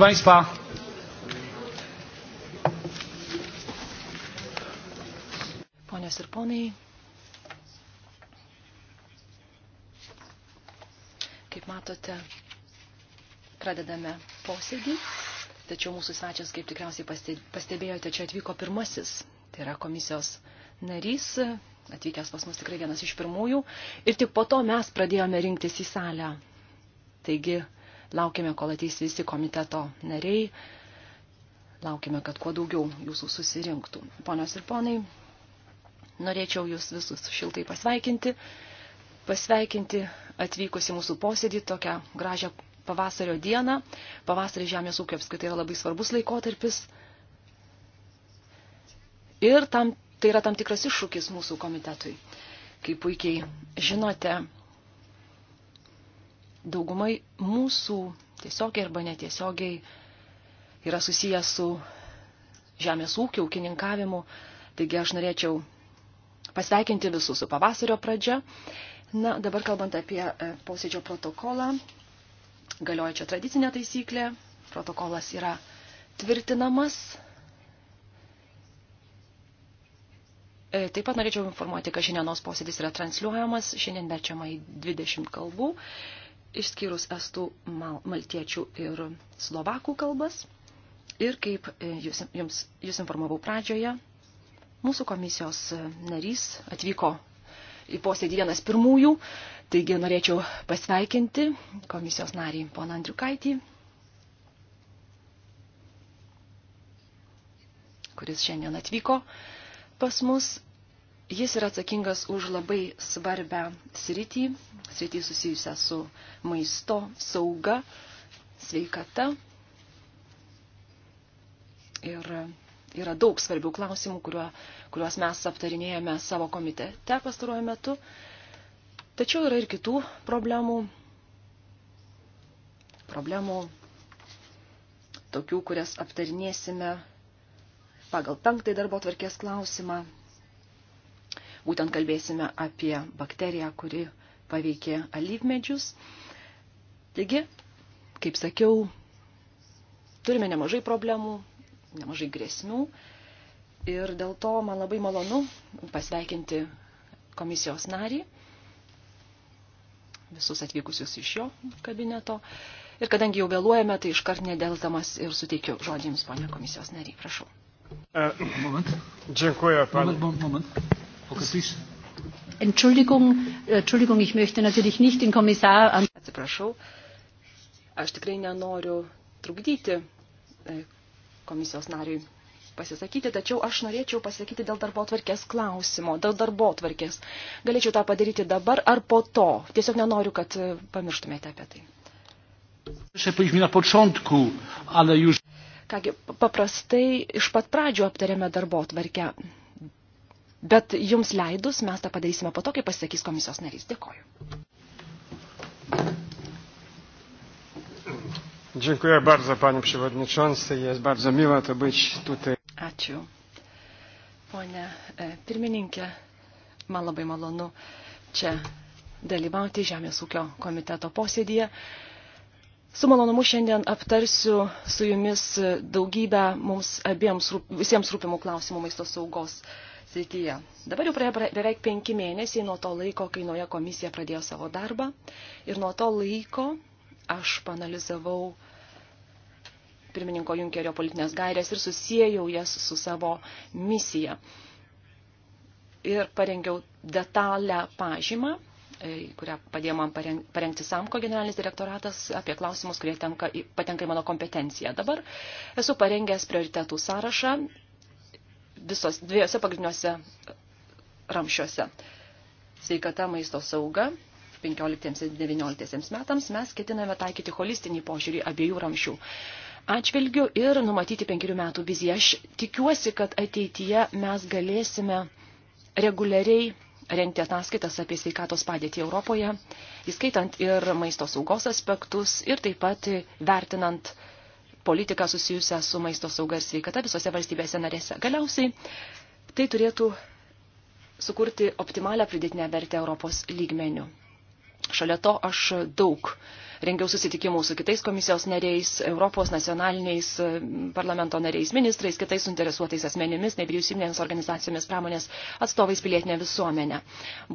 Proszę Państwa, Ponios ir ponai, kaip matote, pradedame posėdį, tačiau mūsų svečias, kaip tikriausiai pastebėjote, čia atvyko pirmasis, tai yra komisijos narys, atvykęs pas mus tikrai vienas iš pirmųjų, ir tik po to mes pradėjome rinktis į salę. Taigi, Laukime, kol ateis visi komiteto nariai. Laukime, kad kuo daugiau jūsų susirinktų. Ponios ir ponai, norėčiau jūs visus šiltai pasveikinti. Pasveikinti atvykusi mūsų posėdį tokią gražią pavasario dieną. Pavasarį žemės ūkio apskritai yra labai svarbus laikotarpis. Ir tam, tai yra tam tikras iššūkis mūsų komitetui. Kaip puikiai žinote, daugumai mūsų tiesiogiai arba netiesiogiai yra susijęs su žemės ūkio, ūkininkavimu. Taigi aš norėčiau pasveikinti visus su pavasario pradžia. Na, dabar kalbant apie e, posėdžio protokolą, galioja čia tradicinė taisyklė, protokolas yra tvirtinamas. E, taip pat norėčiau informuoti, kad šiandienos posėdis yra transliuojamas, šiandien verčiama į 20 kalbų išskyrus estų, mal, maltiečių ir slovakų kalbas. Ir kaip e, jūs, jums, jūs informavau pradžioje, mūsų komisijos e, narys atvyko į posėdį vienas pirmųjų, taigi norėčiau pasveikinti komisijos narį poną Andriukaitį, kuris šiandien atvyko pas mus Jis yra atsakingas už labai svarbę sritį, sritį susijusią su maisto, sauga, sveikata. Ir yra daug svarbių klausimų, kuriuo, kuriuos mes aptarinėjame savo komitete pastaruoju metu. Tačiau yra ir kitų problemų. Problemų tokių, kurias aptarinėsime pagal penktąjį darbo tvarkės klausimą Būtent kalbėsime apie bakteriją, kuri paveikė alyvmedžius. Taigi, kaip sakiau, turime nemažai problemų, nemažai grėsmių ir dėl to man labai malonu pasveikinti komisijos narį, visus atvykusius iš jo kabineto. Ir kadangi jau vėluojame, tai iškart nedėltamas ir suteikiu žodį jums, ponia komisijos nariai, prašau. Uh, moment. Dėkuoju, pan... Moment, moment. Entschuldigung, äh, Entschuldigung, ich möchte natürlich nicht den Kommissar an. Atsiprašau, aš tikrai nenoriu trukdyti e, komisijos nariui pasisakyti, tačiau aš norėčiau pasakyti dėl darbo tvarkės klausimo, dėl darbo tvarkės. Galėčiau tą padaryti dabar ar po to. Tiesiog nenoriu, kad e, pamirštumėte apie tai. Kągi, paprastai iš pat pradžio aptarėme darbo tvarkę, Bet jums leidus mes tą padarysime po to, kai pasisakys komisijos narys. Dėkoju. Dziękuję bardzo Panie Przewodniczący. Jest bardzo miło to być tutaj. Ačiū. Pone e, pirmininkė, man labai malonu čia dalyvauti Žemės ūkio komiteto posėdėje. Su malonumu šiandien aptarsiu su jumis daugybę mums abiems, visiems rūpimų klausimų maisto saugos srityje. Dabar jau praėjo beveik penki mėnesiai nuo to laiko, kai nauja komisija pradėjo savo darbą. Ir nuo to laiko aš panalizavau pirmininko Junkerio politinės gairės ir susijėjau jas su savo misija. Ir parengiau detalę pažymą, e, kurią padėjo man parengti SAMKO generalinis direktoratas apie klausimus, kurie tenka, patenka į mano kompetenciją. Dabar esu parengęs prioritetų sąrašą visos dviejose pagrindiniuose ramšiuose. Sveikata maisto sauga 15-19 metams mes ketiname taikyti holistinį požiūrį abiejų ramšių atžvilgių ir numatyti penkerių metų viziją. Aš tikiuosi, kad ateityje mes galėsime reguliariai rengti ataskaitas apie sveikatos padėtį Europoje, įskaitant ir maisto saugos aspektus ir taip pat vertinant uh, politiką susijusią su maisto sauga ir sveikata visose valstybėse narėse. Galiausiai tai turėtų sukurti optimalią pridėtinę vertę Europos lygmenių. Šalia to aš daug rengiau susitikimų su kitais komisijos nariais, Europos nacionaliniais mm, parlamento nariais, ministrais, kitais suinteresuotais asmenimis, nevyriausybinėmis organizacijomis, pramonės atstovais pilietinė visuomenė.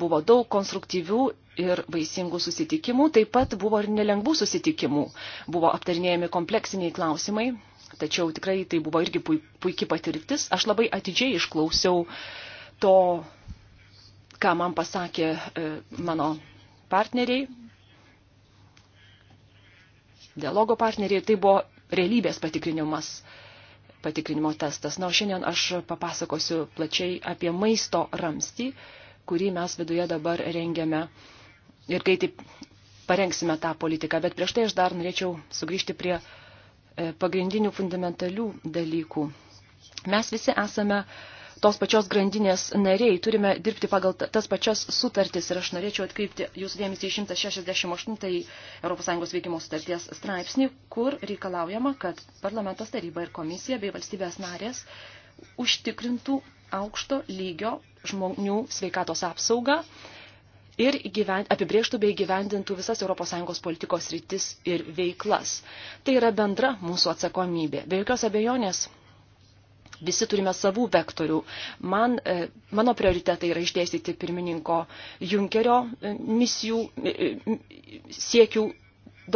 Buvo daug konstruktyvių ir vaisingų susitikimų, taip pat buvo ir nelengvų susitikimų. Buvo aptarinėjami kompleksiniai klausimai, tačiau tikrai tai buvo irgi puikiai patirtis. Aš labai atidžiai išklausiau to ką man pasakė e, mano partneriai, dialogo partneriai, tai buvo realybės patikrinimas, patikrinimo testas. Na, o šiandien aš papasakosiu plačiai apie maisto ramstį, kurį mes viduje dabar rengiame ir kai taip parengsime tą politiką. Bet prieš tai aš dar norėčiau sugrįžti prie e, pagrindinių fundamentalių dalykų. Mes visi esame uh, tos pačios grandinės nariai, turime dirbti pagal tas pačias sutartis ir aš norėčiau atkreipti jūsų dėmesį į 168 tai ES veikimo sutarties straipsnį, kur reikalaujama, kad parlamentas taryba ir komisija bei valstybės narės užtikrintų aukšto lygio žmonių sveikatos apsaugą ir gyven, apibrieštų bei gyvendintų visas ES politikos rytis ir veiklas. Tai yra bendra mūsų atsakomybė. Be jokios abejonės Visi turime savų vektorių. Man, e, mano prioritetai yra išdėstyti pirmininko Junkerio e, misijų e, siekių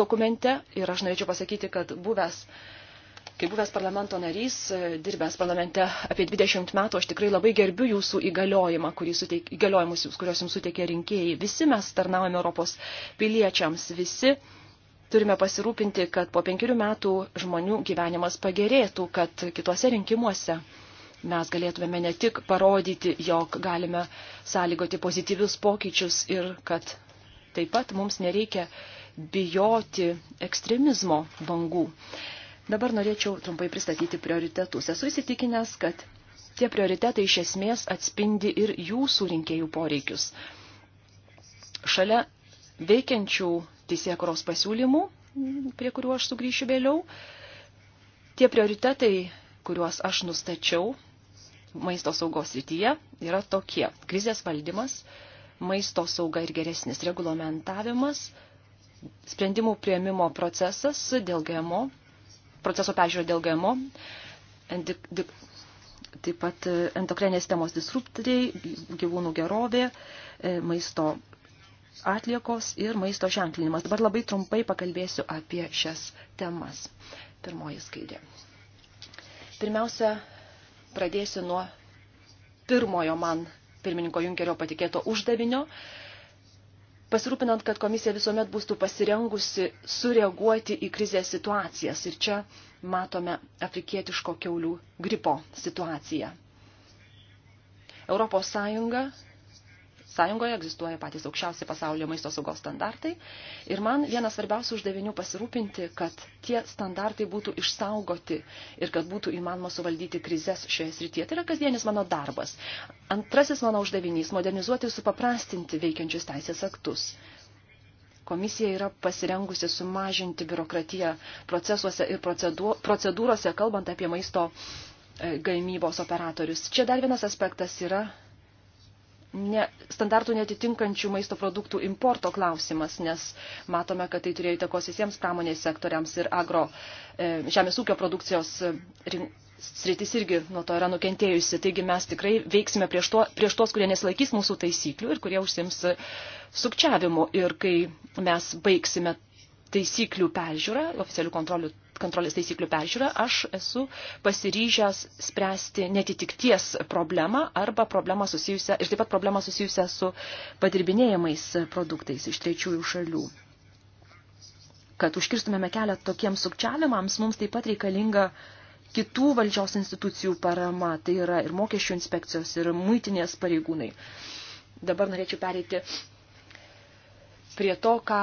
dokumente ir aš norėčiau pasakyti, kad buvęs kaip buvęs parlamento narys, dirbęs parlamente apie 20 metų, aš tikrai labai gerbiu jūsų įgaliojimą, suteik, įgaliojimus, kuriuos jums suteikė rinkėjai. Visi mes tarnaujame Europos piliečiams, visi turime pasirūpinti, kad po penkerių metų žmonių gyvenimas pagerėtų, kad kituose rinkimuose mes galėtumėme ne tik parodyti, jog galime sąlygoti pozityvius pokyčius ir kad taip pat mums nereikia bijoti ekstremizmo bangų. Dabar norėčiau trumpai pristatyti prioritetus. Esu įsitikinęs, kad tie prioritetai iš esmės atspindi ir jūsų rinkėjų poreikius. Šalia veikiančių teisėkuros pasiūlymų, prie kuriuo aš sugrįšiu vėliau. Tie prioritetai, kuriuos aš nustačiau maisto saugos rytyje, yra tokie. Krizės valdymas, maisto sauga ir geresnis reglamentavimas, sprendimų prieimimo procesas dėl GMO, proceso peržiūro dėl GMO, dik, dik, taip pat endokrinės temos disruptoriai, gyvūnų gerovė, e, maisto atliekos ir maisto ženklinimas. Dabar labai trumpai pakalbėsiu apie šias temas. Pirmoji skaidė. Pirmiausia, pradėsiu nuo pirmojo man pirmininko Junkerio patikėto uždavinio, pasirūpinant, kad komisija visuomet būtų pasirengusi sureaguoti į krizės situacijas. Ir čia matome afrikietiško keulių gripo situaciją. Europos Sąjunga Sąjungoje egzistuoja patys aukščiausi pasaulio maisto saugos standartai ir man vienas svarbiausių uždavinių pasirūpinti, kad tie standartai būtų išsaugoti ir kad būtų įmanoma suvaldyti krizės šioje srityje. Tai yra kasdienis mano darbas. Antrasis mano uždavinys – modernizuoti ir supaprastinti veikiančius teisės aktus komisija yra pasirengusi sumažinti biurokratiją procesuose ir procedūrose, kalbant apie maisto e, gamybos operatorius. Čia dar vienas aspektas yra ne, standartų netitinkančių maisto produktų importo klausimas, nes matome, kad tai turėjo įtakos visiems pramonės sektoriams ir agro e, žemės ūkio produkcijos e, rink, sritis irgi nuo to yra nukentėjusi. Taigi mes tikrai veiksime prieš, to, prieš tos, kurie nesilaikys mūsų taisyklių ir kurie užsims e, sukčiavimu. Ir kai mes baigsime taisyklių peržiūrą, oficialių kontrolių kontrolės taisyklių peržiūrą, aš esu pasiryžęs spręsti netitikties problemą arba problemą susijusią, ir taip pat problemą susijusią su padirbinėjimais produktais iš trečiųjų šalių. Kad užkirstumėme kelią tokiems sukčiavimams, mums taip pat reikalinga kitų valdžios institucijų parama, tai yra ir mokesčių inspekcijos, ir muitinės pareigūnai. Dabar norėčiau pereiti prie to, ką,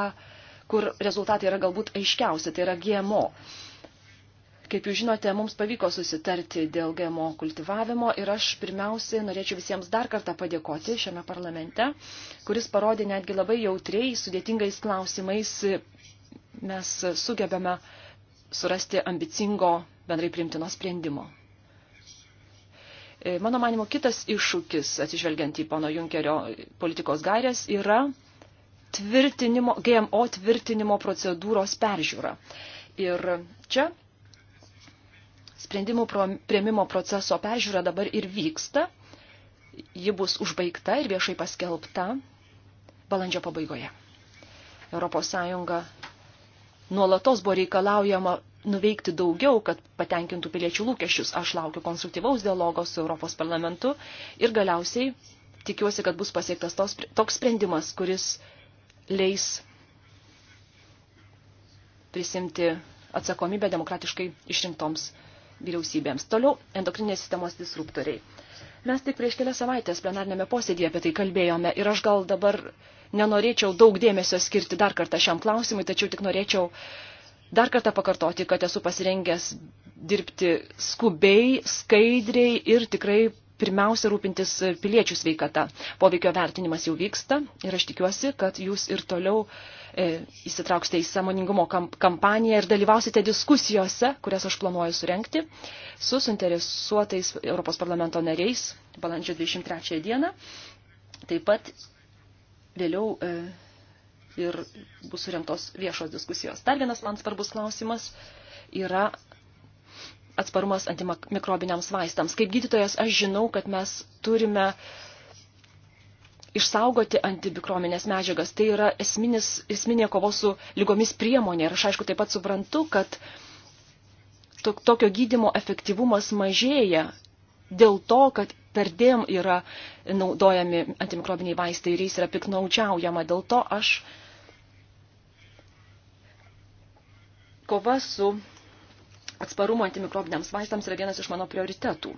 kur rezultatai yra galbūt aiškiausi, tai yra GMO. Kaip jūs žinote, mums pavyko susitarti dėl GMO kultivavimo ir aš pirmiausiai norėčiau visiems dar kartą padėkoti šiame parlamente, kuris parodė netgi labai jautriai, sudėtingais klausimais mes sugebėme surasti ambicingo bendrai primtino sprendimo. E, mano manimo, kitas iššūkis, atsižvelgiant į pono Junkerio politikos gairės, yra tvirtinimo, GMO tvirtinimo procedūros peržiūra. Ir čia sprendimų prieimimo proceso peržiūra dabar ir vyksta. Ji bus užbaigta ir viešai paskelbta balandžio pabaigoje. Europos Sąjunga nuolatos buvo reikalaujama nuveikti daugiau, kad patenkintų piliečių lūkesčius. Aš laukiu konstruktyvaus dialogo su Europos parlamentu ir galiausiai tikiuosi, kad bus pasiektas tos, toks sprendimas, kuris leis prisimti atsakomybę demokratiškai išrinktoms vyriausybėms. Toliau endokrinės sistemos disruptoriai. Mes tik prieš kelias savaitės plenarnėme posėdėje apie tai kalbėjome ir aš gal dabar nenorėčiau daug dėmesio skirti dar kartą šiam klausimui, tačiau tik norėčiau dar kartą pakartoti, kad esu pasirengęs dirbti skubiai, skaidriai ir tikrai pirmiausia rūpintis piliečių sveikata. Poveikio vertinimas jau vyksta ir aš tikiuosi, kad jūs ir toliau e, įsitrauksite į samoningumo kampaniją ir dalyvausite diskusijose, kurias aš planuoju surenkti su suinteresuotais Europos parlamento nariais balandžio 23 dieną. Taip pat vėliau e, ir bus surinktos viešos diskusijos. Dar vienas man svarbus klausimas yra atsparumas antimikrobiniams vaistams. Kaip gydytojas aš žinau, kad mes turime išsaugoti antibikrominės medžiagas. Tai yra esminis, esminė kovos su lygomis priemonė. Ir aš aišku taip pat suprantu, kad tokio gydimo efektyvumas mažėja dėl to, kad perdėm yra naudojami antimikrobiniai vaistai ir jais yra piknaudžiaujama. Dėl to aš kova su atsparumo antimikrobiniams vaistams yra vienas iš mano prioritetų.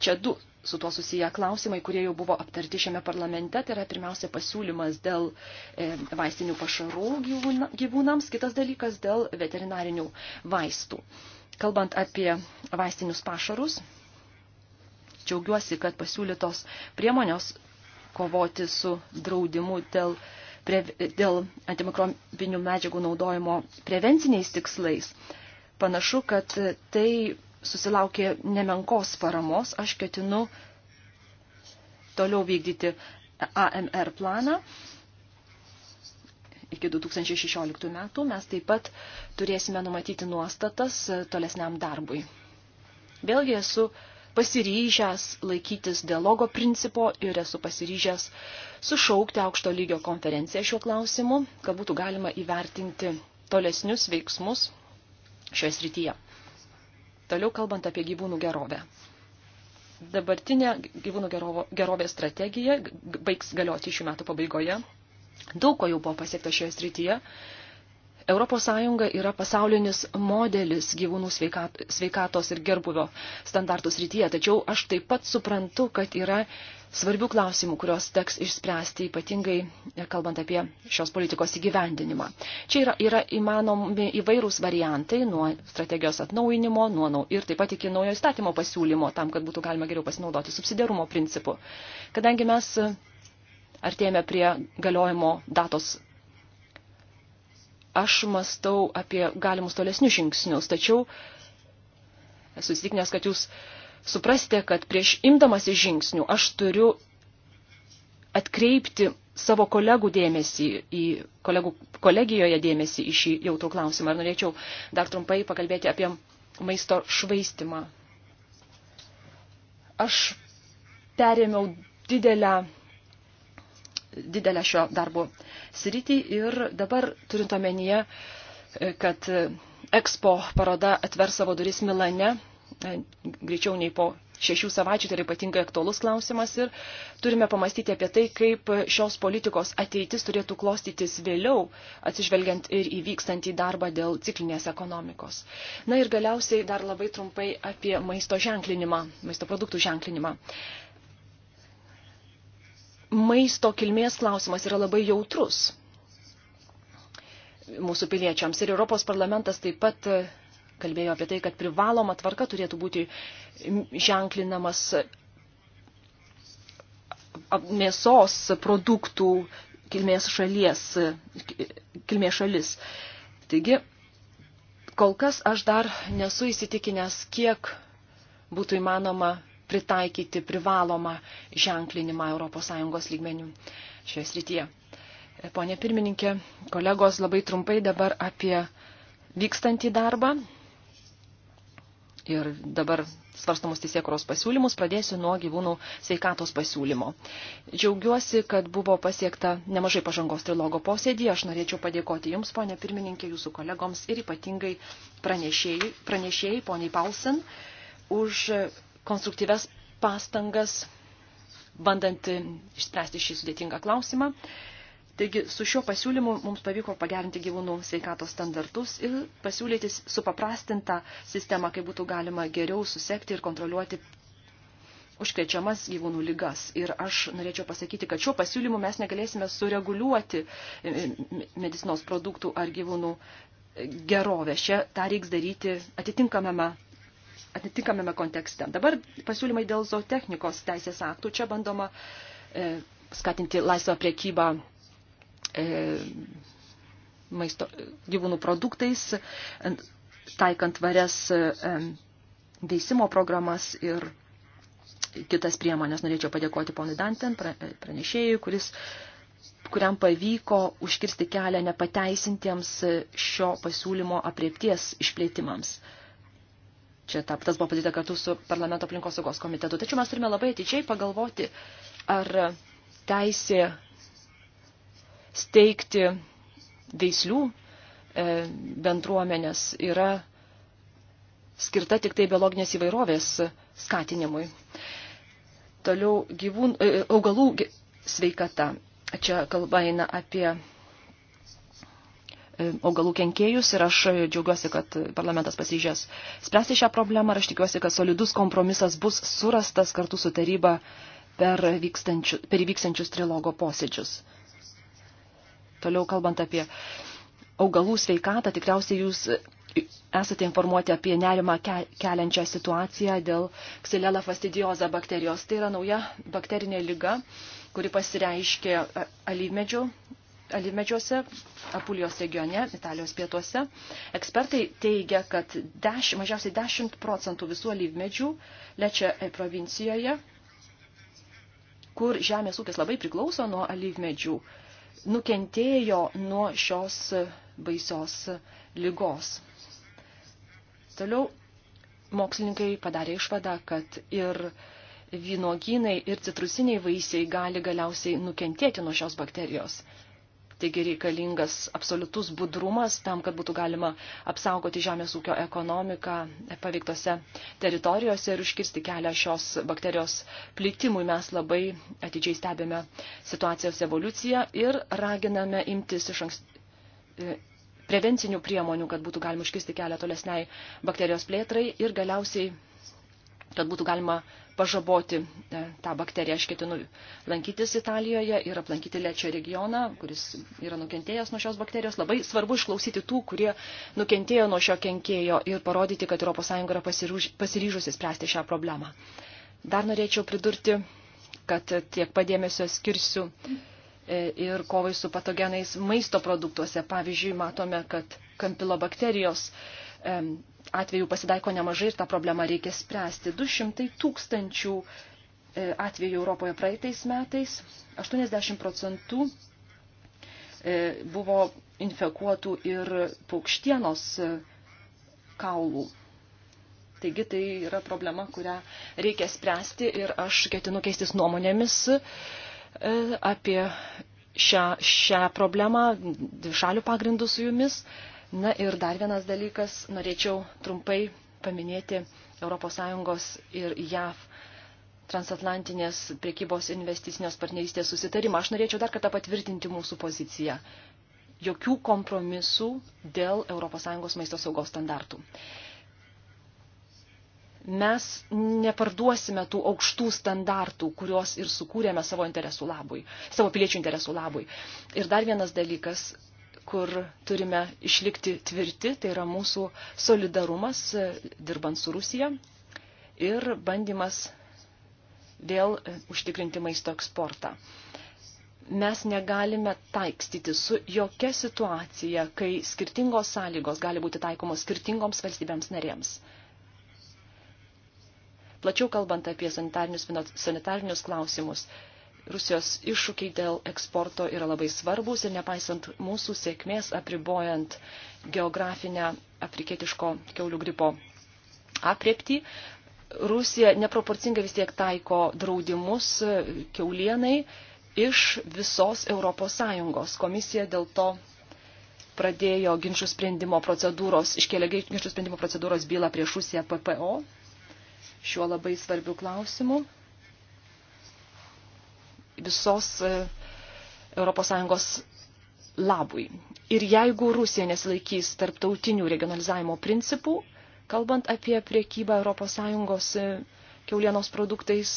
Čia du su tuo susiję klausimai, kurie jau buvo aptarti šiame parlamente. Tai yra pirmiausia pasiūlymas dėl e, vaistinių pašarų gyvūna, gyvūnams, kitas dalykas dėl veterinarinių vaistų. Kalbant apie vaistinius pašarus, džiaugiuosi, kad pasiūlytos priemonės kovoti su draudimu dėl, pre, dėl antimikrobinių medžiagų naudojimo prevenciniais tikslais Panašu, kad tai susilaukė nemenkos paramos. Aš ketinu toliau vykdyti AMR planą. Iki 2016 metų mes taip pat turėsime numatyti nuostatas tolesniam darbui. Vėlgi esu pasiryžęs laikytis dialogo principo ir esu pasiryžęs sušaukti aukšto lygio konferenciją šiuo klausimu, kad būtų galima įvertinti tolesnius veiksmus šioje srityje. Toliau kalbant apie gyvūnų gerovę. Dabartinė gyvūnų gerovo, gerovės strategija baigs galioti šių metų pabaigoje. Daug ko jau buvo pasiekta šioje srityje, ES yra pasaulinis modelis gyvūnų sveikatos ir gerbuvio standartus rytyje, tačiau aš taip pat suprantu, kad yra svarbių klausimų, kurios teks išspręsti, ypatingai kalbant apie šios politikos įgyvendinimą. Čia yra, yra įmanomi įvairūs variantai nuo strategijos atnaujinimo nuo, ir taip pat iki naujo įstatymo pasiūlymo, tam, kad būtų galima geriau pasinaudoti subsidiarumo principu. Kadangi mes artėjame prie galiojimo datos aš mastau apie galimus tolesnius žingsnius, tačiau esu įsitikinęs, kad jūs suprastė, kad prieš imdamasi žingsnių aš turiu atkreipti savo kolegų dėmesį į kolegų, kolegijoje dėmesį į šį jautrų klausimą. Ir norėčiau dar trumpai pakalbėti apie maisto švaistimą. Aš perėmiau didelę didelę šio darbo sritį ir dabar turint omenyje, e, kad e, Expo paroda atvers savo duris Milane, e, greičiau nei po šešių savaičių, tai yra ypatingai aktuolus klausimas ir turime pamastyti apie tai, kaip šios politikos ateitis turėtų klostytis vėliau, atsižvelgiant ir įvykstantį darbą dėl ciklinės ekonomikos. Na ir galiausiai dar labai trumpai apie maisto ženklinimą, maisto produktų ženklinimą maisto kilmės klausimas yra labai jautrus mūsų piliečiams. Ir Europos parlamentas taip pat kalbėjo apie tai, kad privaloma tvarka turėtų būti ženklinamas mėsos produktų kilmės šalies, kilmės šalis. Taigi, kol kas aš dar nesu įsitikinęs, kiek būtų įmanoma pritaikyti privalomą ženklinimą ES lygmenių šioje srityje. Pone pirmininkė, kolegos, labai trumpai dabar apie vykstantį darbą ir dabar svarstamus teisėkuros pasiūlymus pradėsiu nuo gyvūnų sveikatos pasiūlymo. Džiaugiuosi, kad buvo pasiekta nemažai pažangos trilogo posėdį. Aš norėčiau padėkoti Jums, ponė pirmininkė, Jūsų kolegoms ir ypatingai pranešėjai, pranešėjai poniai Paulsen, už konstruktyves pastangas, bandant išspręsti šį sudėtingą klausimą. Taigi su šiuo pasiūlymu mums pavyko pagerinti gyvūnų sveikatos standartus ir pasiūlyti supaprastintą sistemą, kaip būtų galima geriau susekti ir kontroliuoti užkrečiamas gyvūnų lygas. Ir aš norėčiau pasakyti, kad šiuo pasiūlymu mes negalėsime sureguliuoti e, e, medicinos produktų ar gyvūnų gerovę. Šią tą reiks daryti atitinkamame atitinkamame kontekste. Dabar pasiūlymai dėl zootechnikos teisės aktų. Čia bandoma e, skatinti laisvą priekybą e, maisto gyvūnų produktais, taikant varias e, e, veisimo programas ir kitas priemonės. Norėčiau padėkoti ponui Danten, e, pranešėjui, kuris kuriam pavyko užkirsti kelią nepateisintiems e, šio pasiūlymo apriepties išplėtimams. E, Čia ta, tas buvo padaryta kartu su parlamento aplinkosaugos komitetu. Tačiau mes turime labai atidžiai pagalvoti, ar teisė steigti veislių e, bendruomenės yra skirta tik tai biologinės įvairovės skatinimui. Toliau gyvūn, e, augalų sveikata. Čia kalba eina apie E, augalų kenkėjus ir aš džiaugiuosi, kad parlamentas pasiryžęs spręsti šią problemą ir aš tikiuosi, kad solidus kompromisas bus surastas kartu su taryba per, per vykstančius trilogo posėdžius. Toliau kalbant apie augalų sveikatą, tikriausiai jūs esate informuoti apie nerimą keliančią situaciją dėl Xylella fastidioza bakterijos. Tai yra nauja bakterinė lyga, kuri pasireiškė alyvmedžių alimedžiuose, Apulijos regione, Italijos pietuose. Ekspertai teigia, kad deš, mažiausiai 10 procentų visų alimedžių lečia e, provincijoje, kur žemės ūkis labai priklauso nuo alimedžių, nukentėjo nuo šios baisios lygos. Toliau mokslininkai padarė išvadą, kad ir vynoginai ir citrusiniai vaisiai gali galiausiai nukentėti nuo šios bakterijos. Taigi reikalingas absoliutus budrumas tam, kad būtų galima apsaugoti žemės ūkio ekonomiką paveiktose teritorijose ir užkirsti kelią šios bakterijos plitimui. Mes labai atidžiai stebime situacijos evoliuciją ir raginame imtis iš anksto e, prevencinių priemonių, kad būtų galima užkisti kelią tolesniai bakterijos plėtrai ir galiausiai kad būtų galima pažaboti e, tą bakteriją. Aš ketinu lankytis Italijoje ir aplankyti Lečio regioną, kuris yra nukentėjęs nuo šios bakterijos. Labai svarbu išklausyti tų, kurie nukentėjo nuo šio kenkėjo ir parodyti, kad ES yra pasiryžusi spręsti šią problemą. Dar norėčiau pridurti, kad tiek padėmesio skirsiu e, ir kovai su patogenais maisto produktuose. Pavyzdžiui, matome, kad kampilobakterijos atvejų pasidaiko nemažai ir tą problemą reikia spręsti. 200 tūkstančių e, atvejų Europoje praeitais metais, 80 procentų e, buvo infekuotų ir paukštienos e, kaulų. Taigi tai yra problema, kurią reikia spręsti ir aš ketinu keistis nuomonėmis apie šią, šią problemą dvišalių pagrindų su jumis. Na ir dar vienas dalykas, norėčiau trumpai paminėti ES ir JAV transatlantinės priekybos investicinės partnerystės susitarimą. Aš norėčiau dar kartą patvirtinti mūsų poziciją. Jokių kompromisų dėl ES maisto saugos standartų. Mes neparduosime tų aukštų standartų, kuriuos ir sukūrėme savo interesų labui, savo piliečių interesų labui. Ir dar vienas dalykas, kur turime išlikti tvirti, tai yra mūsų solidarumas e, dirbant su Rusija ir bandymas vėl e, užtikrinti maisto eksportą. Mes negalime taikstyti su jokia situacija, kai skirtingos sąlygos gali būti taikomos skirtingoms valstybėms narėms. Plačiau kalbant apie sanitarinius, sanitarinius klausimus, Rusijos iššūkiai dėl eksporto yra labai svarbus ir nepaisant mūsų sėkmės apribojant geografinę afrikietiško keulių gripo apriepti, Rusija neproporcingai vis tiek taiko draudimus keulienai iš visos Europos Sąjungos. Komisija dėl to pradėjo ginčių sprendimo procedūros, iškėlė ginčių sprendimo procedūros bylą prieš Rusiją PPO šiuo labai svarbiu klausimu visos ES labui. Ir jeigu Rusija nesilaikys tarptautinių regionalizavimo principų, kalbant apie priekybą ES e, keulienos produktais,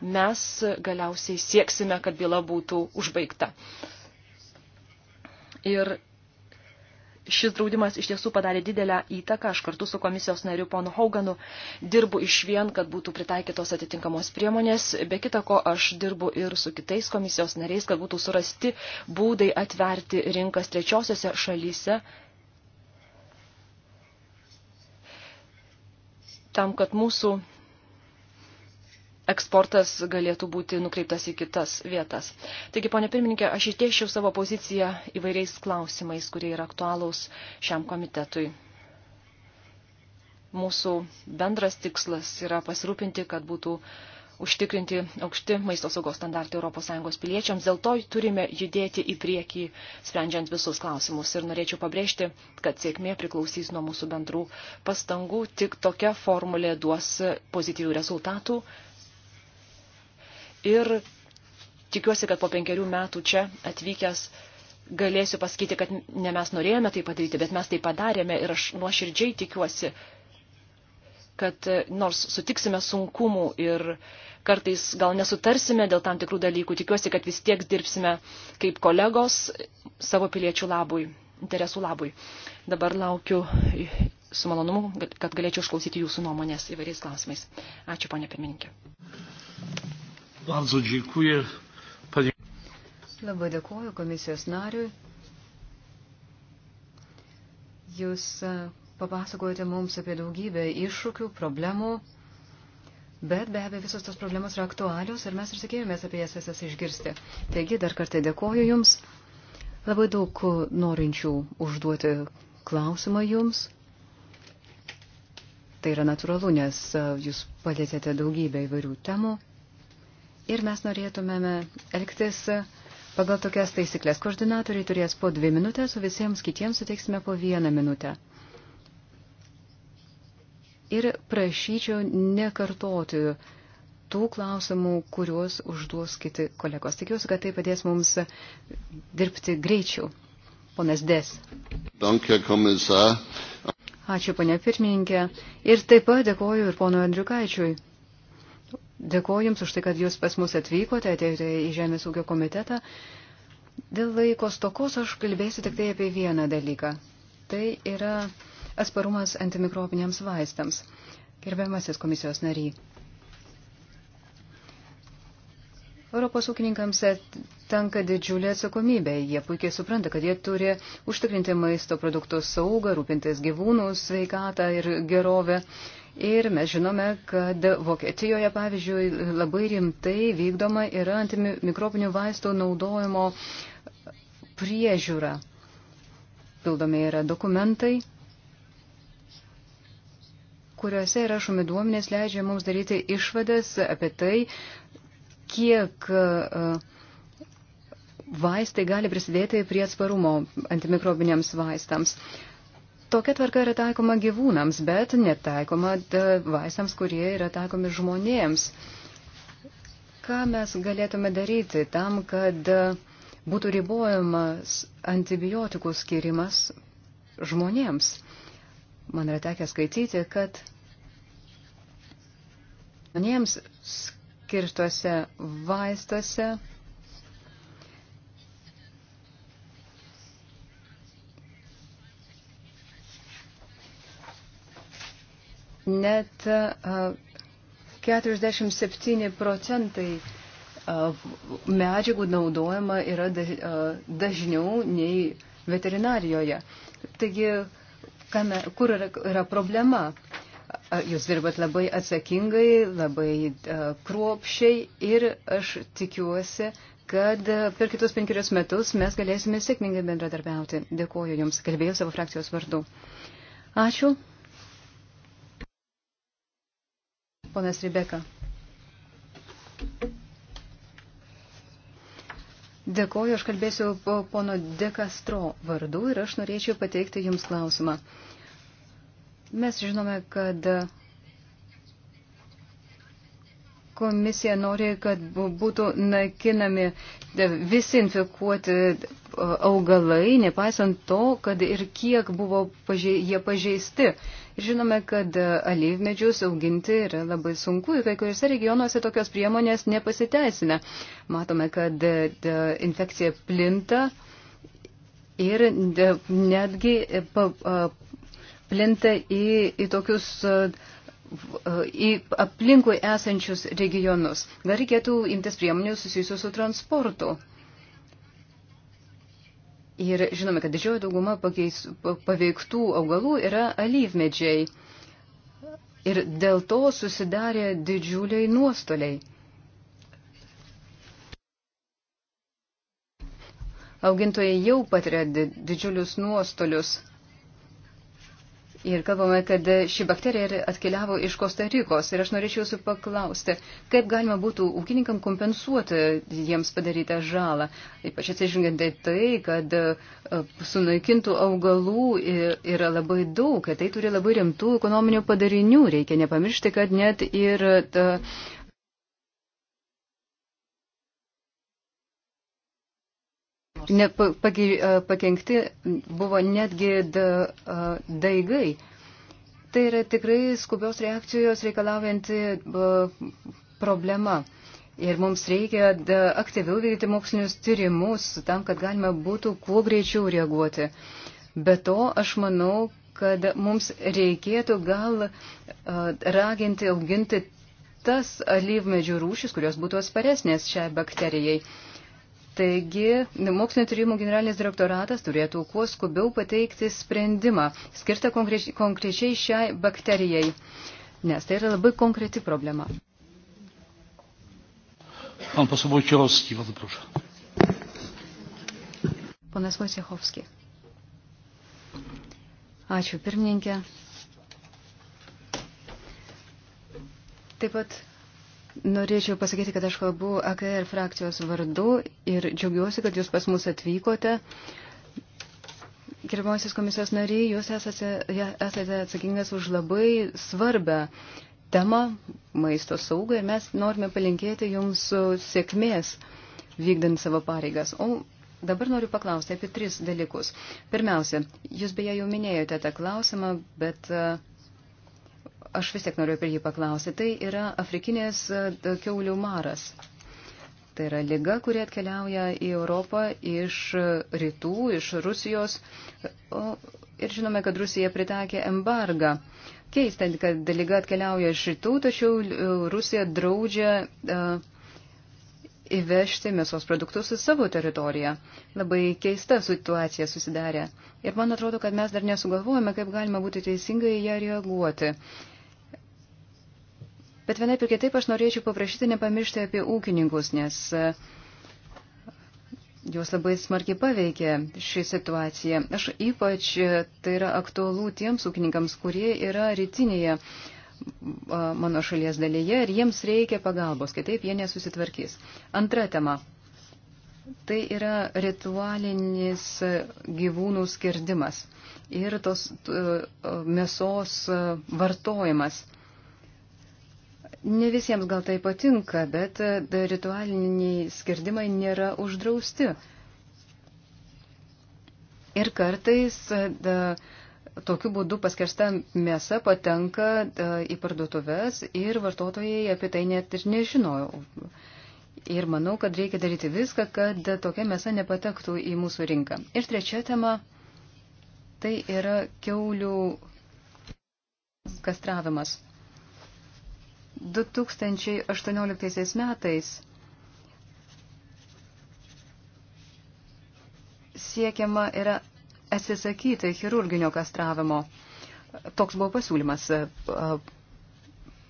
mes e, galiausiai sieksime, kad byla būtų užbaigta. Ir šis draudimas iš tiesų padarė didelę įtaką. Aš kartu su komisijos nariu ponu Hauganu dirbu iš vien, kad būtų pritaikytos atitinkamos priemonės. Be kita ko, aš dirbu ir su kitais komisijos nariais, kad būtų surasti būdai atverti rinkas trečiosiose šalyse. Tam, kad mūsų eksportas galėtų būti nukreiptas į kitas vietas. Taigi, ponė pirmininkė, aš įtiešiau savo poziciją įvairiais klausimais, kurie yra aktualūs šiam komitetui. Mūsų bendras tikslas yra pasirūpinti, kad būtų užtikrinti aukšti maisto saugos standartai ES piliečiams. Dėl to turime judėti į priekį, sprendžiant visus klausimus. Ir norėčiau pabrėžti, kad sėkmė priklausys nuo mūsų bendrų pastangų. Tik tokia formulė duos pozityvių rezultatų Ir tikiuosi, kad po penkerių metų čia atvykęs galėsiu pasakyti, kad ne mes norėjome tai padaryti, bet mes tai padarėme ir aš nuoširdžiai tikiuosi, kad nors sutiksime sunkumų ir kartais gal nesutarsime dėl tam tikrų dalykų, tikiuosi, kad vis tiek dirbsime kaip kolegos savo piliečių labui, interesų labui. Dabar laukiu su malonumu, kad galėčiau išklausyti jūsų nuomonės įvairiais klausimais. Ačiū, ponė pirmininkė. Bardzo dziękuję. Pani... Labai dėkuoju komisijos nariui. Jūs e, papasakojate mums apie daugybę iššūkių, problemų, bet be abejo visos tos problemos yra aktualios ir mes ir sakėjomės apie jas visas išgirsti. Taigi dar kartą dėkoju Jums. Labai daug norinčių užduoti klausimą Jums. Tai yra natūralu, nes e, Jūs palėtėte daugybę įvairių temų ir mes norėtumėme elgtis pagal tokias taisyklės. Koordinatoriai turės po dvi minutės, o visiems kitiems suteiksime po vieną minutę. Ir prašyčiau nekartoti tų klausimų, kuriuos užduos kiti kolegos. Tikiuosi, kad tai padės mums dirbti greičiau. Ponas Des. Danke, komisar. Ačiū, ponė pirmininkė. Ir taip pat dėkoju ir pono Andriukaičiui. Dėkoju Jums už tai, kad Jūs pas mus atvykote, atėjote į Žemės ūkio komitetą. Dėl laiko stokos aš kalbėsiu tik tai apie vieną dalyką. Tai yra atsparumas antimikrobiniams vaistams. Gerbiamasis komisijos nariai. Europos ūkininkams tenka didžiulė atsakomybė. Jie puikiai supranta, kad jie turi užtikrinti maisto produktų saugą, rūpintis gyvūnų sveikatą ir gerovę. Ir mes žinome, kad Vokietijoje, pavyzdžiui, labai rimtai vykdoma yra antimikrobinių vaistų naudojimo priežiūra. Pildomi yra dokumentai, kuriuose yra šumi duomenės leidžia mums daryti išvadas apie tai, kiek uh, vaistai gali prisidėti prie atsparumo antimikrobiniams vaistams. Tokia tvarka yra taikoma gyvūnams, bet netaikoma e, vaistams, kurie yra taikomi žmonėms. Ką mes galėtume daryti tam, kad e, būtų ribojamas antibiotikų skirimas žmonėms? Man yra tekę skaityti, kad žmonėms skirtose vaistuose net 47 e, procentai e, medžiagų naudojama yra e, dažniau nei veterinarijoje. Taigi, kame, kur yra, yra problema? Jūs dirbat labai atsakingai, labai kruopšiai ir aš tikiuosi, kad per kitus penkerius metus mes galėsime sėkmingai bendradarbiauti. Dėkuoju Jums, kalbėjau savo frakcijos vardu. Ačiū. Ponas Rebeka. Dėkoju, aš kalbėsiu pono Dekastro vardu ir aš norėčiau pateikti Jums klausimą. Mes žinome, kad komisija nori, kad būtų naikinami visi infekuoti e, augalai, nepaisant to, kad ir kiek buvo pažei, jie pažeisti. Uh, Žinome, kad alyvmedžius auginti yra labai sunku ir kai kuriuose regionuose tokios priemonės nepasiteisina. Matome, kad e, infekcija plinta ir netgi e, plinta į, į tokius e, į aplinkui esančius regionus. Gal reikėtų imtis priemonių susijusių su transportu. Ir žinome, kad didžioji dauguma pakeis, paveiktų augalų yra alyvmedžiai. Ir dėl to susidarė didžiuliai nuostoliai. Augintojai jau patiria didžiulius nuostolius. Ir kalbame, kad ši bakterija atkeliavo iš Kostarikos. Ir aš norėčiau jūsų paklausti, kaip galima būtų ūkininkam kompensuoti jiems padarytą žalą, ypač atsižvelgiant į tai, kad e, sunaikintų augalų yra labai daug, kad tai turi labai rimtų ekonominių padarinių. Reikia nepamiršti, kad net ir ta, uh, Ne, e, pakenkti buvo netgi e, daigai. Tai yra tikrai skubios reakcijos reikalaujanti e, problema. Ir mums reikia aktyviau vykdyti mokslinius tyrimus tam, kad galima būtų kuo greičiau reaguoti. Be to, aš manau, kad mums reikėtų gal raginti auginti tas alyvmedžių rūšis, kurios būtų atsparesnės šiai bakterijai. Taigi, mokslinio tyrimų generalinis direktoratas turėtų kuo skubiau pateikti sprendimą skirtą konkrečiai, konkrečiai šiai bakterijai, nes tai yra labai konkreti problema. Pan poseł Wojciechowski, bardzo proszę. Ponas Wojciechowski. Ačiū pirmininkė. Taip pat Norėčiau pasakyti, kad aš kalbu AKR frakcijos vardu ir džiaugiuosi, kad jūs pas mus atvykote. Gerbiamasis komisijos nariai, jūs esate, esate atsakingas už labai svarbę temą maisto saugą ir mes norime palinkėti jums sėkmės vykdant savo pareigas. O dabar noriu paklausti apie tris dalykus. Pirmiausia, jūs beje jau minėjote tą klausimą, bet uh, aš vis tiek noriu apie jį paklausyti. Tai yra afrikinės e, keulių maras. Tai yra lyga, kuri atkeliauja į Europą iš rytų, iš Rusijos. O, ir žinome, kad Rusija pritaikė embargą. Keista, kad lyga atkeliauja iš rytų, tačiau e, Rusija draudžia e, įvežti mėsos produktus į savo teritoriją. Labai keista situacija susidarė. Ir man atrodo, kad mes dar nesugalvojame, kaip galima būti teisingai ją reaguoti. Uh, Bet vienaip ir kitaip aš norėčiau paprašyti nepamiršti apie ūkininkus, nes e, juos labai smarkiai paveikė ši situacija. Aš ypač e, tai yra aktualu tiems ūkininkams, kurie yra rytinėje e, mano šalies dalyje ir jiems reikia pagalbos, kitaip jie nesusitvarkys. Antra tema. Tai yra ritualinis gyvūnų skirdimas ir tos mėsos vartojimas. Ne visiems gal tai patinka, bet e, ritualiniai skirdimai nėra uždrausti. Ir kartais e, da, tokiu būdu paskersta mėsa patenka da, į parduotuvės ir vartotojai apie tai net ir nežinojo. Ir manau, kad reikia daryti viską, kad tokia mėsa nepatektų į mūsų rinką. Ir trečia tema tai yra keulių kastravimas. 2018 metais siekiama yra atsisakyti chirurginio kastravimo. Toks buvo pasiūlymas.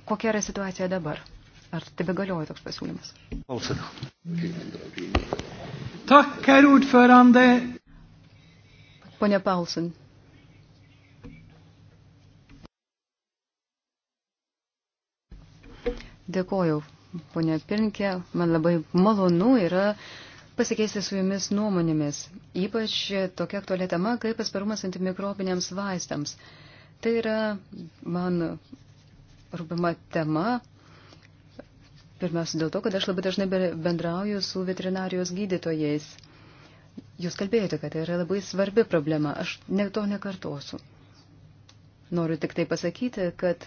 Kokia yra situacija dabar? Ar tebe galioja toks pasiūlymas? Tak, herr ordförande. Pone Paulsen. Dėkoju, ponia Pirinkė. Man labai malonu yra pasikeisti su jumis nuomonėmis. Ypač tokia aktuali tema, kaip atsparumas antimikrobiniams vaistams. Tai yra man rūpima tema. Pirmiausia, dėl to, kad aš labai dažnai bendrauju su veterinarijos gydytojais. Jūs kalbėjote, kad tai yra labai svarbi problema. Aš ne to nekartosiu. Noriu tik tai pasakyti, kad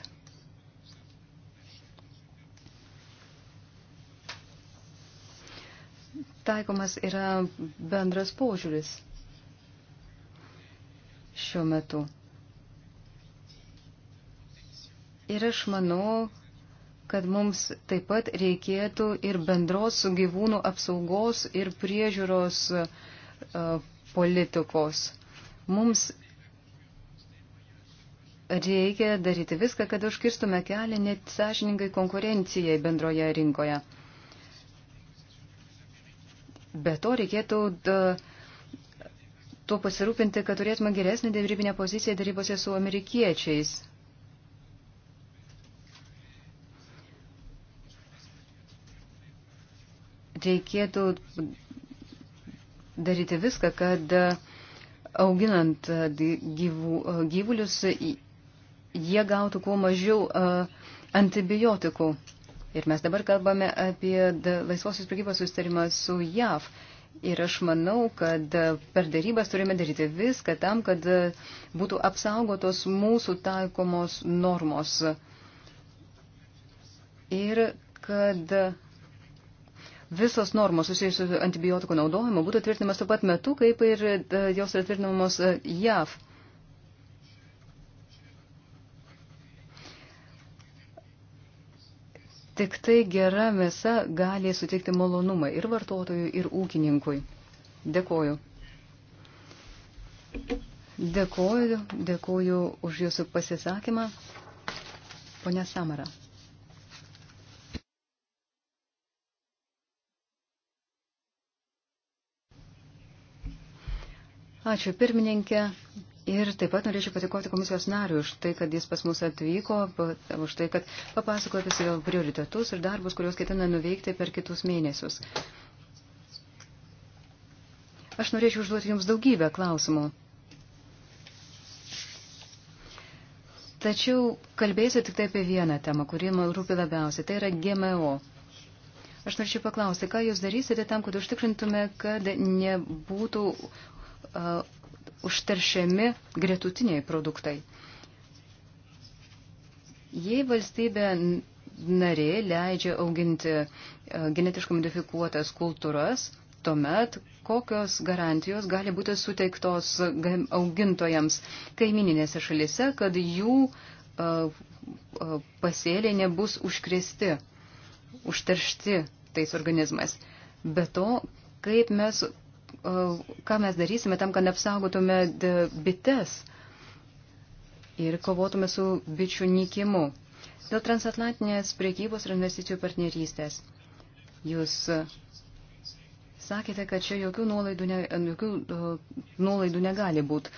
taikomas yra bendras požiūris šiuo metu. Ir aš manau, kad mums taip pat reikėtų ir bendros gyvūnų apsaugos ir priežiūros uh, politikos. Mums reikia daryti viską, kad užkirstume kelią net sąžiningai konkurencijai bendroje rinkoje. Be to reikėtų da, tuo pasirūpinti, kad turėtume geresnį dėrybinę poziciją dėrybose su amerikiečiais. Reikėtų daryti viską, kad auginant gyvų, gyvulius jie gautų kuo mažiau antibiotikų. Ir mes dabar kalbame apie laisvosios prekybos sustarimą su JAV. Ir aš manau, kad per darybas turime daryti viską tam, kad būtų apsaugotos mūsų taikomos normos. Ir kad visos normos susijusios su antibiotikų naudojimu būtų tvirtinamas tuo pat metu, kaip ir e, jos yra tvirtinamos e, JAV. Tik tai gera mėsa gali suteikti malonumą ir vartotojui, ir ūkininkui. Dėkoju. Dėkoju, dėkoju už jūsų pasisakymą. Pone Samara. Ačiū pirmininkė. Ir taip pat norėčiau patikoti komisijos nariui už tai, kad jis pas mus atvyko, už tai, kad papasakojo apie savo prioritetus ir darbus, kuriuos ketina nuveikti per kitus mėnesius. Aš norėčiau užduoti Jums daugybę klausimų. Tačiau kalbėsiu tik tai apie vieną temą, kuri man rūpi labiausiai, tai yra GMO. Aš norėčiau paklausti, ką jūs darysite tam, kad užtikrintume, kad nebūtų uh, užteršiami gretutiniai produktai. Jei valstybė narė leidžia auginti e, genetiškai modifikuotas kultūras, tuomet kokios garantijos gali būti suteiktos augintojams kaimininėse šalise, kad jų e, e, pasėliai nebus užkrėsti, užteršti tais organizmais. Be to, kaip mes E, ką mes darysime tam, kad apsaugotume bites ir kovotume su bičių nykimu. Dėl transatlantinės priekybos ir investicijų partnerystės. Jūs sakėte, kad čia jokių nuolaidų, ne, jokių e, nuolaidų negali būti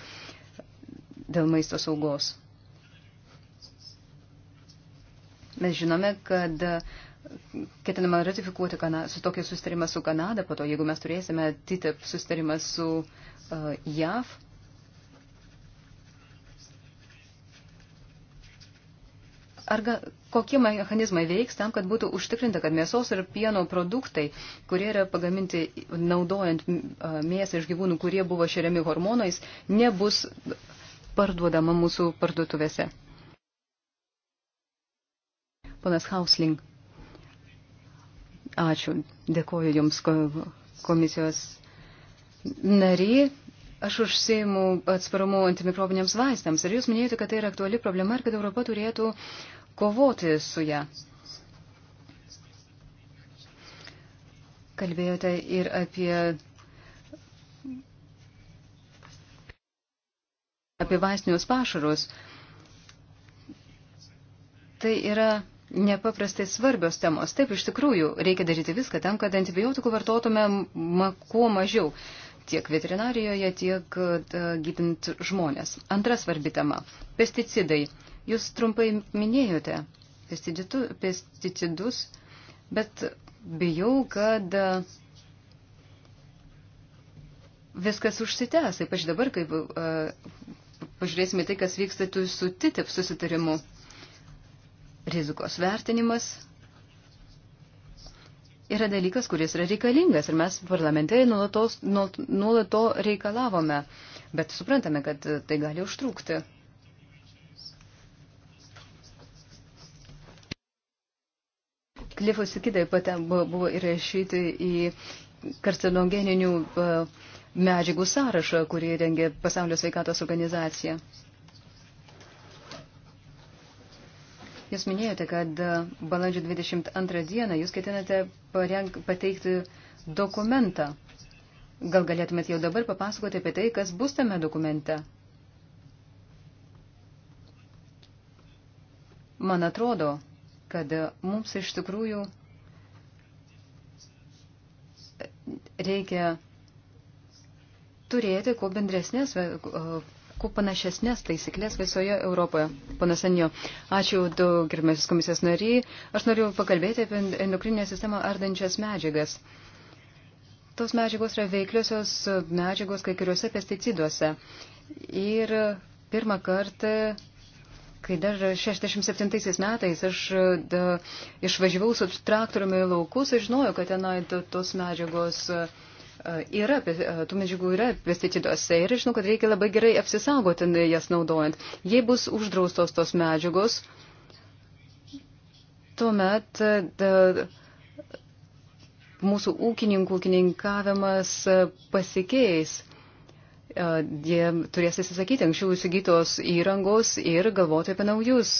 dėl maisto saugos. Mes žinome, kad uh, ketinama ratifikuoti Kana, su tokį sustarimą su Kanada, po to jeigu mes turėsime TTIP sustarimą su uh, JAV. Ar ga, kokie mechanizmai veiks tam, kad būtų užtikrinta, kad mėsos ir pieno produktai, kurie yra pagaminti naudojant uh, mėsą iš gyvūnų, kurie buvo šeriami hormonais, nebus parduodama mūsų parduotuvėse? Ponas Hausling. Ačiū. Dėkuoju Jums, komisijos nariai. Aš užsiimu atsparumu antimikrobiniams vaistams ir jūs minėjote, kad tai yra aktuali problema ir kad Europa turėtų kovoti su ją. Kalbėjote ir apie, apie vaistinius pašarus. Tai yra nepaprastai svarbios temos. Taip, iš tikrųjų, reikia daryti viską tam, kad antibiotikų vartotume kuo mažiau tiek veterinarijoje, tiek e, gydint žmonės. Antra svarbi tema - pesticidai. Jūs trumpai minėjote pesticidus, bet bijau, kad e, viskas užsitęs, ypač dabar, kai e, pažiūrėsime tai, kas vyksta su TTIP susitarimu. Rizikos vertinimas yra dalykas, kuris yra reikalingas ir mes parlamentai nuolatos, nuolato reikalavome, bet suprantame, kad tai gali užtrukti. Klifos kitai pat buvo įrašyti į karcinogeninių e, medžiagų sąrašą, kurį rengė Pasaulio sveikatos organizacija. Jūs minėjote, kad e, balandžio 22 dieną jūs ketinate parenk, pateikti dokumentą. Gal galėtumėt jau dabar papasakoti apie tai, kas bus tame dokumente? Man atrodo, kad e, mums iš tikrųjų e, reikia turėti kuo bendresnės kuo panašesnės taisyklės visoje Europoje. Pana Senio, ačiū, gerbiamasis komisijos nariai. Aš noriu pakalbėti apie endokrininę sistemą ardančias medžiagas. Tos medžiagos yra veikliosios medžiagos kai kuriuose pesticiduose. Ir pirmą kartą, kai dar 67 metais aš da, išvažiavau su traktoriumi į laukus, aš žinojau, kad tenai tos medžiagos uh, yra, e, tų medžiagų yra pesticiduose ir žinau, kad reikia labai gerai apsisaugoti jas naudojant. Jei bus uždraustos tos medžiagos, tuomet e, da, mūsų ūkininkų ūkininkavimas e, pasikeis. Jie turės įsisakyti anksčiau įsigytos įrangos ir galvoti apie naujus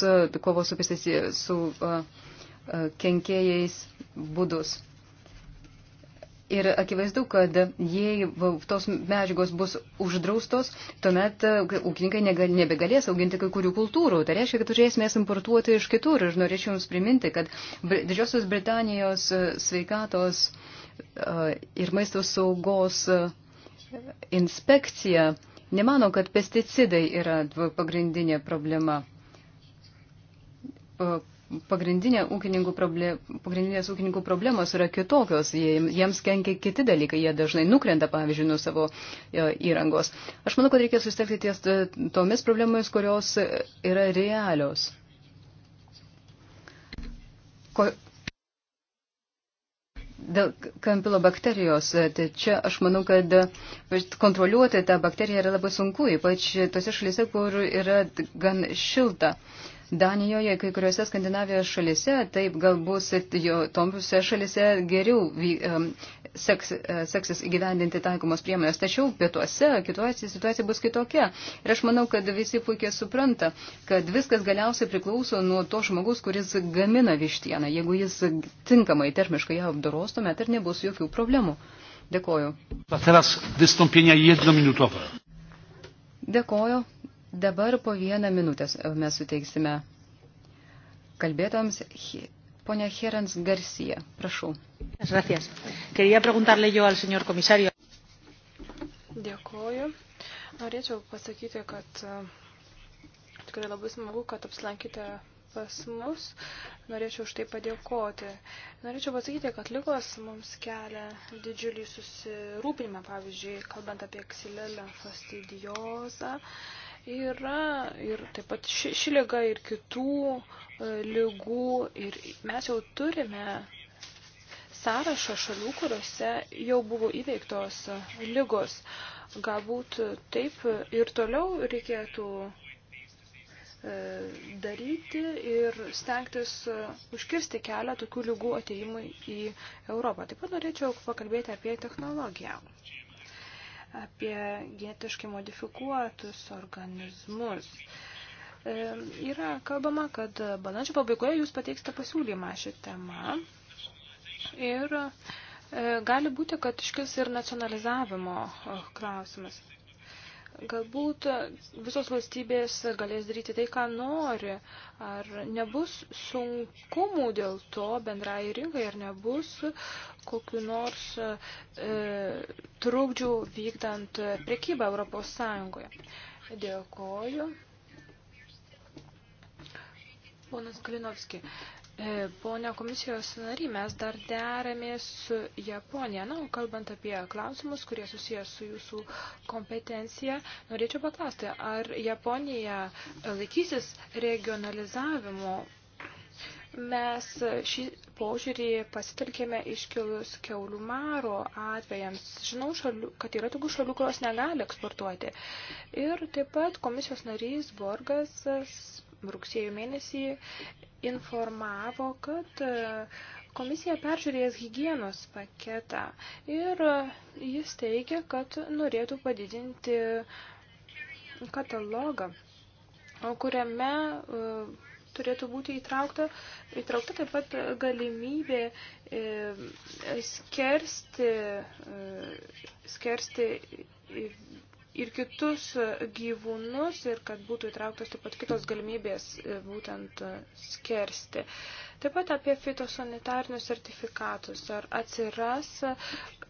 kovos su, su kenkėjais būdus. Ir akivaizdu, kad jei tos medžiagos bus uždraustos, tuomet e, ūkininkai negal, nebegalės auginti kai kurių kultūrų. Tai reiškia, kad turėsime importuoti iš kitur. Ir norėčiau Jums priminti, kad Didžiosios Britanijos e, sveikatos e, ir maisto saugos inspekcija nemano, kad pesticidai yra pagrindinė problema pagrindinė ūkininkų problė, pagrindinės ūkininkų problemos yra kitokios, jie, jiems kenkia kiti dalykai, jie dažnai nukrenta, pavyzdžiui, nuo savo įrangos. Aš manau, kad reikia susitelkti ties e, tomis problemomis, kurios e, yra realios. Ko, dėl kampilo bakterijos, e, tai čia aš manau, kad kontroliuoti tą bakteriją yra labai sunku, ypač tose šalyse, kur yra gan šilta. Uh, Danijoje, kai kuriuose Skandinavijos šalise, taip galbūt jo tombiuose šalise geriau seks, e, seksis įgyvendinti taikomos priemonės, tačiau pietuose kituose situacija bus kitokia. Ir aš manau, kad visi puikiai supranta, kad viskas galiausiai priklauso nuo to žmogus, kuris gamina vištieną. Jeigu jis tinkamai termiškai ją apdoros, tuomet ir nebus jokių problemų. Dėkoju. Dėkoju. Dabar po vieną minutę mes suteiksime kalbėtams ponia Herans Garcia. Prašau. Gracias. Quería preguntarle yo al señor comisario. Dėkoju. Norėčiau pasakyti, kad e, tikrai labai smagu, kad apsilankėte pas mus. Norėčiau už tai padėkoti. Norėčiau pasakyti, kad lygos mums kelia didžiulį susirūpinimą, pavyzdžiui, kalbant apie ksilelę fastidiozą. Uh, yra ir taip pat ši, ši lyga ir kitų e, lygų ir mes jau turime sąrašą šalių, kuriuose jau buvo įveiktos lygos. Galbūt taip ir toliau reikėtų e, daryti ir stengtis užkirsti kelią tokių lygų ateimui į Europą. Taip pat norėčiau pakalbėti apie technologiją apie genetiškai modifikuotus organizmus. E, yra kalbama, kad balandžio pabaigoje jūs pateiksite pasiūlymą šią temą ir e, gali būti, kad iškils ir nacionalizavimo e, klausimas. Galbūt visos valstybės galės daryti tai, ką nori. Ar nebus sunkumų dėl to bendrai rinkai, ar nebus kokiu nors e, trukdžių vykdant prekybą Europos Sąjungoje. Dėkoju. Ponas Kalinovski, E, Pone komisijos nary, mes dar deramės su Japonija. Na, o kalbant apie klausimus, kurie susijęs su jūsų kompetencija, norėčiau paklausti, ar Japonija laikysis regionalizavimo? Mes šį požiūrį pasitelkėme iškilus keulių maro atvejams. Žinau, šalių, kad yra tokių šalių, kurios negali eksportuoti. Ir taip pat komisijos narys Borgas rugsėjo mėnesį informavo, kad e, komisija peržiūrės hygienos paketą ir e, jis teigia, kad norėtų padidinti katalogą, kuriame e, turėtų būti įtraukta, įtraukta taip pat galimybė skersti, skersti ir kitus gyvūnus ir kad būtų įtrauktos taip pat kitos galimybės e, būtent e, skersti. Taip pat apie fitosanitarinius sertifikatus. Ar atsiras, e,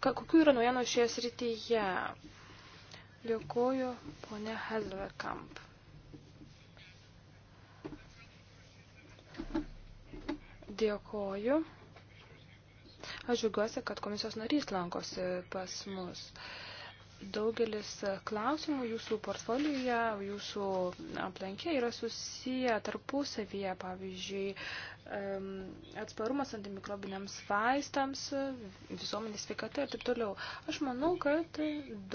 kokiu yra naujienų šioje srityje? Dėkuoju, ponė Hazelkamp. Dėkuoju. Aš žiūriuosi, kad komisijos narys lankosi pas mus. Uh, Daugelis klausimų jūsų portfolijoje, jūsų aplankė yra susiję tarpusavyje, pavyzdžiui, atsparumas antimikrobiniams vaistams, visuomenės sveikata ir taip toliau. Aš manau, kad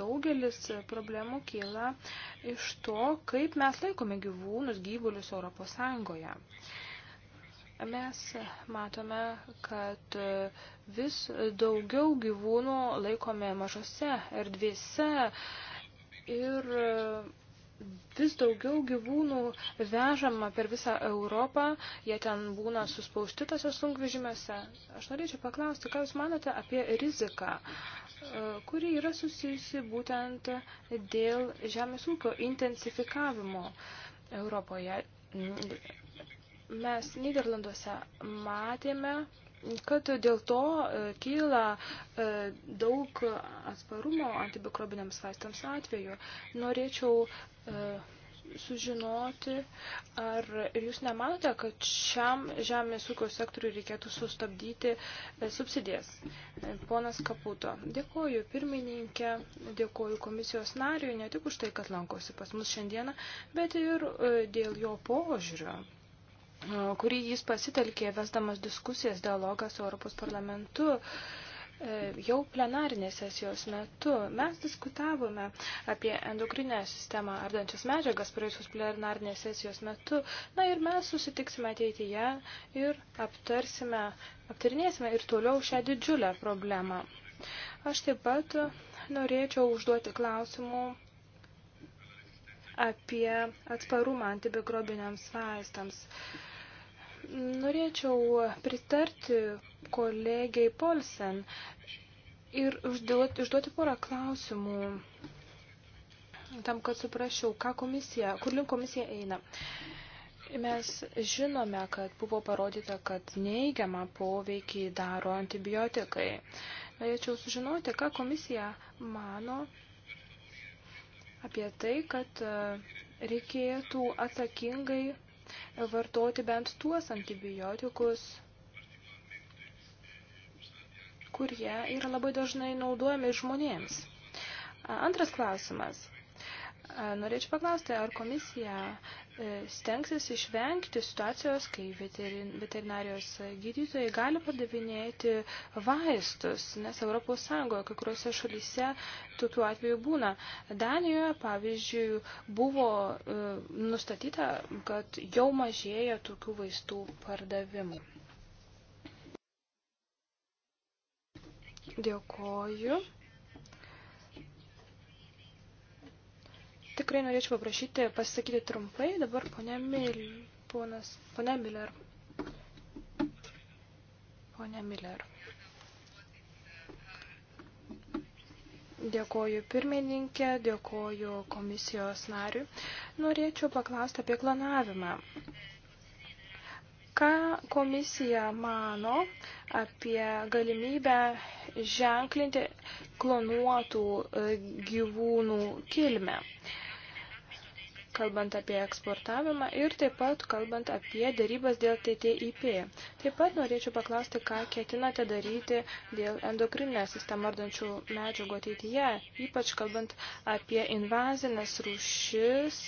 daugelis problemų kyla iš to, kaip mes laikome gyvūnus, gyvulius Europos Sąjungoje. Mes matome, kad vis daugiau gyvūnų laikome mažose erdvėse ir vis daugiau gyvūnų vežama per visą Europą, jie ten būna suspausti tose sunkvežimėse. Aš norėčiau paklausti, ką Jūs manote apie riziką, kuri yra susijusi būtent dėl žemės ūkio intensifikavimo Europoje. Mes Niderlanduose matėme, kad dėl to e, kyla e, daug atsparumo antimikrobiniams vaistams atveju. Norėčiau e, sužinoti, ar jūs nemanote, kad šiam žemės ūkio sektoriui reikėtų sustabdyti subsidijas. Ponas Kaputo, dėkoju pirmininkė, dėkoju komisijos nariui ne tik už tai, kad lankosi pas mus šiandieną, bet ir dėl jo požiūrio kurį jis pasitelkė, vesdamas diskusijas, dialogą su Europos parlamentu. E, jau plenarinės sesijos metu mes diskutavome apie endokrinę sistemą ardančias medžiagas praėjusios plenarinės sesijos metu. Na ir mes susitiksime ateityje ir aptarsime, aptarinėsime ir toliau šią didžiulę problemą. Aš taip pat norėčiau užduoti klausimų apie atsparumą antimikrobiniams vaistams. Norėčiau pritarti kolegiai Polsen ir užduoti, užduoti porą klausimų tam, kad suprasčiau, ką komisija, kur link komisija eina. Mes žinome, kad buvo parodyta, kad neigiamą poveikį daro antibiotikai. Norėčiau sužinoti, ką komisija mano apie tai, kad e, reikėtų atsakingai vartoti bent tuos antibiotikus, kurie yra labai dažnai naudojami žmonėms. Antras klausimas. Norėčiau paklausti, ar komisija E, stengsis išvengti situacijos, kai veterinarijos gydytojai gali padavinėti vaistus, nes ES kai kuriuose šalyse tokiu atveju būna. Danijoje, pavyzdžiui, buvo e, nustatyta, kad jau mažėja tokių vaistų pardavimų. Dėkoju. tikrai norėčiau paprašyti pasisakyti trumpai. Dabar ponia Mil, ponas, ponia Miller. Ponia Miller. Dėkoju pirmininkė, dėkoju komisijos nariui. Norėčiau paklausti apie planavimą. Ką komisija mano apie galimybę ženklinti klonuotų e, gyvūnų kilmę? kalbant apie eksportavimą ir taip pat kalbant apie darybas dėl TTIP. Taip pat norėčiau paklausti, ką ketinate daryti dėl endokrininę sistemą ardančių medžiagų ateityje, ypač kalbant apie invazinės rūšis,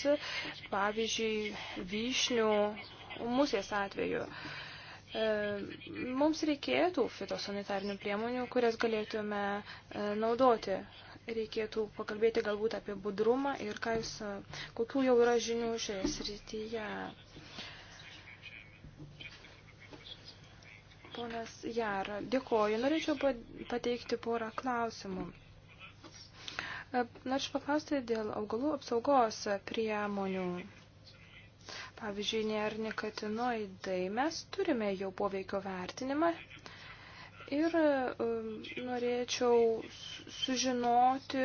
pavyzdžiui, vyšnių musės atveju. E, mums reikėtų fitosanitarnių priemonių, kurias galėtume e, naudoti reikėtų pakalbėti galbūt apie budrumą ir ką jūs, kokių jau yra žinių šioje srityje. Ponas Jara, dėkoju. Norėčiau pateikti porą klausimų. E, norėčiau paklausti dėl augalų apsaugos priemonių. Pavyzdžiui, nėra nikotinoidai. Mes turime jau poveikio vertinimą Ir um, norėčiau sužinoti,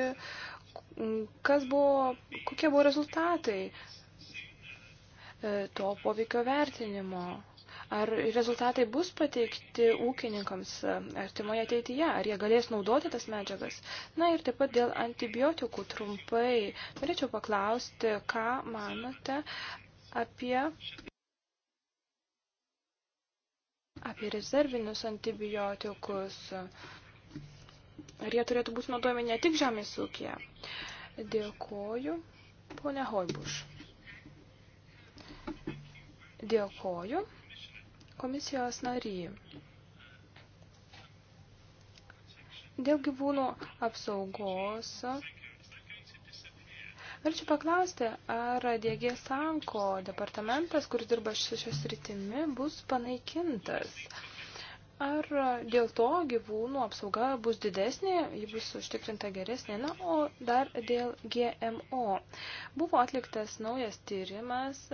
kas buvo, kokie buvo rezultatai e, to poveikio vertinimo. Ar rezultatai bus pateikti ūkininkams e, artimoje ateityje, ar jie galės naudoti tas medžiagas? Na ir taip pat dėl antibiotikų trumpai norėčiau paklausti, ką manote apie apie rezervinius antibiotikus. Ar jie turėtų būti naudojami ne tik žemės ūkėje? Dėkoju, ponia Hoibuš. Dėkoju, komisijos nary. Dėl gyvūnų apsaugos Norėčiau paklausti, ar DG Sanko departamentas, kuris dirba šios rytimi, bus panaikintas? Ar dėl to gyvūnų apsauga bus didesnė, ji bus užtikrinta geresnė? Na, o dar dėl GMO. Buvo atliktas naujas tyrimas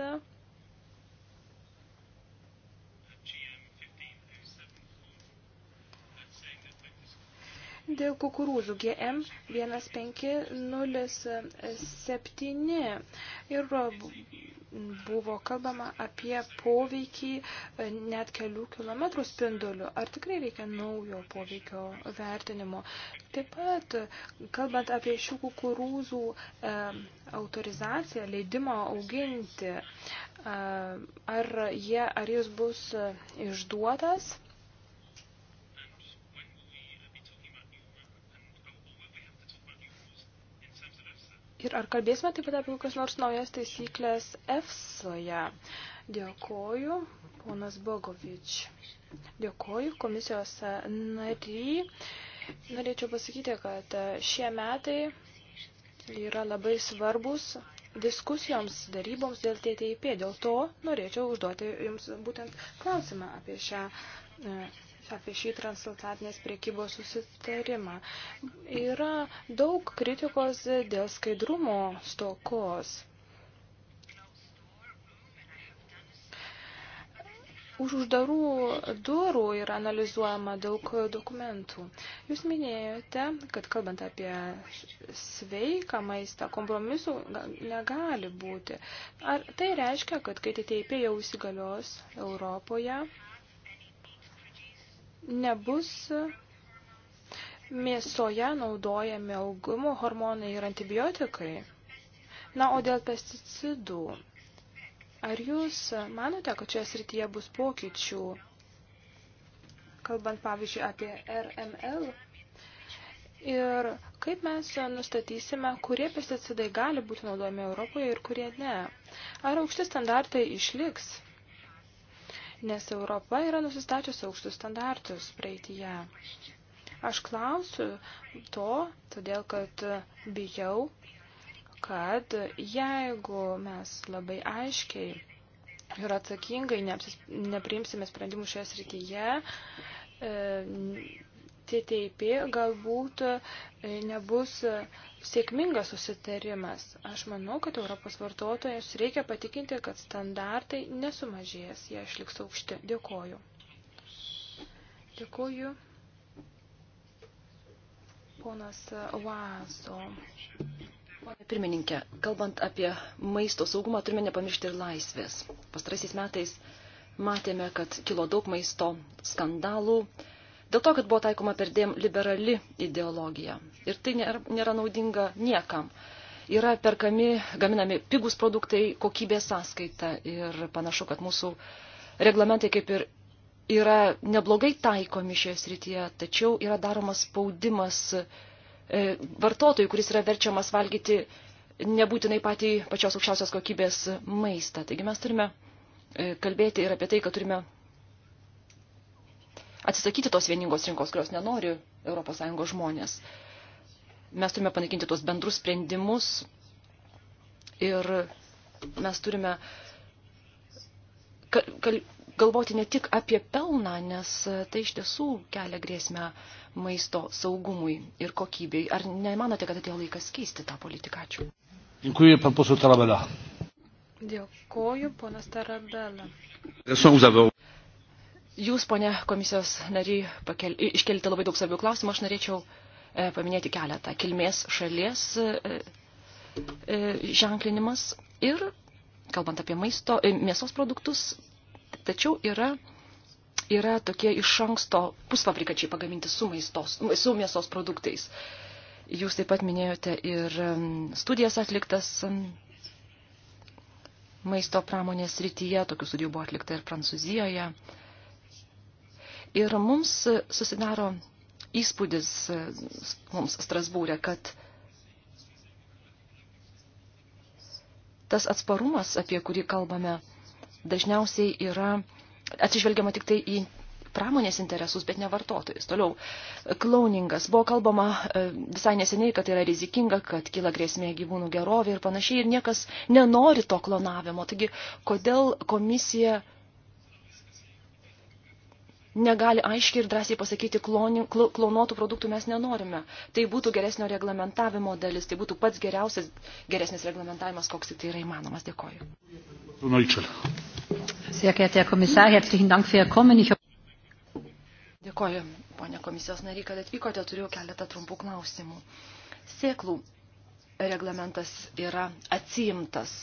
Dėl kukurūzų GM 1507 ir buvo kalbama apie poveikį e, net kelių kilometrų spinduliu. Ar tikrai reikia naujo poveikio vertinimo? Taip pat, kalbant apie šių kukurūzų e, autorizaciją, leidimą auginti, e, ar, jie, ar jis bus e, išduotas? Ir ar kalbėsime taip pat apie kokias nors naujas taisyklės EFSOje? Dėkoju, ponas Bogovič. Dėkoju, komisijos nary. Norėčiau pasakyti, kad šie metai yra labai svarbus diskusijoms, daryboms dėl TTIP. Dėl to norėčiau užduoti Jums būtent klausimą apie šią apie šį transatlantinės priekybos susitarimą. Yra daug kritikos dėl skaidrumo stokos. Už uždarų durų yra analizuojama daug dokumentų. Jūs minėjote, kad kalbant apie sveiką maistą, kompromisų negali būti. Ar tai reiškia, kad kai TTIP jau įsigalios Europoje, nebus mėsoje naudojami augimo hormonai ir antibiotikai. Na, o dėl pesticidų. Ar jūs manote, kad čia srityje bus pokyčių, kalbant pavyzdžiui apie RML? Ir kaip mes nustatysime, kurie pesticidai gali būti naudojami Europoje ir kurie ne? Ar aukšti standartai išliks? nes Europa yra nusistačiusi aukštus standartus praeityje. Aš klausiu to, todėl kad bijau, kad jeigu mes labai aiškiai ir atsakingai nepriimsime sprendimų šioje srityje, e, TTIP galbūt e, nebus sėkmingas susitarimas. Aš manau, kad Europos vartotojus reikia patikinti, kad standartai nesumažės, jie išliks aukšti. Dėkoju. Dėkoju. Ponas Oazo. Pone pirmininkė, kalbant apie maisto saugumą, turime nepamiršti ir laisvės. Pastraisiais metais matėme, kad kilo daug maisto skandalų, dėl to, kad buvo taikoma perdėm liberali ideologija. Ir tai nėra, nėra naudinga niekam. Yra perkami, gaminami pigus produktai kokybės sąskaita ir panašu, kad mūsų reglamentai kaip ir yra neblogai taikomi šioje srityje, tačiau yra daromas spaudimas e, vartotojui, kuris yra verčiamas valgyti nebūtinai patį pačios aukščiausios kokybės maistą. Taigi mes turime e, kalbėti ir apie tai, kad turime atsisakyti tos vieningos rinkos, kurios nenori ES žmonės. Mes turime panaikinti tuos bendrus sprendimus ir mes turime galvoti ne tik apie pelną, nes tai iš tiesų kelia grėsmę maisto saugumui ir kokybei. Ar nemanote, kad atėjo laikas keisti tą politiką? Ačiū. Dziękuję, pan poseł Tarabella. Dėkoju, ponas Tarabella. Jūs, ponė komisijos nariai, pakel... iškelite labai daug svarbių klausimų. Aš norėčiau e, paminėti keletą. Kilmės šalies e, e, ženklinimas ir, kalbant apie maisto, e, mėsos produktus, tačiau yra, yra tokie iš anksto pusfabrikačiai pagaminti su, maistos, su mėsos produktais. Jūs taip pat minėjote ir studijas atliktas maisto pramonės rytyje, tokių studijų buvo atlikta ir Prancūzijoje. Ir mums susidaro įspūdis mums Strasbūrė, kad tas atsparumas, apie kurį kalbame, dažniausiai yra atsižvelgiama tik tai į pramonės interesus, bet ne vartotojus. Toliau, klauningas. Buvo kalbama e, visai neseniai, kad tai yra rizikinga, kad kyla grėsmė gyvūnų gerovė ir panašiai, ir niekas nenori to klonavimo. Taigi, kodėl komisija negali aiškiai ir drąsiai pasakyti, kloni, kl, klonuotų produktų mes nenorime. Tai būtų geresnio reglamentavimo dalis, tai būtų pats geriausias, geresnis reglamentavimas, koks tik tai yra įmanomas. Dėkoju. Dėkoju, ponė komisijos nariai, kad atvykote, turiu keletą trumpų klausimų. Sėklų reglamentas yra atsiimtas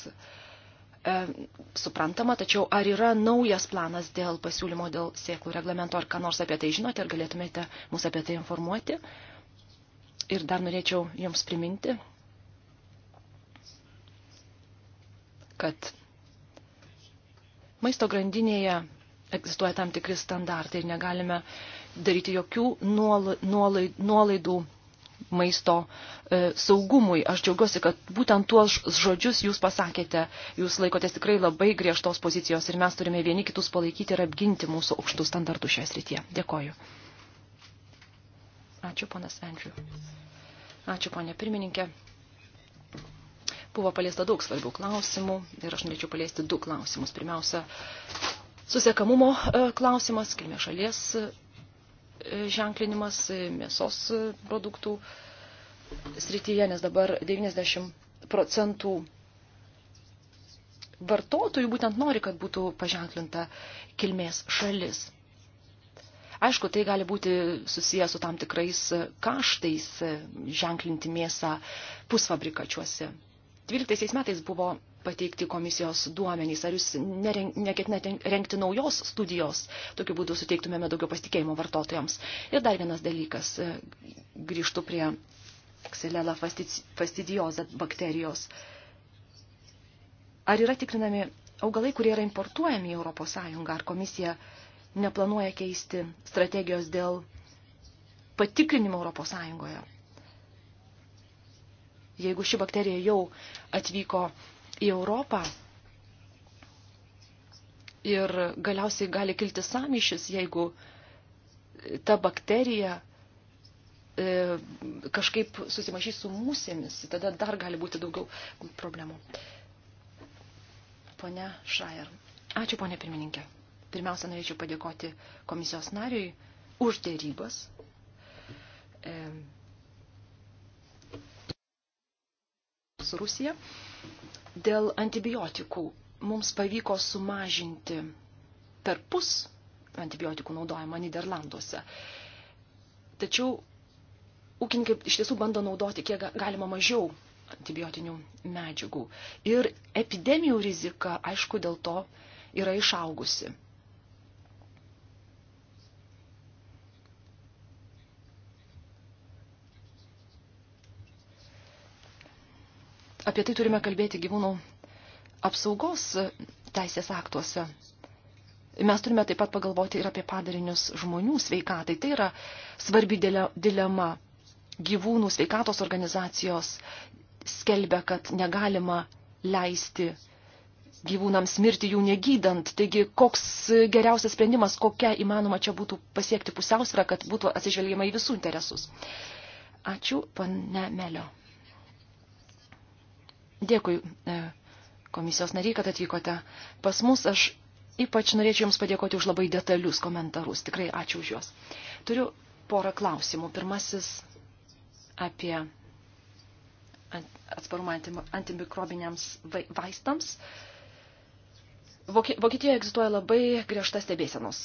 e, suprantama, tačiau ar yra naujas planas dėl pasiūlymo dėl sėklų reglamento, ar ką nors apie tai žinote, ar galėtumėte mus apie tai informuoti? Ir dar norėčiau jums priminti, kad maisto grandinėje egzistuoja tam tikri standartai ir negalime daryti jokių nuolaidų maisto e, saugumui. Aš džiaugiuosi, kad būtent tuos žodžius jūs pasakėte, jūs laikotės tikrai labai griežtos pozicijos ir mes turime vieni kitus palaikyti ir apginti mūsų aukštų standartų šioje srityje. Dėkoju. Ačiū, ponas Andrew. Ačiū, ponė pirmininkė. Buvo paliesta daug svarbių klausimų ir aš norėčiau paliesti du klausimus. Pirmiausia, susiekamumo e, klausimas, kilmė šalies ženklinimas mėsos produktų srityje, nes dabar 90 procentų vartotojų būtent nori, kad būtų paženklinta kilmės šalis. Aišku, tai gali būti susijęs su tam tikrais kaštais ženklinti mėsą pusfabrikačiuose. 12 metais buvo pateikti komisijos duomenys? Ar jūs neketinate rengti naujos studijos? Tokiu būdu suteiktumėme daugiau pasitikėjimo vartotojams. Ir dar vienas dalykas, e, grįžtu prie Xylella fastidioza bakterijos. Ar yra tikrinami augalai, kurie yra importuojami į Europos Sąjungą? Ar komisija neplanuoja keisti strategijos dėl patikrinimo Europos Sąjungoje? Jeigu ši bakterija jau atvyko į Europą. Ir galiausiai gali kilti samyšis, jeigu ta bakterija e, kažkaip susimašys su mūsėmis. Tada dar gali būti daugiau problemų. Pone Šrajer. Ačiū, ponė pirmininkė. Pirmiausia, norėčiau padėkoti komisijos nariui už dėrybas. E, su Rusija. E, Dėl antibiotikų mums pavyko sumažinti per pus antibiotikų naudojimą Niderlanduose. Tačiau ūkininkai iš tiesų bando naudoti kiek galima mažiau antibiotinių medžiagų. Ir epidemijų rizika, aišku, dėl to yra išaugusi. apie tai turime kalbėti gyvūnų apsaugos teisės aktuose. Mes turime taip pat pagalvoti ir apie padarinius žmonių sveikatai. Tai yra svarbi dilema. Gyvūnų sveikatos organizacijos skelbia, kad negalima leisti gyvūnams mirti jų negydant. Taigi, koks geriausias sprendimas, kokia įmanoma čia būtų pasiekti pusiausvyrą, kad būtų atsižvelgiama į visų interesus. Ačiū, pane Melio. Dėkui e, komisijos nariai, kad atvykote pas mus. Aš ypač norėčiau Jums padėkoti už labai detalius komentarus. Tikrai ačiū už juos. Turiu porą klausimų. Pirmasis apie atsparumą antimikrobiniams vaistams. Vokietijoje egzistuoja labai griežta stebėsenos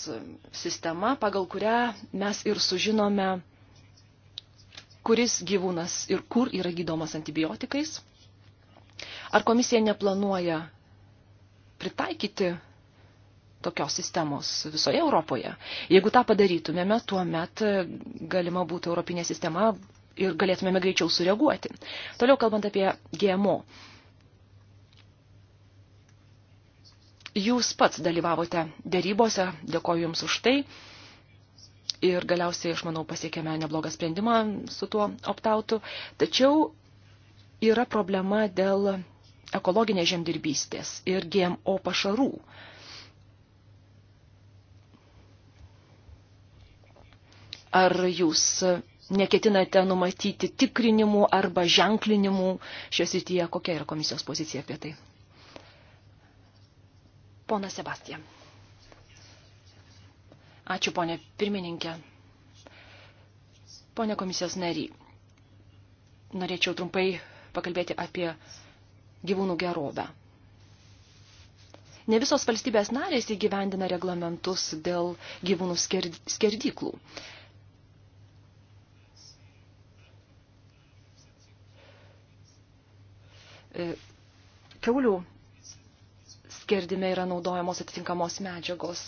sistema, pagal kurią mes ir sužinome, kuris gyvūnas ir kur yra gydomas antibiotikais. Ar komisija neplanuoja pritaikyti tokios sistemos visoje Europoje? Jeigu tą padarytumėme, tuomet galima būtų Europinė sistema ir galėtumėme greičiau sureaguoti. Toliau kalbant apie GMO. Jūs pats dalyvavote dėrybose, dėkoju Jums už tai. Ir galiausiai, aš manau, pasiekėme neblogą sprendimą su tuo optautu. Tačiau yra problema dėl ekologinės žemdirbystės ir GMO pašarų. Ar jūs neketinate numatyti tikrinimų arba ženklinimų šios įtyje? Kokia yra komisijos pozicija apie tai? Pona Sebastija. Ačiū, ponė pirmininkė. Pone komisijos nary, norėčiau trumpai pakalbėti apie gyvūnų gerovę. Ne visos valstybės narės įgyvendina reglamentus dėl gyvūnų skerdyklų. E, Keulių skerdime yra naudojamos atitinkamos medžiagos,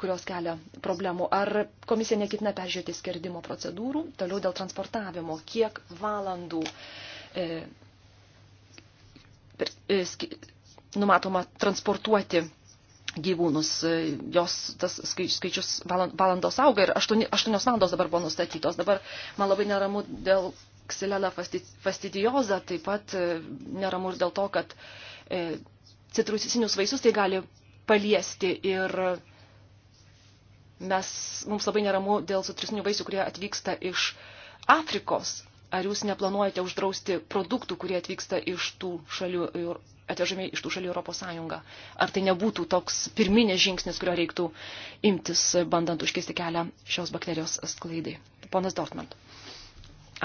kurios kelia problemų. Ar komisija nekitina peržiūrėti skerdimo procedūrų, toliau dėl transportavimo, kiek valandų e, per, e, numatoma transportuoti gyvūnus. E, jos tas skaičius valandos auga ir 8, 8 valandos dabar buvo nustatytos. Dabar man labai neramu dėl ksilela fastidijoza, taip pat e, neramu ir dėl to, kad citrusinius vaisius tai gali paliesti ir mes, mums labai neramu dėl citrusinių vaisių, kurie atvyksta iš Afrikos ar jūs neplanuojate uždrausti produktų, kurie atvyksta iš tų šalių, atvežami iš tų šalių Europos Sąjungą? Ar tai nebūtų toks pirminis žingsnis, kurio reiktų imtis, bandant užkesti kelią šios bakterijos sklaidai? Ponas Dortmund.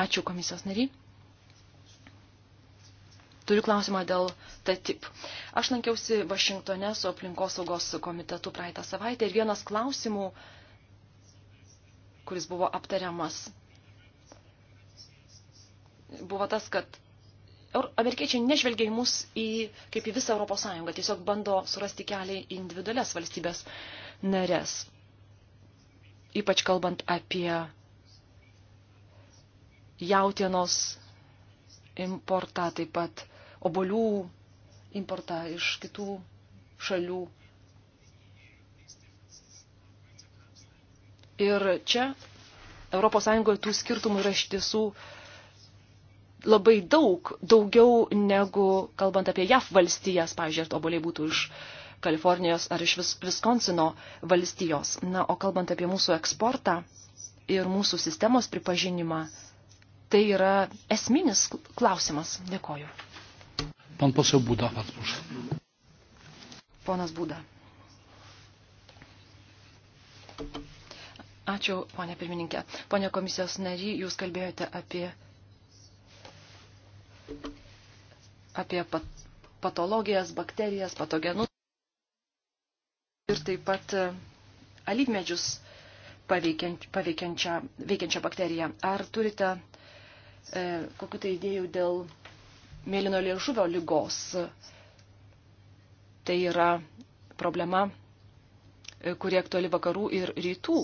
Ačiū komisijos nariai. Turiu klausimą dėl TTIP. Aš lankiausi Vašingtone su aplinkosaugos komitetu praeitą savaitę ir vienas klausimų, kuris buvo aptariamas buvo tas, kad amerikiečiai nežvelgia į mus į, kaip į visą Europos Sąjungą, tiesiog bando surasti kelią į individualias valstybės narės. Ypač kalbant apie jautienos importą, taip pat obolių importą iš kitų šalių. Ir čia ES tų skirtumų yra iš tiesų uh, labai daug, daugiau negu, kalbant apie JAF valstijas, pavyzdžiui, ar oboliai būtų iš Kalifornijos ar iš Vis Viskonsino valstijos. Na, o kalbant apie mūsų eksportą ir mūsų sistemos pripažinimą, tai yra esminis klausimas. Dėkoju. Pan posel Būda, atsiprašau. Ponas Būda. Ačiū, ponė pirmininkė. Ponė komisijos nary, jūs kalbėjote apie apie patologijas, bakterijas, patogenus ir taip pat e, alyvmedžius paveikiančią bakteriją. Ar turite e, kokiu tai idėjų dėl mėlyno liežuvio lygos? Tai yra problema, e, kurie aktuali vakarų ir rytų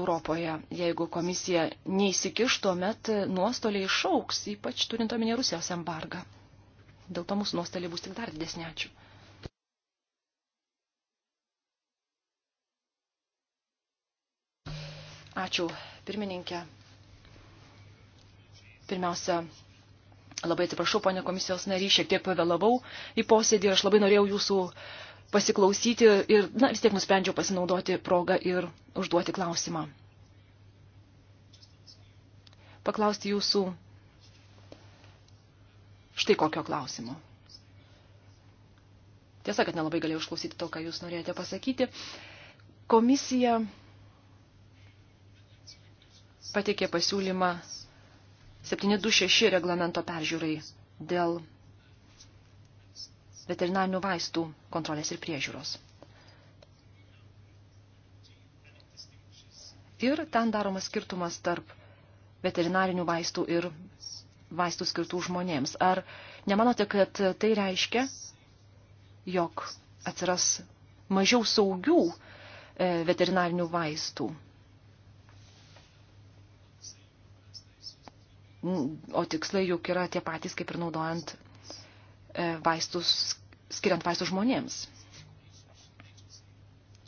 Europoje. Jeigu komisija neįsikiš, tuomet nuostoliai išauks, ypač turint omenyje Rusijos embargą dėl to mūsų nuostoliai bus tik dar didesnė. Ačiū. Ačiū, pirmininkė. Pirmiausia, labai atsiprašau, ponė komisijos nary, šiek tiek pavėlavau į posėdį ir aš labai norėjau jūsų pasiklausyti ir, na, vis tiek nusprendžiau pasinaudoti progą ir užduoti klausimą. Paklausti jūsų štai kokio klausimo. Tiesa, kad nelabai galėjau išklausyti to, ką jūs norėjote pasakyti. Komisija pateikė pasiūlymą 726 reglamento peržiūrai dėl veterinarinių vaistų kontrolės ir priežiūros. Ir ten daromas skirtumas tarp veterinarinių vaistų ir vaistų skirtų žmonėms. Ar nemanote, kad tai reiškia, jog atsiras mažiau saugių e, veterinarinių vaistų? O tikslai juk yra tie patys, kaip ir naudojant e, vaistus, skiriant vaistus žmonėms.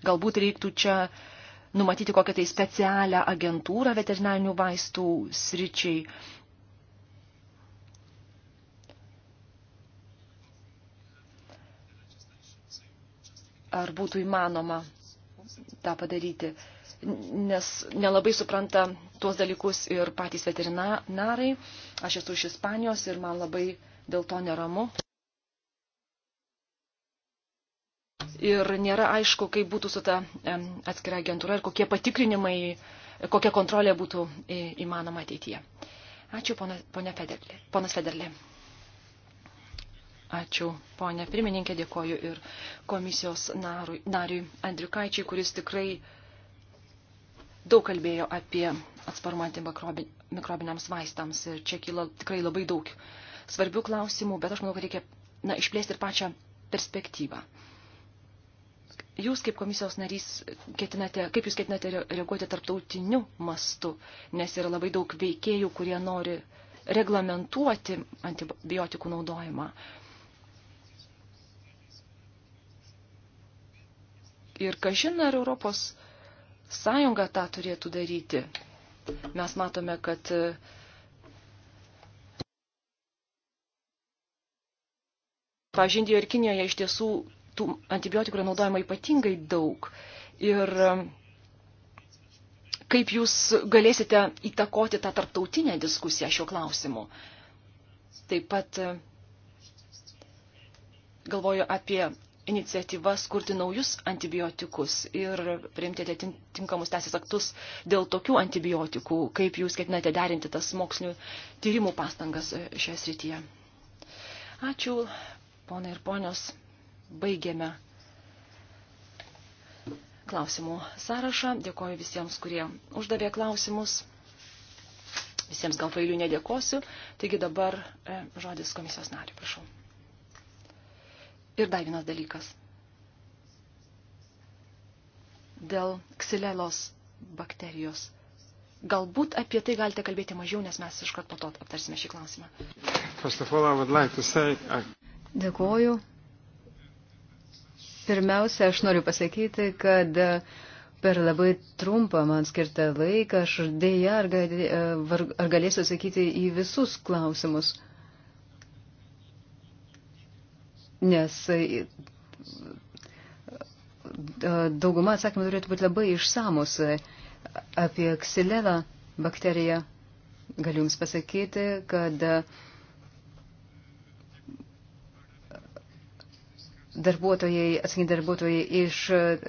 Galbūt reiktų čia numatyti kokią tai specialią agentūrą veterinarinių vaistų sričiai, ar būtų įmanoma tą padaryti, nes nelabai supranta tuos dalykus ir patys veterinarai. Aš esu iš Ispanijos ir man labai dėl to neramu. Ir nėra aišku, kaip būtų su ta atskira agentūra ir kokie patikrinimai, kokia kontrolė būtų įmanoma ateityje. Ačiū, ponas Federlė. Ačiū, ponė pirmininkė, dėkoju ir komisijos narui, nariui Andriukaičiai, kuris tikrai daug kalbėjo apie atsparumą antimikrobiniams vaistams. Ir čia kyla tikrai labai daug svarbių klausimų, bet aš manau, kad reikia na, išplėsti ir pačią perspektyvą. Jūs kaip komisijos narys ketinate, kaip jūs ketinate reaguoti tarptautiniu mastu, nes yra labai daug veikėjų, kurie nori reglamentuoti antibiotikų naudojimą. ir kažin ar Europos sąjunga tą turėtų daryti. Mes matome, kad Pažindėjo ir Kinijoje iš tiesų tų antibiotikų yra naudojama ypatingai daug. Ir kaip jūs galėsite įtakoti tą tarptautinę diskusiją šiuo klausimu? Taip pat galvoju apie iniciatyvas kurti naujus antibiotikus ir priimti atitinkamus teisės aktus dėl tokių antibiotikų, kaip jūs ketinate derinti tas mokslinių tyrimų pastangas e, šioje srityje. Ačiū, ponai ir ponios, baigėme klausimų sąrašą. Dėkoju visiems, kurie uždavė klausimus. Visiems gal failių nedėkosiu. Taigi dabar e, žodis komisijos nariu, prašau. Ir dar vienas dalykas. Dėl ksilelos bakterijos. Galbūt apie tai galite kalbėti mažiau, nes mes iškart po to aptarsime šį klausimą. All, like say, I... Dėkuoju. Pirmiausia, aš noriu pasakyti, kad e, per labai trumpą man skirtą laiką aš dėja ar, gal, e, ar galėsiu atsakyti į visus klausimus. nes e, dauguma atsakymų turėtų būti labai išsamus. Apie ksilelą bakteriją galiu Jums pasakyti, kad e, darbuotojai, atsakingi darbuotojai iš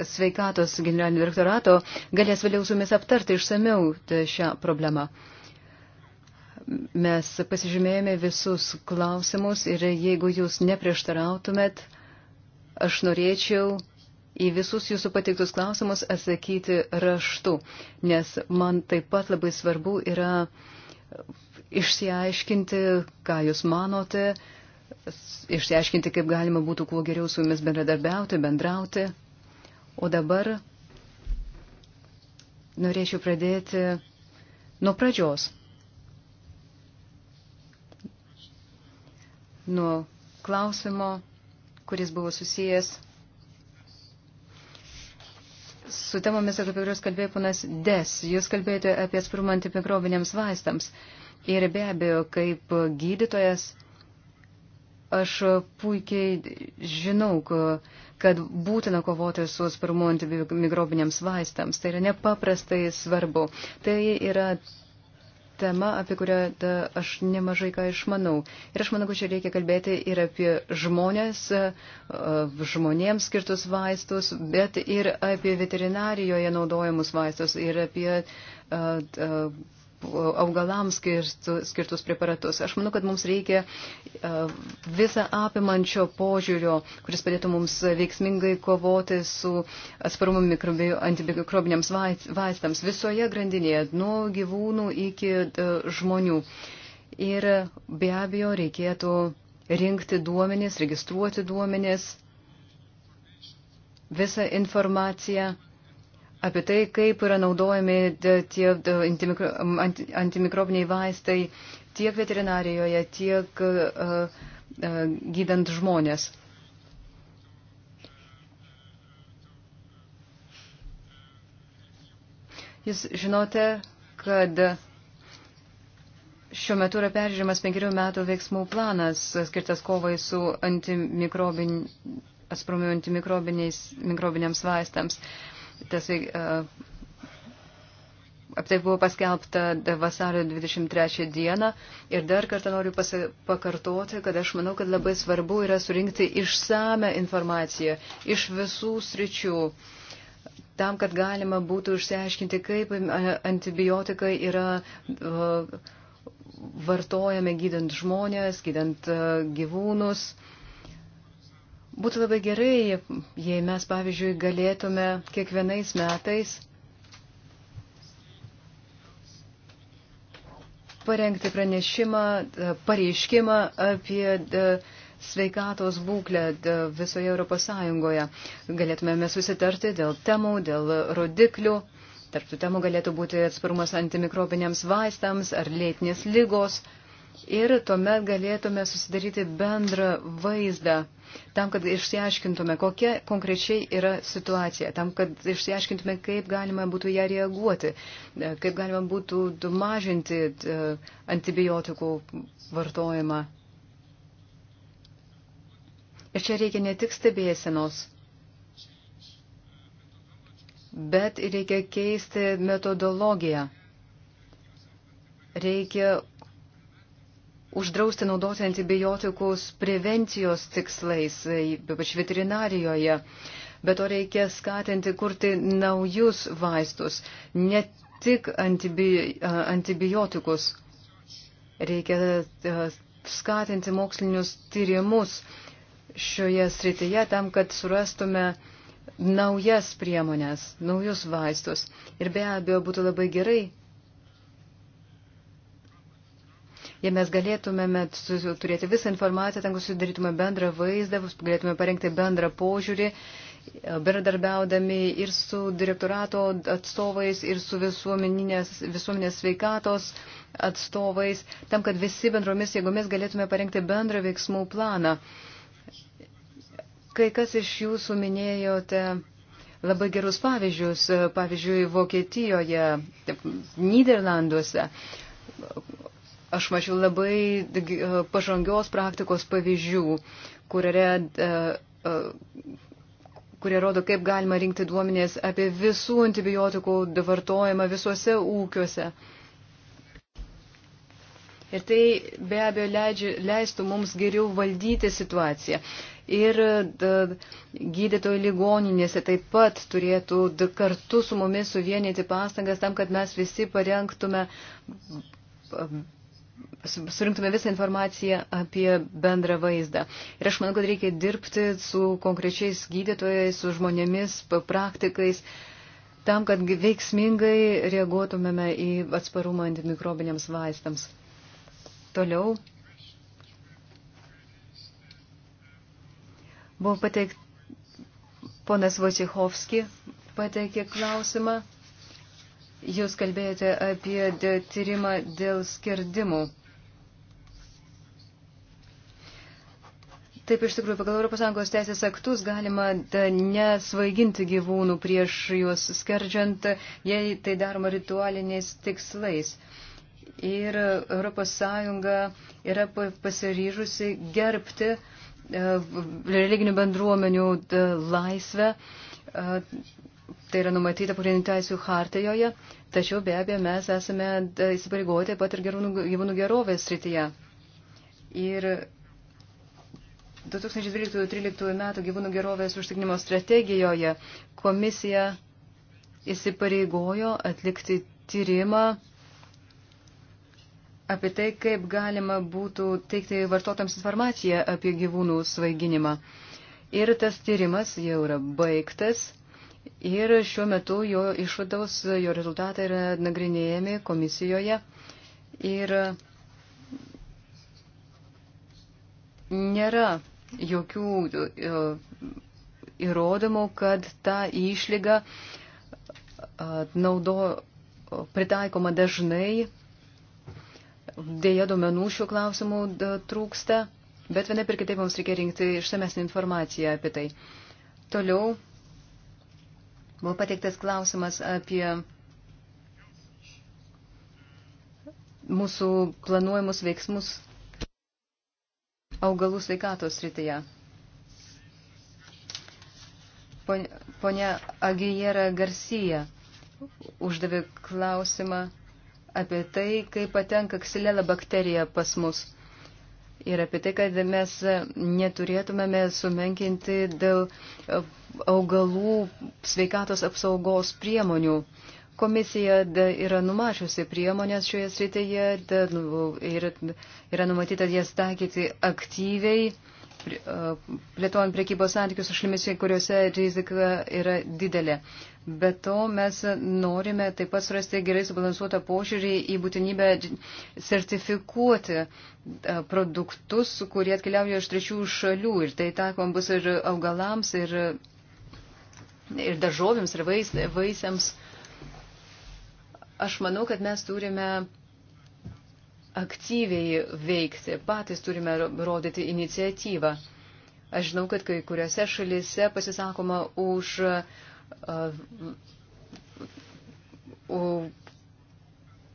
sveikatos generalinio direktorato galės vėliau su jumis aptarti išsameu e, šią problemą. Mes pasižymėjome visus klausimus ir jeigu jūs neprieštarautumėt, aš norėčiau į visus jūsų pateiktus klausimus atsakyti raštu, nes man taip pat labai svarbu yra išsiaiškinti, ką jūs manote, išsiaiškinti, kaip galima būtų kuo geriau su jumis bendradarbiauti, bendrauti. O dabar norėčiau pradėti nuo pradžios. nuo klausimo, kuris buvo susijęs su temomis, apie kuriuos kalbėjo ponas Des. Jūs kalbėjote apie atsparumą antimikrobiniams vaistams. Ir be abejo, kaip gydytojas, aš puikiai žinau, kad būtina kovoti su atsparumu antimikrobiniams vaistams. Tai yra nepaprastai svarbu. Tai yra tema, apie kurią da, aš nemažai ką išmanau. Ir aš manau, kad čia reikia kalbėti ir apie žmonės, žmonėms skirtus vaistus, bet ir apie veterinarijoje naudojamus vaistus ir apie. A, a, augalams skirtus preparatus. Aš manau, kad mums reikia e, visą apimančio požiūrio, kuris padėtų mums veiksmingai kovoti su atsparumu antimikrobiniams vaistams visoje grandinėje, nuo gyvūnų iki e, žmonių. Ir be abejo reikėtų rinkti duomenis, registruoti duomenis, visą informaciją apie tai, kaip yra naudojami tie antimikrobiniai vaistai tiek veterinarijoje, tiek e, e, gydant žmonės. Jūs žinote, kad šiuo metu yra peržiūrimas penkerių metų veiksmų planas, skirtas kovai su antimikrobin, aspromiu antimikrobiniams vaistams tas Apie tai buvo paskelbta vasario 23 dieną ir dar kartą noriu pasi, pakartoti, kad aš manau, kad labai svarbu yra surinkti išsame informaciją iš visų sričių, tam, kad galima būtų išsiaiškinti, kaip antibiotikai yra vartojami gydant žmonės, gydant gyvūnus. Uh, Būtų labai gerai, jei mes, pavyzdžiui, galėtume kiekvienais metais parengti pranešimą, e, pareiškimą apie e, sveikatos būklę e, visoje Europos Sąjungoje. Galėtumėme susitarti dėl temų, dėl rodiklių. Tarptų temų galėtų būti atsparumas antimikrobiniams vaistams ar lėtinės lygos ir tuomet galėtume susidaryti bendrą vaizdą tam, kad išsiaiškintume, kokia konkrečiai yra situacija, tam, kad išsiaiškintume, kaip galima būtų ją reaguoti, kaip galima būtų mažinti e, antibiotikų vartojimą. Ir čia reikia ne tik stebėsenos, bet reikia keisti metodologiją. Reikia uždrausti naudoti antibiotikus prevencijos tikslais, ypač veterinarijoje. Bet to reikia skatinti kurti naujus vaistus, ne tik antibi, antibiotikus. Reikia skatinti mokslinius tyrimus šioje srityje tam, kad surastume naujas priemonės, naujus vaistus. Ir be abejo būtų labai gerai, jei mes galėtumėme turėti visą informaciją, ten sudarytume bendrą vaizdą, galėtume parengti bendrą požiūrį, bendradarbiaudami ir su direktorato atstovais, ir su visuomeninės, visuomenės sveikatos atstovais, tam, kad visi bendromis jėgomis galėtume parengti bendrą veiksmų planą. Kai kas iš jūsų minėjote labai gerus pavyzdžius, pavyzdžiui, Vokietijoje, Niderlanduose, Aš mačiau labai e, pažangios praktikos pavyzdžių, kurie, e, e, kurie rodo, kaip galima rinkti duomenės apie visų antibiotikų vartojimą visuose ūkiuose. Ir tai be abejo leidži, leistų mums geriau valdyti situaciją. Ir gydytojų ligoninėse taip pat turėtų kartu su mumis suvienyti pastangas tam, kad mes visi parengtume surinktume visą informaciją apie bendrą vaizdą. Ir aš manau, kad reikia dirbti su konkrečiais gydytojais, su žmonėmis, praktikais, tam, kad veiksmingai reaguotumėme į atsparumą antimikrobiniams vaistams. Toliau buvo pateikt, ponas Vojcichovski pateikė klausimą. Jūs kalbėjote apie tyrimą dėl skirdimų. Taip, iš tikrųjų, pagal ES teisės aktus galima e, nesvaiginti gyvūnų prieš juos skerdžiant, jei tai daroma ritualiniais tikslais. Ir ES yra pasiryžusi gerbti e, religinių bendruomenių e, laisvę. Tai yra numatyta pagrindinių teisų hartijoje, tačiau be abejo mes esame įsipareigoti pat ir gyvūnų gerovės srityje. Ir 2012-2013 metų gyvūnų gerovės užtikrinimo strategijoje komisija įsipareigojo atlikti tyrimą apie tai, kaip galima būtų teikti vartotams informaciją apie gyvūnų svaiginimą. Ir tas tyrimas jau yra baigtas. Ir šiuo metu jo išvados, jo rezultatai yra nagrinėjami komisijoje. Ir nėra jokių e, įrodymų, kad ta išlyga e, naudo, e, pritaikoma dažnai. Dėja, duomenų šiuo klausimu trūksta, bet vienaip ir kitaip mums reikia rinkti išsamesnį informaciją apie tai. Toliau buvo pateiktas klausimas apie mūsų planuojamus veiksmus augalų sveikatos srityje. Pone Agijera Garcija uždavė klausimą apie tai, kaip patenka ksilelą bakteriją pas mus. Ir apie tai, kad mes neturėtumėme sumenkinti dėl e, augalų sveikatos apsaugos priemonių. Komisija yra numačiusi priemonės šioje srityje nu, ir yra numatyta jas taikyti aktyviai, plėtojant priekybos santykius su šalimis, kuriuose rizika yra didelė. Be to mes norime taip pat surasti gerai subalansuotą požiūrį į būtinybę sertifikuoti produktus, kurie atkeliauja iš trečių šalių. Ir tai takom bus ir augalams, ir, ir daržovėms, ir vais, vaisiams aš manau, kad mes turime aktyviai veikti, patys turime rodyti iniciatyvą. Aš žinau, kad kai kuriuose šalyse pasisakoma už, uh, uh,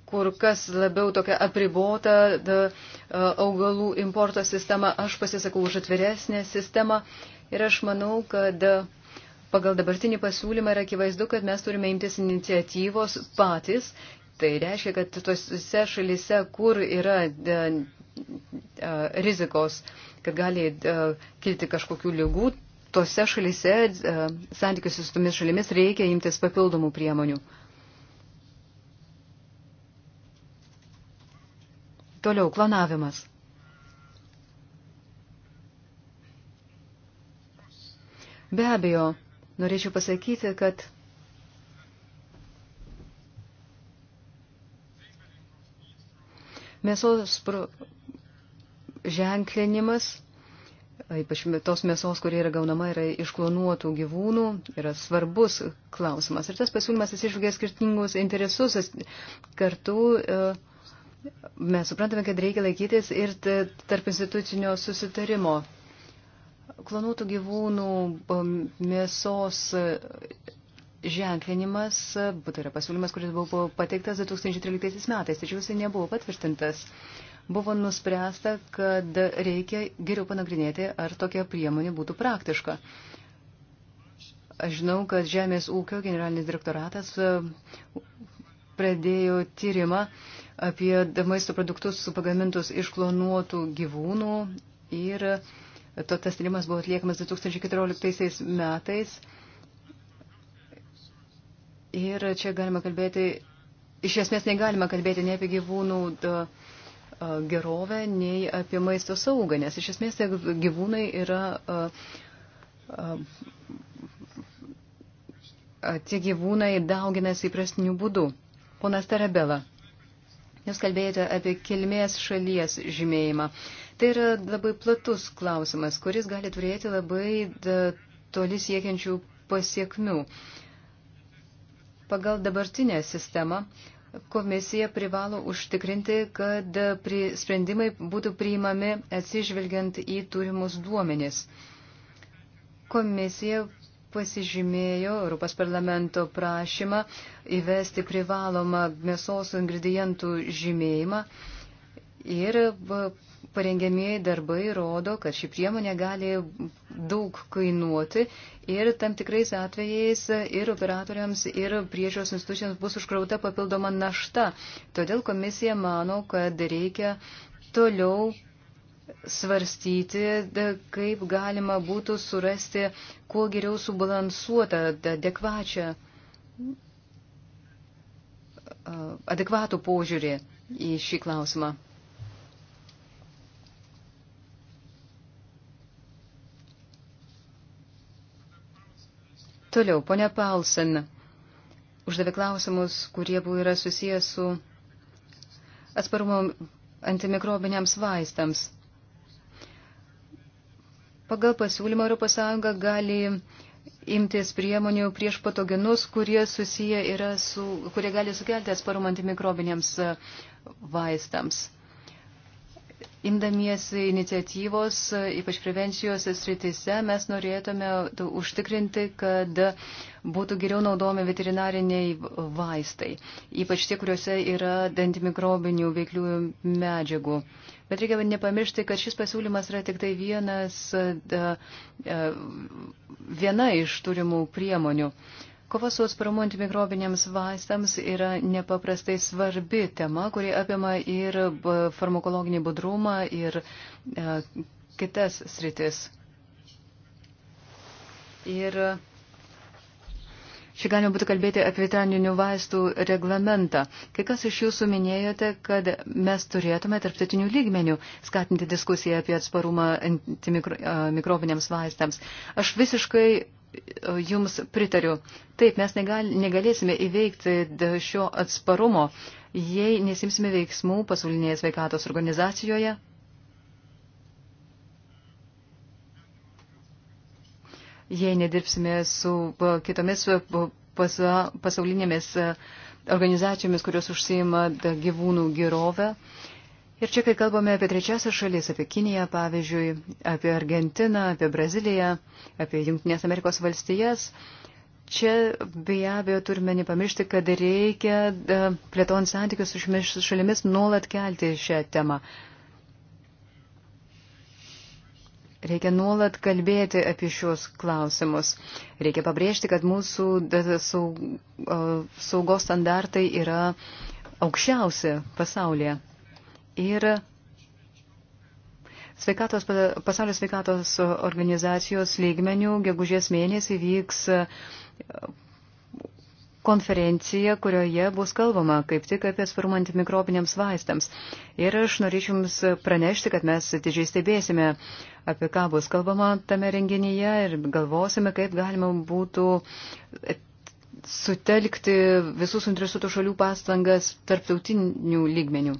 kur kas labiau tokia apribota da, uh, augalų importo sistema. Aš pasisakau už atviresnę sistemą ir aš manau, kad uh, Pagal dabartinį pasiūlymą yra akivaizdu, kad mes turime imtis iniciatyvos patys. Tai reiškia, kad tose šalise, kur yra de, de, rizikos, kad gali de, kilti kažkokių lygų, tose šalise e, santykiuose su tomis šalimis reikia imtis papildomų priemonių. Toliau klonavimas. Be abejo, Norėčiau pasakyti, kad mėsos ženklinimas, ypač tos mėsos, kurie yra gaunama, yra iš klonuotų gyvūnų, yra svarbus klausimas. Ir tas pasiūlymas atsižvelgia skirtingus interesus. Kartu e, mes suprantame, kad reikia laikytis ir tarp institucinio susitarimo klonuotų gyvūnų um, mėsos e, ženklinimas, e, tai yra pasiūlymas, kuris buvo pateiktas 2013 metais, tačiau jisai nebuvo patvirtintas. Buvo nuspręsta, kad reikia geriau panagrinėti, ar tokia priemonė būtų praktiška. Aš žinau, kad Žemės ūkio generalinis direktoratas e, pradėjo tyrimą apie maisto produktus pagamintus iš klonuotų gyvūnų ir uh, to tas tyrimas buvo atliekamas 2014 metais. Ir čia galima kalbėti, iš esmės negalima kalbėti nei apie gyvūnų da, gerovę, nei apie maisto saugą, nes iš esmės gyvūnai yra. A, a, tie gyvūnai dauginasi įprastiniu būdu. Ponas Tarabela, jūs kalbėjote apie kilmės šalies žymėjimą. Tai yra labai platus klausimas, kuris gali turėti labai toli siekiančių pasiekmių. Pagal dabartinę sistemą komisija privalo užtikrinti, kad sprendimai būtų priimami atsižvelgiant į turimus duomenis. Komisija pasižymėjo Europos parlamento prašymą įvesti privalomą mėsos ingredientų žymėjimą ir parengiamieji darbai rodo, kad ši priemonė gali daug kainuoti ir tam tikrais atvejais ir operatoriams, ir priežiūros institucijoms bus užkrauta papildoma našta. Todėl komisija mano, kad reikia toliau svarstyti, kaip galima būtų surasti kuo geriau subalansuotą, adekvačią, adekvatų požiūrį į šį klausimą. Toliau, ponia Paulsen uždavė klausimus, kurie buvo yra susijęs su atsparumo antimikrobiniams vaistams. Pagal pasiūlymą ES gali imtis priemonių prieš patogenus, kurie susiję yra su, kurie gali sukelti atsparumą antimikrobiniams e, vaistams. Imdamiesi iniciatyvos, ypač prevencijos sritise, mes norėtume užtikrinti, kad būtų geriau naudomi veterinariniai vaistai, ypač tie, kuriuose yra antimikrobinių veiklių medžiagų. Bet reikia nepamiršti, kad šis pasiūlymas yra tik tai vienas, e, viena iš turimų priemonių. Kova su atsparumu antimikrobiniams vaistams yra nepaprastai svarbi tema, kuri apima ir e, farmakologinį budrumą ir e, kitas sritis. Ir Šį galima būtų kalbėti apie vitamininių vaistų reglamentą. Kai kas iš jūsų minėjote, kad mes turėtume tarptautinių lygmenių skatinti diskusiją apie atsparumą antimikrobiniams e, vaistams. Aš visiškai E, jums pritariu. Taip, mes negal, negalėsime įveikti šio atsparumo, jei nesimsime veiksmų pasaulinėje sveikatos organizacijoje. Jei nedirbsime su e, kitomis e, pasaulinėmis organizacijomis, kurios užsieima gyvūnų gerovę, Ir čia, kai kalbame apie trečiasias šalis, apie Kiniją, pavyzdžiui, apie Argentiną, apie Braziliją, apie Junktinės Amerikos valstijas, čia be abejo turime nepamiršti, kad reikia, plėtojant santykius su šiomis šalimis, nuolat kelti šią temą. Reikia nuolat kalbėti apie šios klausimus. Reikia pabrėžti, kad mūsų saugos standartai yra aukščiausi pasaulyje. Ir sveikatos, pasaulio sveikatos organizacijos lygmenių gegužės mėnesį vyks konferencija, kurioje bus kalbama kaip tik apie svarumą antimikrobiniams vaistams. Ir aš norėčiau Jums pranešti, kad mes atidžiai stebėsime, apie ką bus kalbama tame renginyje ir galvosime, kaip galima būtų sutelkti visus interesuotų šalių pastangas tarptautinių lygmenių.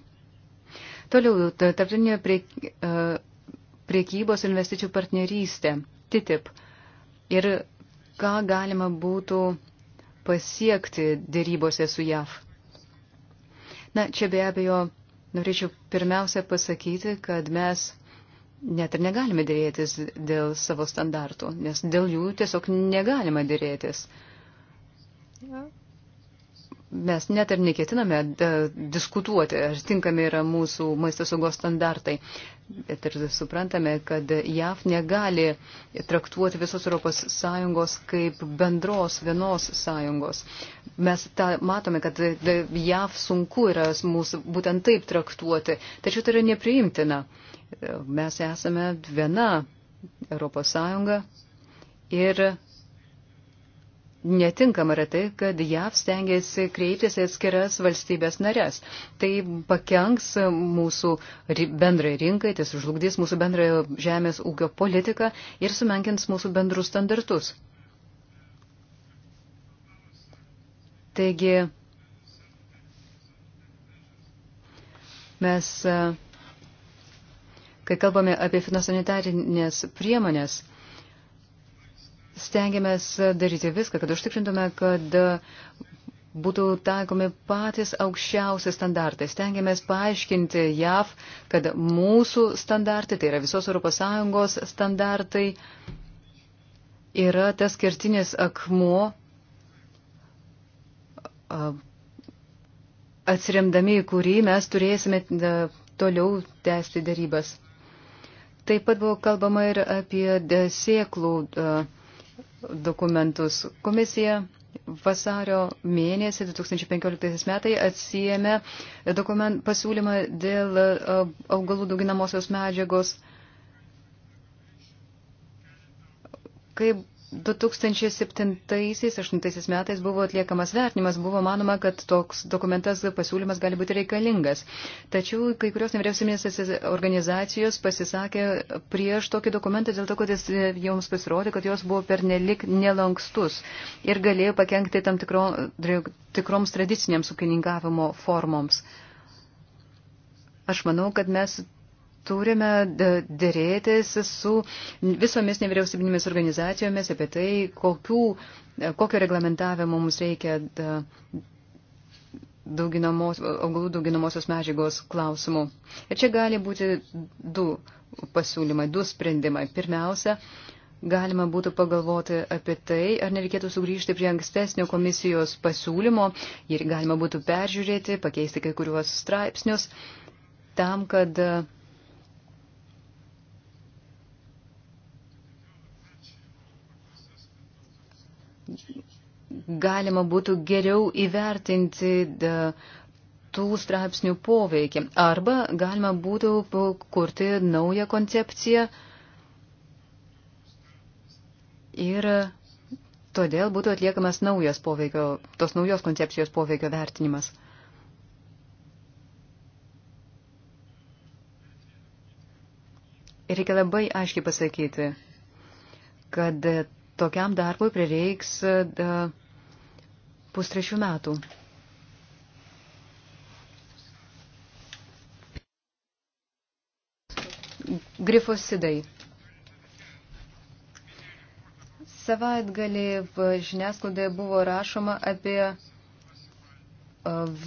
Toliau, tarptautinė prie, e, priekybos investicijų partnerystė, TTIP. Ir ką galima būtų pasiekti dėrybose su JAV. Na, čia be abejo, norėčiau pirmiausia pasakyti, kad mes net ir negalime dėrėtis dėl savo standartų, nes dėl jų tiesiog negalima dėrėtis. Mes net ir neketiname e, diskutuoti, ar tinkami yra mūsų maisto saugos standartai. Bet ir suprantame, kad JAF negali traktuoti visos ES kaip bendros vienos sąjungos. Mes tą matome, kad JAF sunku yra mūsų būtent taip traktuoti, tačiau tai yra nepriimtina. Mes esame viena ES ir Netinkama yra tai, kad JAV stengiasi kreiptis į atskiras valstybės narės. Tai pakenks mūsų bendrai rinkai, tai sužlugdys mūsų bendrąją žemės ūkio politiką ir sumenkins mūsų bendrus standartus. Taigi mes, kai kalbame apie fitosanitarinės priemonės, stengiamės daryti viską, kad užtikrintume, kad būtų taikomi patys aukščiausi standartai. Stengiamės paaiškinti JAV, kad mūsų standartai, tai yra visos ES standartai, yra tas kertinis akmuo, atsiremdami į kurį mes turėsime toliau tęsti darybas. Taip pat buvo kalbama ir apie sėklų uh, dokumentus. Komisija vasario mėnesį 2015 metai atsijėmė dokument, pasiūlymą dėl augalų dauginamosios medžiagos. Kaip 2007-2008 metais buvo atliekamas vertinimas, buvo manoma, kad toks dokumentas pasiūlymas gali būti reikalingas. Tačiau kai kurios nevyriausybinės organizacijos pasisakė prieš tokį dokumentą dėl to, kad jis e, joms pasirodė, kad jos buvo pernelik nelankstus ir galėjo pakengti tam tikro, tikroms tradiciniams ūkininkavimo formoms. Aš manau, kad mes turime dėrėtis su visomis nevyriausybinėmis organizacijomis apie tai, kokių, e, kokio reglamentavimo mums reikia dauginamos, augalų dauginamosios medžiagos klausimų. Ir čia gali būti du pasiūlymai, du sprendimai. Pirmiausia, galima būtų pagalvoti apie tai, ar nereikėtų sugrįžti prie ankstesnio komisijos pasiūlymo ir galima būtų peržiūrėti, pakeisti kai kuriuos straipsnius tam, kad galima būtų geriau įvertinti tų straipsnių poveikį. Arba galima būtų kurti naują koncepciją ir todėl būtų atliekamas naujas poveikio, tos naujos koncepcijos poveikio vertinimas. Ir reikia labai aiškiai pasakyti, kad tokiam darbui prireiks e, pustrešių metų. Grifosidai. Savaitgalį žiniasklaidoje buvo rašoma apie e,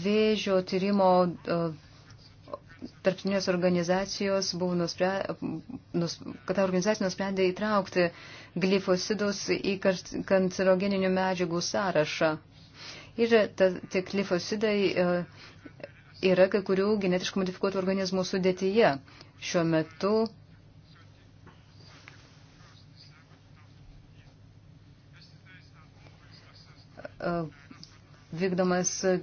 vėžio tyrimo e, tarptautinės organizacijos buvo nusprę, nus, kad ta organizacija nusprendė įtraukti glifosidus į kancerogeninių medžiagų sąrašą. Ir ta, tie glifosidai e, yra kai kurių genetiškai modifikuotų organizmų sudėtyje. Šiuo metu uh, vykdomas e,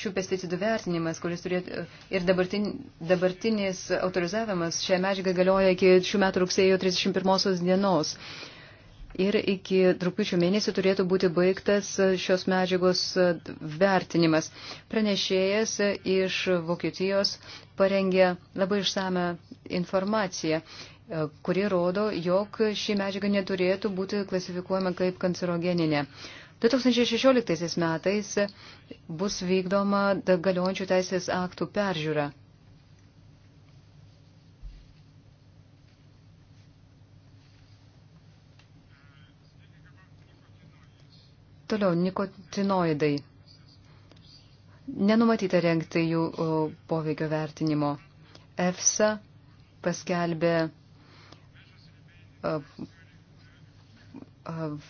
šių pesticidų vertinimas, kuris turėtų e, ir dabartin, dabartinis autorizavimas šią medžiagą galioja iki šių metų rugsėjo 31 dienos. Ir iki rūpiučio mėnesį turėtų būti baigtas e, šios medžiagos vertinimas. Pranešėjas iš Vokietijos parengė labai išsame informaciją kuri rodo, jog ši medžiaga neturėtų būti klasifikuojama kaip kancerogeninė. 2016 metais bus vykdoma galiojančių teisės aktų peržiūra. Toliau nikotinoidai. Nenumatyta rengti jų poveikio vertinimo. EFSA paskelbė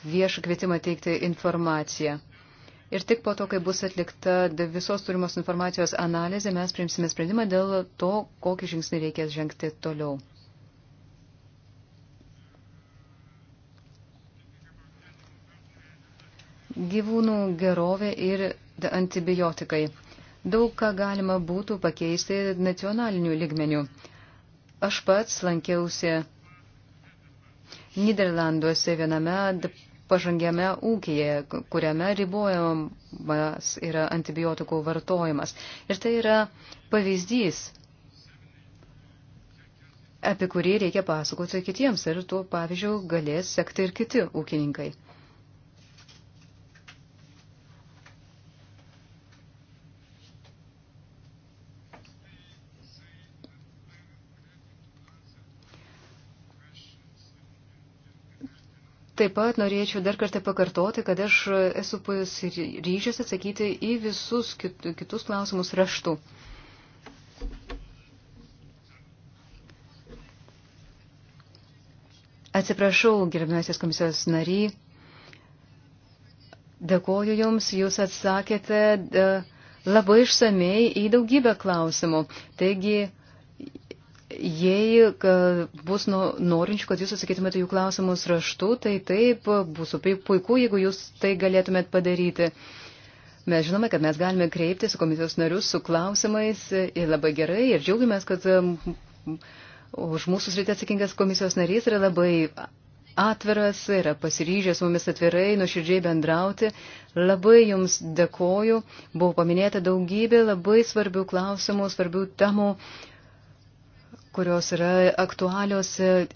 viešą kvietimą teikti informaciją. Ir tik po to, kai bus atlikta visos turimos informacijos analizė, mes priimsime sprendimą dėl to, kokį žingsnį reikės žengti toliau. Gyvūnų gerovė ir antibiotikai. Daug ką galima būtų pakeisti nacionaliniu ligmeniu. Aš pats lankiausi Niderlanduose viename pažangiame ūkėje, kuriame ribojamas yra antibiotikų vartojimas. Ir tai yra pavyzdys, apie kurį reikia pasakoti kitiems ir tuo pavyzdžiu galės sekti ir kiti ūkininkai. Taip pat norėčiau dar kartą pakartoti, kad aš esu pasiryžęs atsakyti į visus kitus klausimus raštu. Atsiprašau, gerbiamasis komisijos nary, dėkoju Jums, Jūs atsakėte e, labai išsamei į daugybę klausimų. Taigi, Jei bus nu, norinčių, kad jūs atsakytumėte jų klausimus raštu, tai taip, bus puiku, jeigu jūs tai galėtumėt padaryti. Mes žinome, kad mes galime kreiptis į komisijos narius su klausimais ir labai gerai ir džiaugiamės, kad už mūsų sritį atsakingas komisijos narys yra labai atviras, yra pasiryžęs mumis atvirai, nuoširdžiai bendrauti. Labai jums dėkoju. Buvo paminėta daugybė labai svarbių klausimų, svarbių temų. Uh, kurios yra aktualios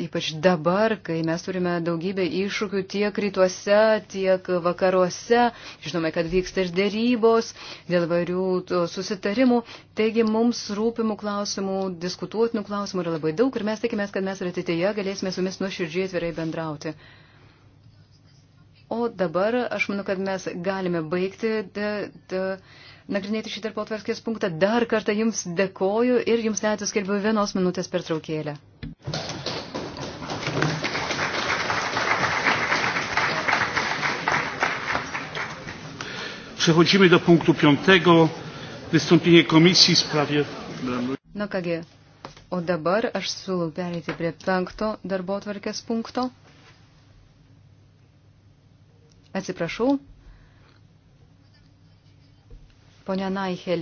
ypač dabar, kai mes turime daugybę iššūkių tiek rytuose, tiek vakaruose. Žinome, kad vyksta ir dėrybos dėl varių susitarimų. Taigi mums rūpimų klausimų, diskutuotinų klausimų yra labai daug ir mes tikimės, kad mes ir ateityje galėsime su jumis nuoširdžiai atvirai bendrauti. O dabar aš manau, kad mes galime baigti. De, de, nagrinėti šį darbo atvarkės punktą. Dar kartą Jums dėkoju ir Jums net skelbiu vienos minutės per traukėlę. Przechodzimy do punktu piątego. Wystąpienie komisji w sprawie. No kągi, o dabar aš siūlau pereiti prie penkto darbo tvarkės punkto. Atsiprašau, Pone Naichel,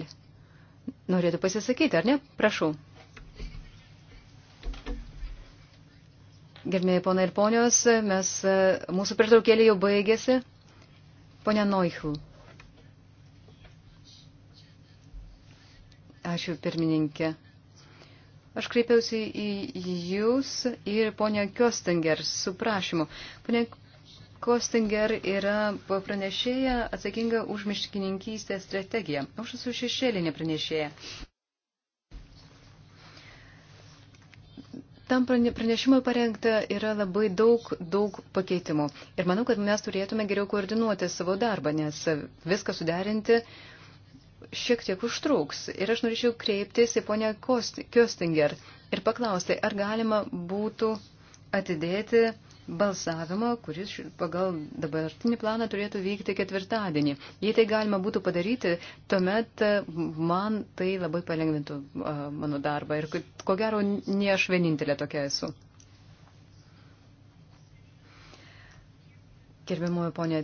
norėtų pasisakyti, ar ne? Prašau. Gerbėjai ponai ir ponios, mes, e, mūsų pertraukėlė jau baigėsi. Pone Noichul. Ačiū pirmininkė. Aš kreipiausi į jūs ir ponę Kjostinger su prašymu. Pone Kostinger yra pranešėja atsakinga už miškininkystės strategiją. Aš esu šešėlinė pranešėja. Tam pranešimui parengta yra labai daug, daug pakeitimų. Ir manau, kad mes turėtume geriau koordinuoti savo darbą, nes viską suderinti šiek tiek užtruks. Ir aš norėčiau kreiptis į ponę Kostinger ir paklausti, ar galima būtų atidėti balsavimą, kuris pagal dabartinį planą turėtų vykti ketvirtadienį. Jei tai galima būtų padaryti, tuomet e, man tai labai palengvintų e, mano darbą ir ko gero ne aš vienintelė tokia esu. Gerbiamoji ponė,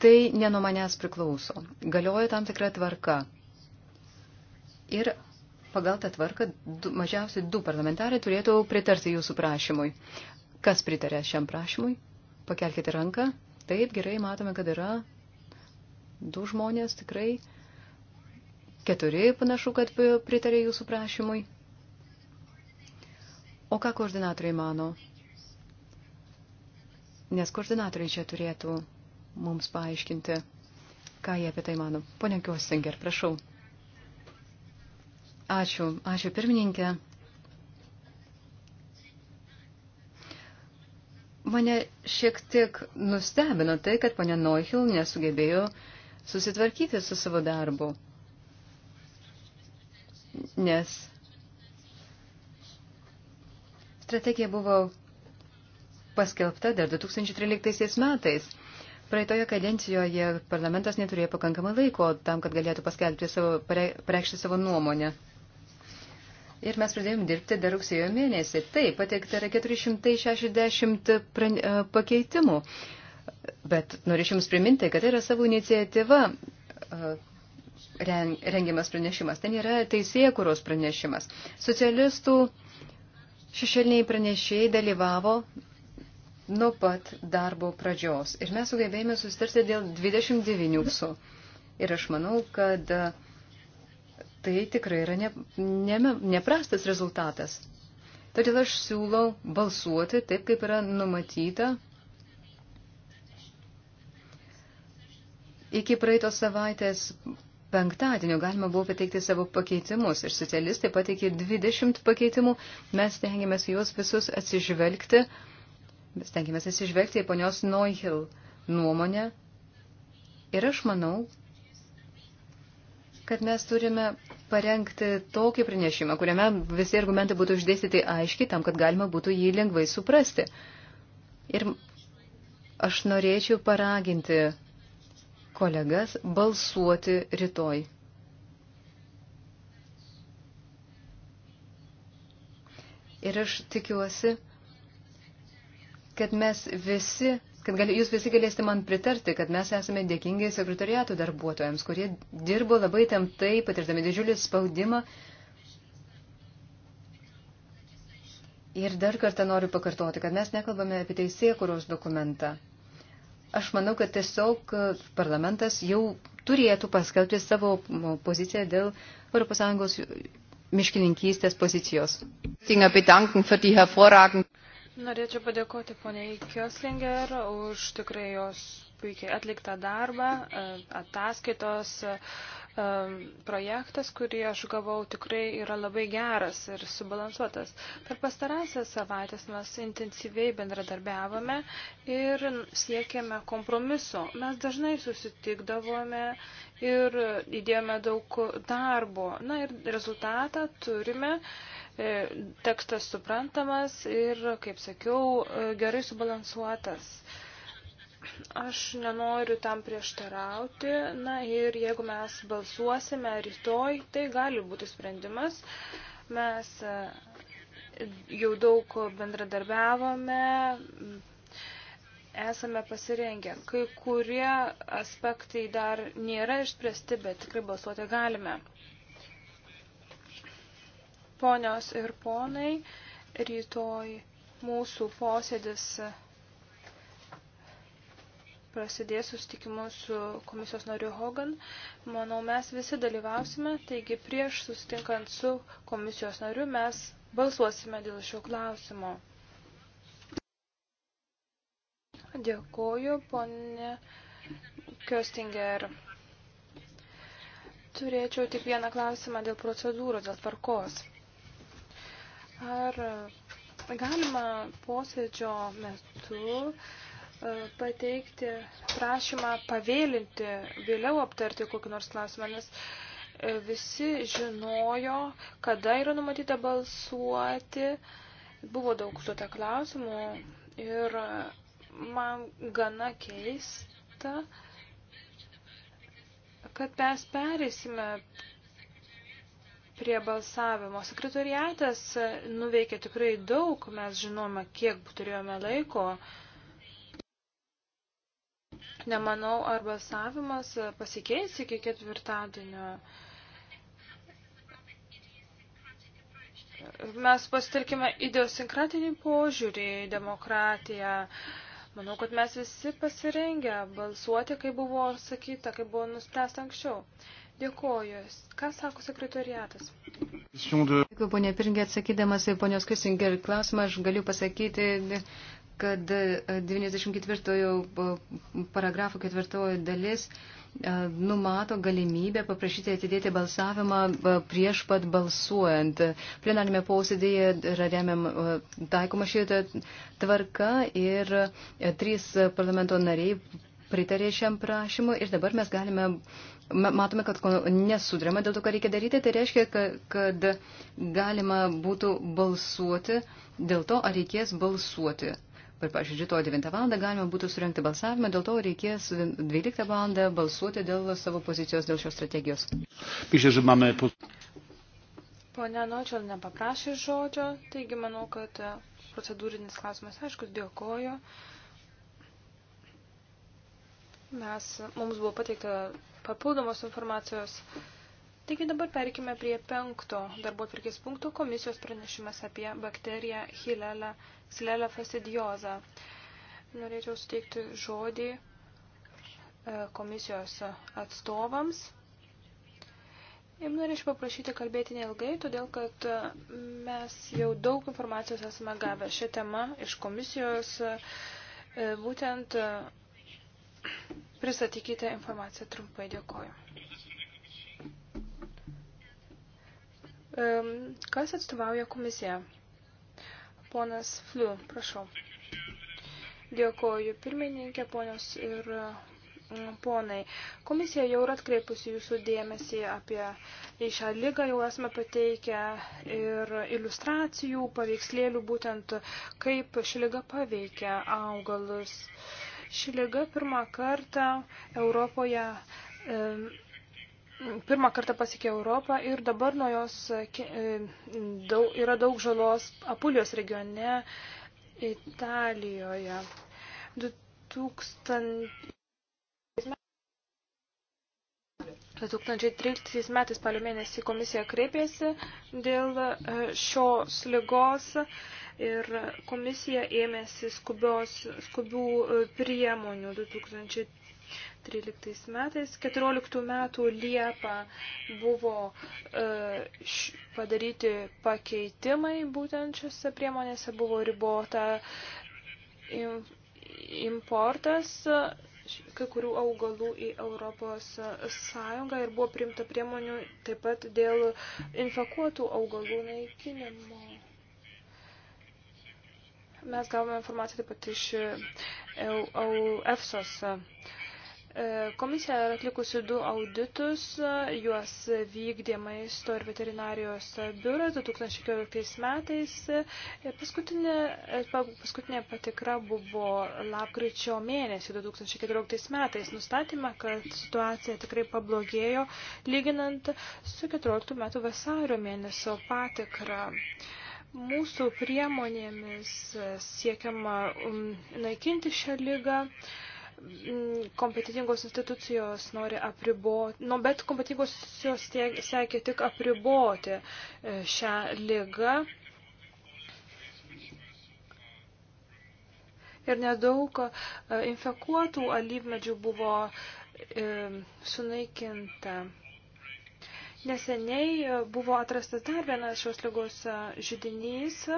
tai ne nuo manęs priklauso. Galioja tam tikra tvarka. Ir pagal tą tvarką du, mažiausiai du parlamentarai turėtų pritarti jūsų prašymui. Kas pritarė šiam prašymui? Pakelkite ranką. Taip, gerai, matome, kad yra du žmonės tikrai. Keturi panašu, kad pritarė jūsų prašymui. O ką koordinatoriai mano? Nes koordinatoriai čia turėtų mums paaiškinti, ką jie apie tai mano. Pone Kiostinger, prašau. Ačiū, ačiū pirmininkė. Mane šiek tiek nustebino tai, kad ponia Neuchil nesugebėjo susitvarkyti su savo darbu. Nes strategija buvo paskelbta dar 2013 metais. Praeitoje kadencijoje parlamentas neturėjo pakankamai laiko tam, kad galėtų paskelbti savo, pareikšti savo nuomonę. Ir mes pradėjome dirbti dar rugsėjo mėnesį. Taip, pateikta yra 460 e, pakeitimų. Bet norėčiau Jums priminti, kad tai yra savo iniciatyva e, rengiamas pranešimas. Ten yra teisėkuros pranešimas. Socialistų šešėliniai pranešėjai dalyvavo nuo pat darbo pradžios. Ir mes sugebėjome susitarti dėl 29 su. Ir aš manau, kad uh, tai tikrai yra ne, ne, neprastas rezultatas. Todėl aš siūlau balsuoti taip, kaip yra numatyta Iki praeitos savaitės penktadienio galima buvo pateikti savo pakeitimus. Ir socialistai pateikė 20 pakeitimų. Mes tengiamės juos visus atsižvelgti. Mes tengiamės atsižvelgti į ponios Neuhil nuomonę. Ir aš manau, kad mes turime parengti tokį pranešimą, kuriame visi argumentai būtų išdėstyti aiškiai, tam, kad galima būtų jį lengvai suprasti. Ir aš norėčiau paraginti kolegas balsuoti rytoj. Ir aš tikiuosi, kad mes visi kad gali, jūs visi galėsite man pritarti, kad mes esame dėkingi sekretariato darbuotojams, kurie dirbo labai tamtai, patirdami didžiulį spaudimą. Ir dar kartą noriu pakartoti, kad mes nekalbame apie teisėkuros dokumentą. Aš manau, kad tiesiog parlamentas jau turėtų paskelbti savo poziciją dėl ES miškininkystės pozicijos. Norėčiau padėkoti poniai Kioslinger už tikrai jos puikiai atliktą darbą, e, ataskaitos e, e, projektas, kurį aš gavau, tikrai yra labai geras ir subalansuotas. Per pastarąsias savaitės mes intensyviai bendradarbiavome ir siekėme kompromiso. Mes dažnai susitikdavome ir įdėjome daug darbo. Na ir rezultatą turime. Uh, E, tekstas suprantamas ir, kaip sakiau, e, gerai subalansuotas. Aš nenoriu tam prieštarauti, na ir jeigu mes balsuosime rytoj, tai gali būti sprendimas. Mes e, jau daug bendradarbiavome, esame pasirengę. Kai kurie aspektai dar nėra išspręsti, bet tikrai balsuoti galime. Ponios ir ponai, rytoj mūsų posėdis prasidės sustikimu su komisijos nariu Hogan. Manau, mes visi dalyvausime, taigi prieš sustinkant su komisijos nariu mes balsuosime dėl šio klausimo. Dėkoju, ponė Köstinger. Turėčiau tik vieną klausimą dėl procedūros, dėl tvarkos. Ar galima posėdžio metu e, pateikti prašymą pavėlinti, vėliau aptarti kokį nors klausimą, nes e, visi žinojo, kada yra numatyta balsuoti, buvo daug su tą klausimų ir man gana keista, kad mes perėsime prie balsavimo. Sekretoriatas nuveikė tikrai daug, mes žinome, kiek turėjome laiko. Nemanau, ar balsavimas pasikeis iki ketvirtadienio. Mes pasitelkime idiosinkratinį požiūrį į demokratiją. Manau, kad mes visi pasirengę balsuoti, kai buvo sakyta, kai buvo nuspręsta anksčiau. Dėkoju. Ką sako sekretoriatas? Dėkoju, ponė Piringė, atsakydamas į ponios Kisinger klausimą, aš galiu pasakyti, kad 94 paragrafo 4 dalis e, numato galimybę paprašyti atidėti balsavimą e, prieš pat balsuojant. Plenarime posėdėje yra remiam e, taikoma šitą tvarką ir trys parlamento nariai pritarė šiam prašymui ir dabar mes galime uh, matome, kad nesudrėma dėl to, ką reikia daryti, tai reiškia, kad, kad galima būtų balsuoti dėl to, ar reikės balsuoti. Ir, pažiūrėjau, rytoj 9 val. galima būtų surinkti balsavimą, dėl to reikės 12 val. balsuoti dėl savo pozicijos, dėl šios strategijos. Pišė, žinome, pus... Pone Nočel nepaprašė žodžio, taigi manau, kad e, procedūrinis klausimas aiškus, dėkoju. Mes, mums buvo pateikta papildomos informacijos. Taigi dabar perikime prie penkto darbo atvirkės punkto komisijos pranešimas apie bakteriją Hilelę Xylella fastidiozą. Norėčiau suteikti žodį e, komisijos atstovams. Ir norėčiau paprašyti kalbėti neilgai, todėl kad e, mes jau daug informacijos esame gavę šią temą iš komisijos. E, būtent Pristatykite informaciją trumpai, dėkoju. Kas atstovauja komisiją? Ponas Fliu, prašau. Dėkoju pirmininkė, ponios ir mm, ponai. Komisija jau yra atkreipusi jūsų dėmesį apie į šią lygą, jau esame pateikę ir iliustracijų, paveikslėlių būtent, kaip ši lyga paveikia augalus. Uh, Ši lyga pirmą kartą Europoje. E, Pirmą kartą pasiekė Europą ir dabar nuo jos daug, yra daug žalos Apulijos regione Italijoje. 2000... 2013 metais palio mėnesį komisija kreipėsi dėl e, šios lygos ir komisija ėmėsi skubios, skubių e, priemonių 2013 metais. 14 metų Liepa buvo e, padaryti pakeitimai, būtent šiose priemonėse buvo ribota importas kai kurių augalų į Europos Sąjungą ir buvo priimta priemonių taip pat dėl infekuotų augalų naikinimo. Mes gavome informaciją taip pat iš e, EFSOS. E, komisija yra atlikusi du auditus, e, juos vykdė maisto ir veterinarijos biuras 2014 metais. Paskutinė, paskutinė patikra buvo lapkričio mėnesį 2014 metais. Nustatymą, kad situacija tikrai pablogėjo lyginant su 14 metų vasario mėnesio patikra. Mūsų priemonėmis siekiama um, naikinti šią lygą mm, kompetitingos institucijos nori apriboti, nu, bet kompetitingos institucijos siekia tik apriboti e, šią ligą. Ir nedaug e, infekuotų alyvmedžių buvo e, sunaikinta. Neseniai e, buvo atrastas dar vienas šios lygos e, žydinys. E,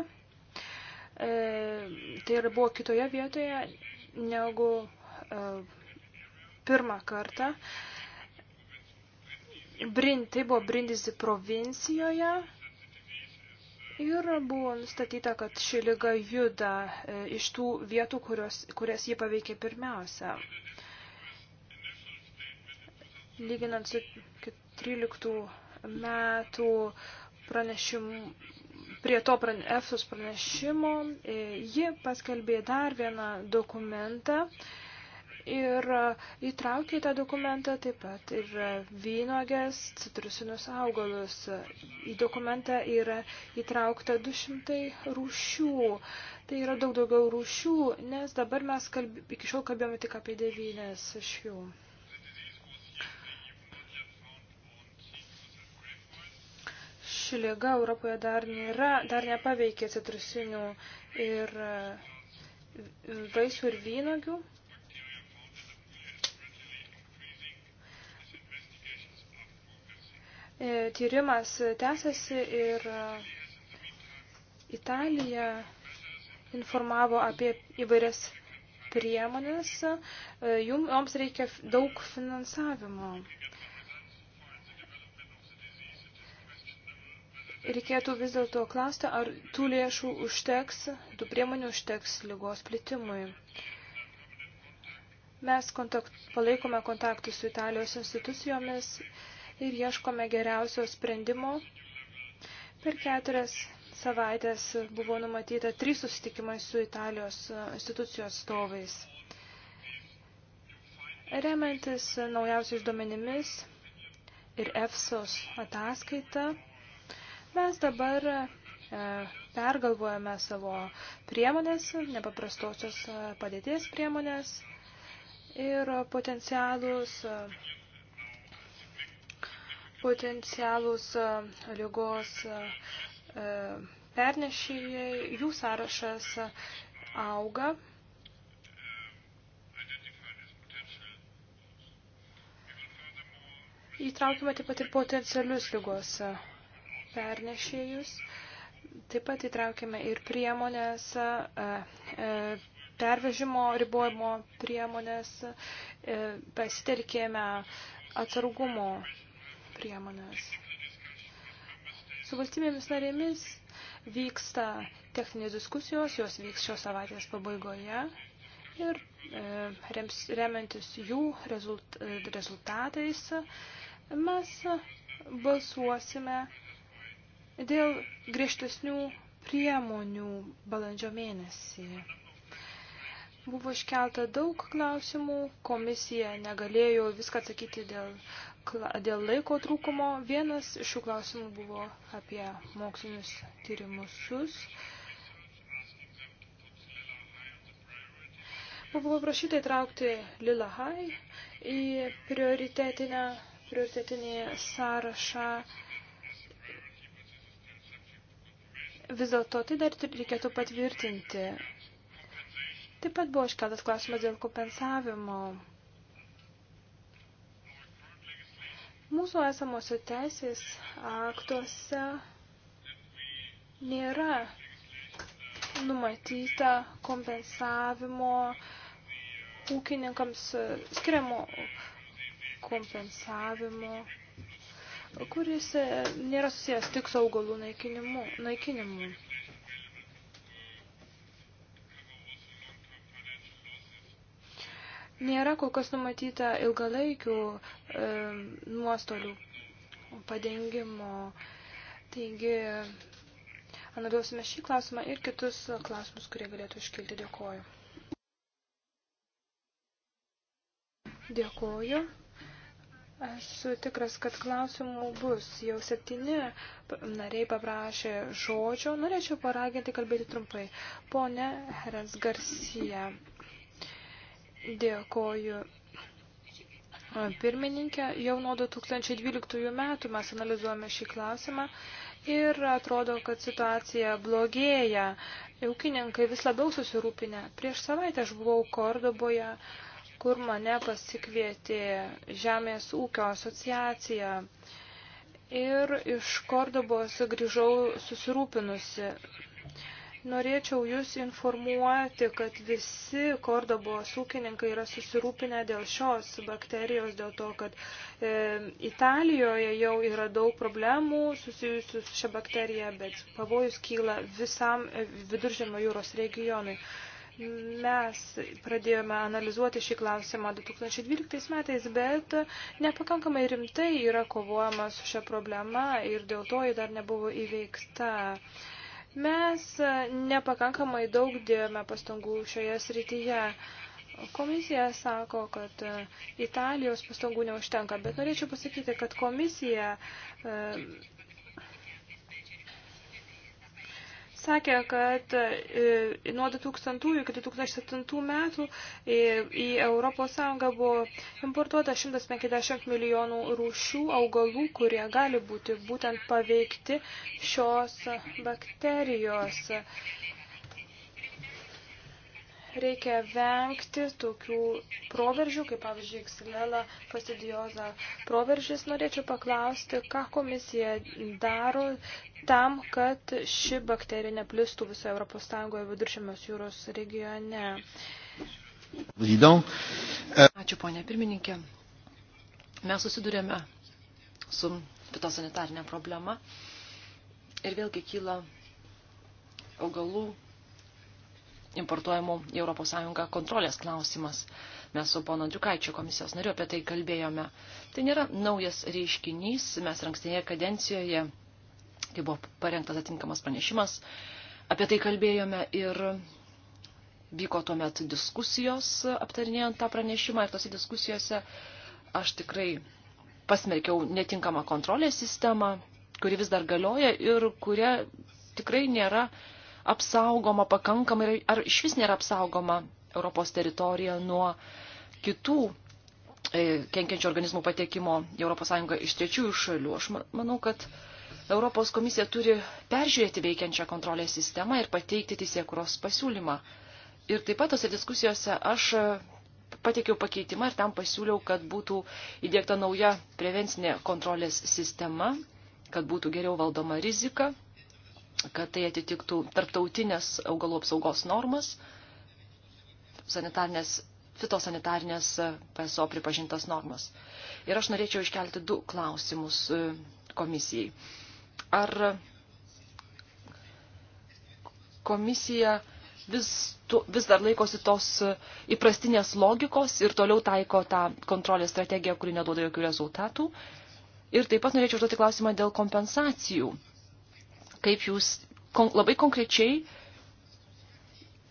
tai ir buvo kitoje vietoje negu e, pirmą kartą. Brin, tai buvo Brindisi provincijoje ir buvo nustatyta, kad ši lyga juda e, iš tų vietų, kurios, kurias jį paveikė pirmiausia. Lyginant su kitų 13 metų pranešimu, prie to EFSUS pranešimo e, ji paskelbė dar vieną dokumentą ir e, įtraukė į tą dokumentą taip pat ir vynogės, citrusinius augalus. Į dokumentą yra įtraukta 200 rūšių. Tai yra daug daugiau rūšių, nes dabar mes kalb... iki šiol kalbėjome tik apie devynes iš jų. ši lyga Europoje dar, nėra, dar nepaveikė citrusinių ir e, vaisių ir vynogių. E, tyrimas tęsiasi ir e, Italija informavo apie įvairias priemonės, joms reikia daug finansavimo. reikėtų vis dėlto klausti, ar tų lėšų užteks, tų priemonių užteks lygos plitimui. Mes kontakt, palaikome kontaktus su Italijos institucijomis ir ieškome geriausio sprendimo. Per keturias savaitės buvo numatyta trys susitikimai su Italijos institucijos atstovais. Remiantis naujausiais duomenimis ir EFSOS ataskaita, Mes dabar e, pergalvojame savo priemonės, nepaprastosios e, padėties priemonės ir potencialus e, potencialus lygos pernešėjai, jų sąrašas auga. Įtraukime taip pat ir potencialius lygos pernešėjus. Taip pat įtraukėme ir priemonės, e, e, pervežimo ribojimo priemonės, e, pasitelkėme atsargumo priemonės. Su valstybėmis narėmis vyksta techninės diskusijos, jos vyks šios savaitės pabaigoje ir rems, remiantis jų rezult, rezultatais mes balsuosime dėl griežtesnių priemonių balandžio mėnesį. Buvo iškelta daug klausimų, komisija negalėjo viską atsakyti dėl, dėl laiko trūkumo. Vienas iš šių klausimų buvo apie mokslinius tyrimusius. Buvo paprašyta įtraukti Lilahai į prioritetinį sąrašą Vis dėlto tai dar reikėtų patvirtinti. Taip pat buvo iškeltas klausimas dėl kompensavimo. Mūsų esamose teisės aktuose nėra numatyta kompensavimo ūkininkams skiriamo kompensavimo kuris e, nėra susijęs tik su augalų naikinimu. naikinimu. Nėra kol kas numatyta ilgalaikių e, nuostolių padengimo. Taigi, analizuosime šį klausimą ir kitus klausimus, kurie galėtų iškilti. Dėkoju. Dėkoju. Esu tikras, kad klausimų bus. Jau septyni nariai paprašė žodžio. Norėčiau paraginti kalbėti trumpai. Pone Heres Garcia, dėkoju. Pirmininkė, jau nuo 2012 metų mes analizuojame šį klausimą ir atrodo, kad situacija blogėja. Ūkininkai vis labiau susirūpinę. Prieš savaitę aš buvau Kordoboje. Uh, kur mane pasikvietė Žemės ūkio asociacija. Ir iš Kordobos grįžau susirūpinusi. Norėčiau Jūs informuoti, kad visi Kordobos ūkininkai yra susirūpinę dėl šios bakterijos, dėl to, kad e, Italijoje jau yra daug problemų susijusių su šia bakterija, bet pavojus kyla visam e, viduržėmio jūros regionui. E, Mes pradėjome analizuoti šį klausimą 2012 metais, bet nepakankamai rimtai yra kovojama su šia problema ir dėl to ji dar nebuvo įveikta. Mes nepakankamai daug dėjome pastangų šioje srityje. Komisija sako, kad Italijos pastangų neužtenka, bet norėčiau pasakyti, kad komisija sakė, kad e, nuo 2000 iki 2007 metų e, į Europos Sąjungą buvo importuota 150 milijonų rūšių augalų, kurie gali būti būtent paveikti šios bakterijos reikia vengti tokių proveržių, kaip pavyzdžiui, ksilela fastidioza proveržis. Norėčiau paklausti, ką komisija daro tam, kad ši bakterija neplistų visoje Europos Sąjungoje viduršėmios jūros regione. Ačiū, ponė pirmininkė. Mes susidurėme su fitosanitarinė problema ir vėlgi kyla augalų importuojamų į ES kontrolės klausimas. Mes su pono Andriukaičio komisijos nariu apie tai kalbėjome. Tai nėra naujas reiškinys, mes rankstinėje kadencijoje, kai buvo parengtas atinkamas pranešimas, apie tai kalbėjome ir vyko tuomet diskusijos aptarinėjant tą pranešimą ir tose diskusijose aš tikrai pasmerkiau netinkamą kontrolės sistemą, kuri vis dar galioja ir kuria tikrai nėra uh, apsaugoma pakankamai, ar iš vis nėra apsaugoma Europos teritorija nuo kitų e, kenkiančių organizmų patekimo į ES iš trečiųjų šalių. Aš manau, kad Europos komisija turi peržiūrėti veikiančią kontrolės sistemą ir pateikti teisėkuros pasiūlymą. Ir taip pat tose diskusijose aš e, pateikiau pakeitimą ir tam pasiūliau, kad būtų įdėkta nauja prevencinė kontrolės sistema, kad būtų geriau valdoma rizika kad tai atitiktų tarptautinės augalų apsaugos normas, sanitarnės, fitosanitarnės e, PSO pripažintas normas. Ir aš norėčiau iškelti du klausimus e, komisijai. Ar komisija vis, tu, vis dar laikosi tos e, įprastinės logikos ir toliau taiko tą kontrolės strategiją, kuri neduoda jokių rezultatų. Ir taip pat norėčiau užduoti klausimą dėl kompensacijų kaip jūs kon labai konkrečiai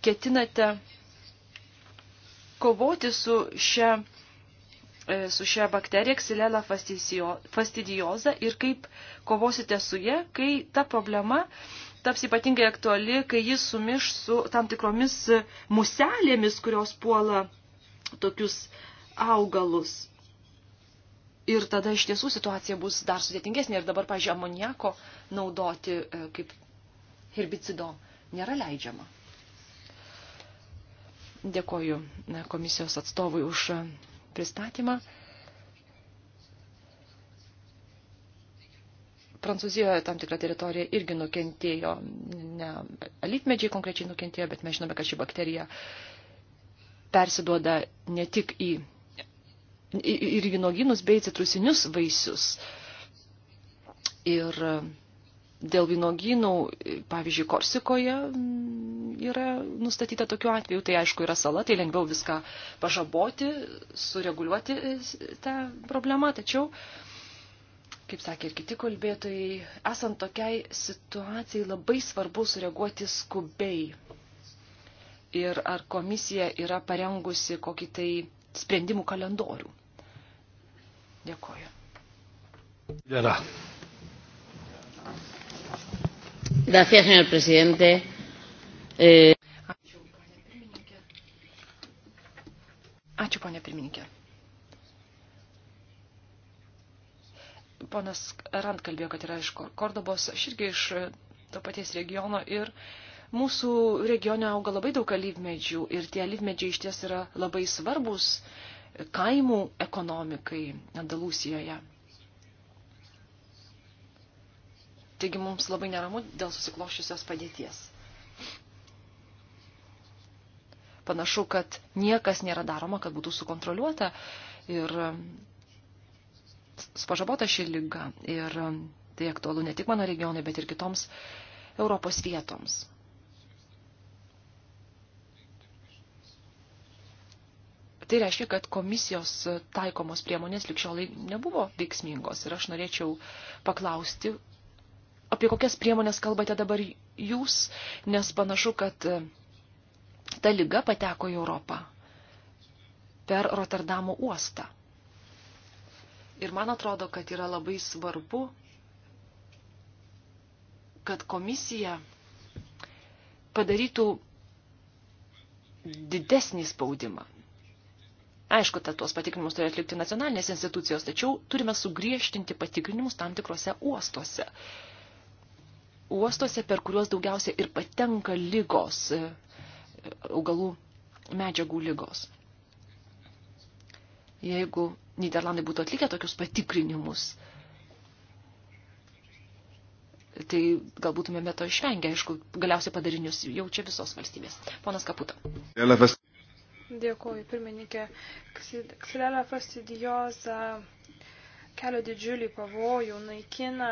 ketinate kovoti su šia, e, su šia bakterija Xylella fastidioza ir kaip kovosite su ja, kai ta problema taps ypatingai aktuali, kai jis sumiš su tam tikromis muselėmis, kurios puola tokius augalus. Ir tada iš tiesų situacija bus dar sudėtingesnė ir dabar, pažiūrėjau, amoniako naudoti e, kaip herbicido nėra leidžiama. Dėkoju e, komisijos atstovui už e, pristatymą. Prancūzijoje tam tikra teritorija irgi nukentėjo, ne alitmedžiai konkrečiai nukentėjo, bet mes žinome, kad ši bakterija persiduoda ne tik į ir vynoginus bei citrusinius vaisius. Ir e, dėl vynoginų, e, pavyzdžiui, Korsikoje mm, yra nustatyta tokiu atveju, tai aišku yra sala, tai lengviau viską pažaboti, sureguliuoti e, tą problemą, tačiau, kaip sakė ir kiti kalbėtojai, esant tokiai situacijai labai svarbu sureaguoti skubiai. Ir ar komisija yra parengusi kokį tai sprendimų kalendorių. Dėkoju. Gera. Gracias, señor presidente. Eh... Ačiū, ponė pirmininkė. Ačiū, ponė pirmininkė. Ponas Rand kalbėjo, kad yra iš Kordobos, aš irgi iš to paties regiono ir mūsų regione auga labai daug alyvmedžių ir tie alyvmedžiai iš ties yra labai svarbus kaimų ekonomikai Andalusijoje. Taigi mums labai neramu dėl susikloščiusios padėties. Panašu, kad niekas nėra daroma, kad būtų sukontroliuota ir pažabota ši lyga. Ir tai aktualu ne tik mano regionui, bet ir kitoms Europos vietoms. Tai reiškia, kad komisijos taikomos priemonės likščiolai nebuvo veiksmingos. Ir aš norėčiau paklausti, apie kokias priemonės kalbate dabar jūs, nes panašu, kad e, ta lyga pateko į Europą per Rotterdamo uostą. Ir man atrodo, kad yra labai svarbu, kad komisija padarytų didesnį spaudimą. Aišku, tad tuos patikrinimus turi atlikti nacionalinės institucijos, tačiau turime sugriežtinti patikrinimus tam tikrose uostuose. Uostuose, per kuriuos daugiausia ir patenka lygos, e, augalų medžiagų lygos. Jeigu Niderlandai būtų atlikę tokius patikrinimus, tai galbūt mėme to išvengę, aišku, galiausiai padarinius jau čia visos valstybės. Ponas Kaputa. Dėkuoju, pirmininkė. Ksilelė fastidijoza kelia didžiulį pavojų, naikina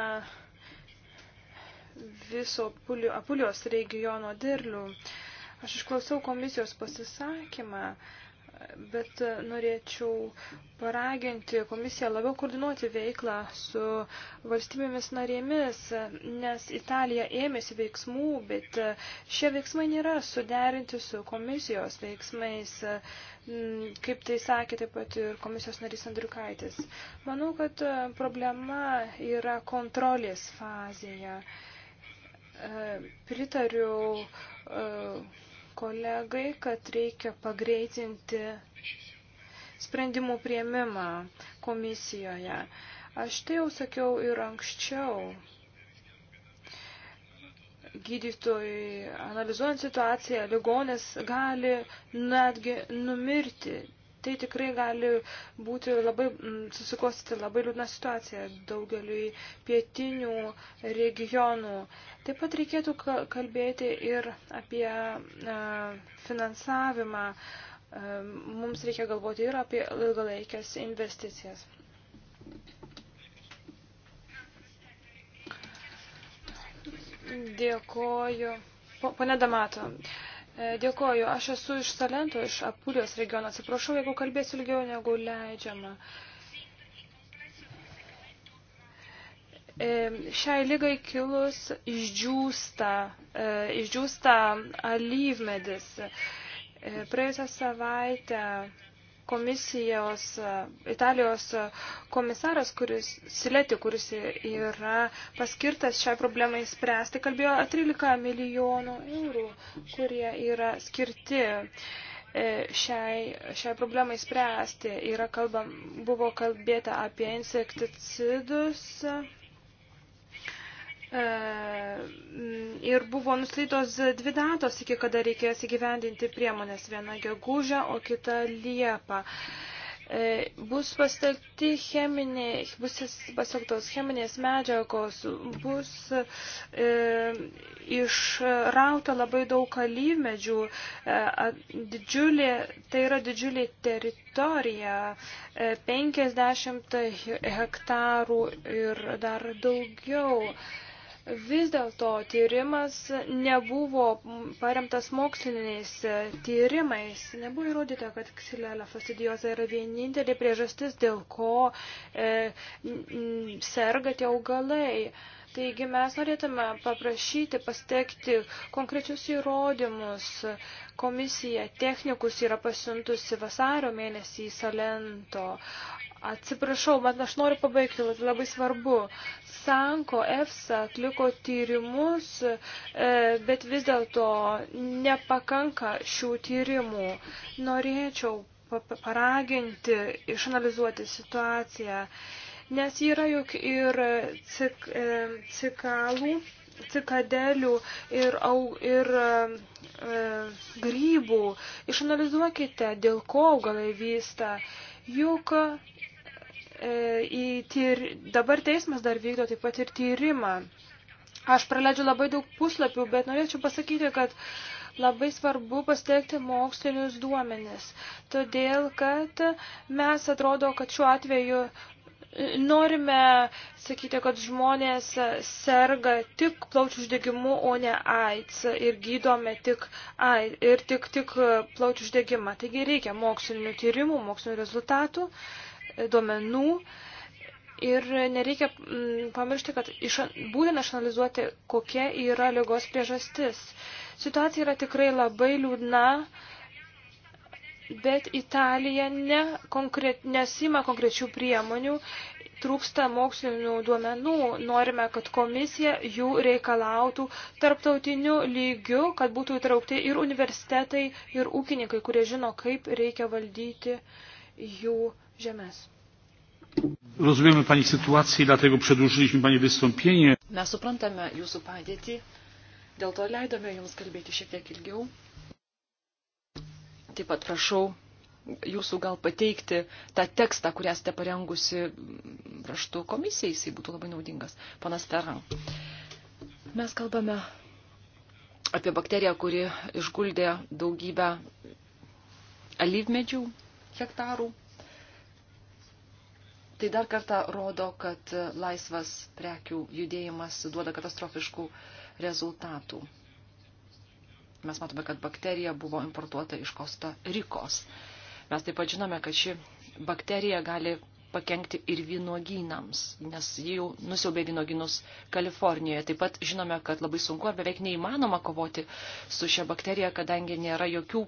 viso Apulijos regiono dirlių. Aš išklausiau komisijos pasisakymą bet e, norėčiau paraginti komisiją labiau koordinuoti veiklą su valstybėmis narėmis, nes Italija ėmėsi veiksmų, bet e, šie veiksmai nėra suderinti su komisijos veiksmais, e, kaip tai sakė taip pat ir komisijos narys Andriukaitis. Manau, kad problema yra kontrolės fazėje. Pritariu kolegai, kad reikia pagreitinti sprendimų prieimimą komisijoje. Aš tai jau sakiau ir anksčiau. Gydytojai, analizuojant situaciją, ligonis gali netgi numirti tai tikrai gali būti labai, mm, susikostyti labai liūdna situacija daugeliui pietinių regionų. Taip pat reikėtų kalbėti ir apie e, finansavimą. E, mums reikia galvoti ir apie ilgalaikės investicijas. Dėkoju. Pone Damato, E, dėkoju, aš esu iš Salento, iš Apulijos regiono. Atsiprašau, jeigu kalbėsiu ilgiau negu leidžiama. E, šiai lygai kilus išdžiūsta, e, išdžiūsta alyvmedis. Praėjusią savaitę komisijos, e, Italijos e, komisaras, kuris, Sileti, kuris yra paskirtas šiai problemai spręsti, kalbėjo 13 milijonų eurų, kurie yra skirti e, šiai, šiai problemai spręsti. Yra kalbam, buvo kalbėta apie insekticidus E, ir buvo nuslytos dvi datos, iki kada reikės įgyvendinti priemonės, viena gegužė, o kita liepa. E, bus pastelti cheminiai, bus pasiektos cheminės medžiagos, bus e, išrauta labai daug kalymedžių, e, didžiulė, tai yra didžiulė teritorija, e, 50 hektarų ir dar daugiau. E, Vis dėlto tyrimas nebuvo paremtas moksliniais e, tyrimais. Nebuvo įrodyta, kad ksilelė fastidioza yra vienintelė priežastis, dėl ko e, serga tie augalai. Taigi mes norėtume paprašyti, pastekti konkrečius įrodymus. Komisija technikus yra pasiuntusi vasario mėnesį į Salento. Atsiprašau, bet aš noriu pabaigti, labai svarbu. Sanko EFSA atliko tyrimus, e, bet vis dėlto nepakanka šių tyrimų. Norėčiau paraginti, išanalizuoti situaciją, nes yra juk ir cik, e, cikalų cikadelių ir, au, ir e, grybų. Išanalizuokite, dėl ko augalai vysta. Juk E, tyr... dabar teismas dar vykdo taip pat ir tyrimą. Aš praleidžiu labai daug puslapių, bet norėčiau pasakyti, kad labai svarbu pasiekti mokslinius duomenis, todėl kad mes atrodo, kad šiuo atveju e, norime sakyti, kad žmonės serga tik plaučių uždegimu, o ne AIDS ir gydome tik, AIDS, ir tik, tik plaučių uždegimą. Taigi reikia mokslinių tyrimų, mokslinių rezultatų. Uh, duomenų ir nereikia mm, pamiršti, kad iš, būtina išanalizuoti, kokia yra lygos priežastis. Situacija yra tikrai labai liūdna, bet Italija ne konkret, nesima konkrečių priemonių, trūksta mokslinių duomenų, norime, kad komisija jų reikalautų tarptautiniu lygiu, kad būtų įtraukti ir universitetai, ir ūkininkai, kurie žino, kaip reikia valdyti jų žemės. Rozumiemy Pani sytuację, dlatego przedłużyliśmy Pani wystąpienie. Mes suprantame Jūsų padėtį, dėl to leidome Jums kalbėti šiek tiek ilgiau. Taip pat prašau Jūsų gal pateikti tą tekstą, kurį esate parengusi raštu komisijai, jisai būtų labai naudingas. Panas Ferran, mes kalbame apie bakteriją, kuri išguldė daugybę alyvmedžių hektarų Tai dar kartą rodo, kad laisvas prekių judėjimas duoda katastrofiškų rezultatų. Mes matome, kad bakterija buvo importuota iš Kosta Rikos. Mes taip pat žinome, kad ši bakterija gali pakengti ir vynuogynams, nes ji jau nusiaubė vynuogynus Kalifornijoje. Taip pat žinome, kad labai sunku ar beveik neįmanoma kovoti su šia bakterija, kadangi nėra jokių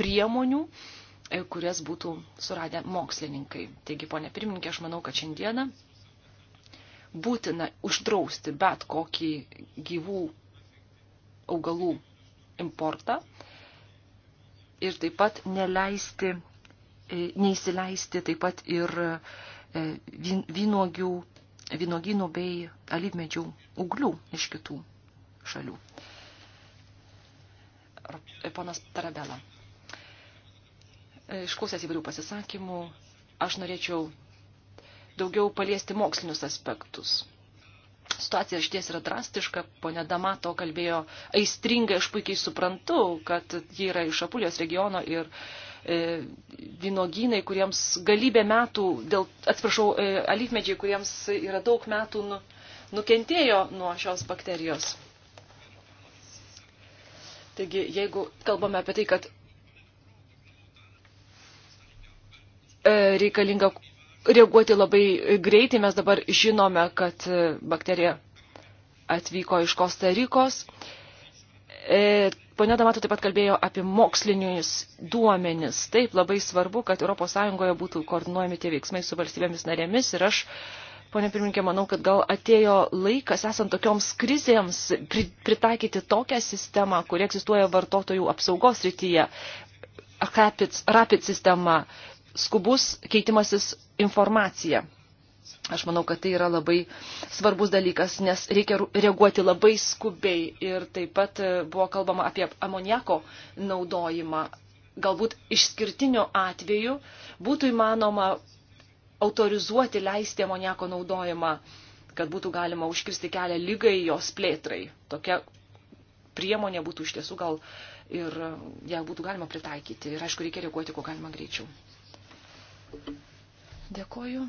priemonių, uh, E, kurias būtų suradę mokslininkai. Taigi, ponė pirmininkė, aš manau, kad šiandieną būtina uždrausti bet kokį gyvų augalų importą ir taip pat neleisti, e, neįsileisti taip pat ir e, vynogių, vynoginų bei alyvmedžių uglių iš kitų šalių. Ponas Tarabela. E, išklausęs įvairių pasisakymų, aš norėčiau daugiau paliesti mokslinius aspektus. Situacija išties yra drastiška, ponė Damato kalbėjo aistringai, aš puikiai suprantu, kad ji yra iš Apulijos regiono ir e, vynogynai, kuriems galybė metų, dėl, atsiprašau, e, alyvmedžiai, kuriems yra daug metų nu, nukentėjo nuo šios bakterijos. Taigi, jeigu kalbame apie tai, kad E, reikalinga reaguoti labai greitai. Mes dabar žinome, kad e, bakterija atvyko iš Kostarikos. E, Pone Damato taip pat kalbėjo apie mokslinius duomenis. Taip, labai svarbu, kad ES būtų koordinuojami tie veiksmai su valstybėmis narėmis ir aš, ponė pirminkė, manau, kad gal atėjo laikas, esant tokioms krizėms, pritaikyti tokią sistemą, kuri egzistuoja vartotojų apsaugos rytyje. Rapid, rapid sistema, skubus keitimasis informacija. Aš manau, kad tai yra labai svarbus dalykas, nes reikia reaguoti labai skubiai ir taip pat e, buvo kalbama apie amoniako naudojimą. Galbūt išskirtiniu atveju būtų įmanoma autorizuoti, leisti amoniako naudojimą, kad būtų galima užkirsti kelią lygai jos plėtrai. Tokia priemonė būtų iš tiesų gal ir e, ją būtų galima pritaikyti. Ir aišku, reikia reaguoti, kuo galima greičiau. Dėkoju.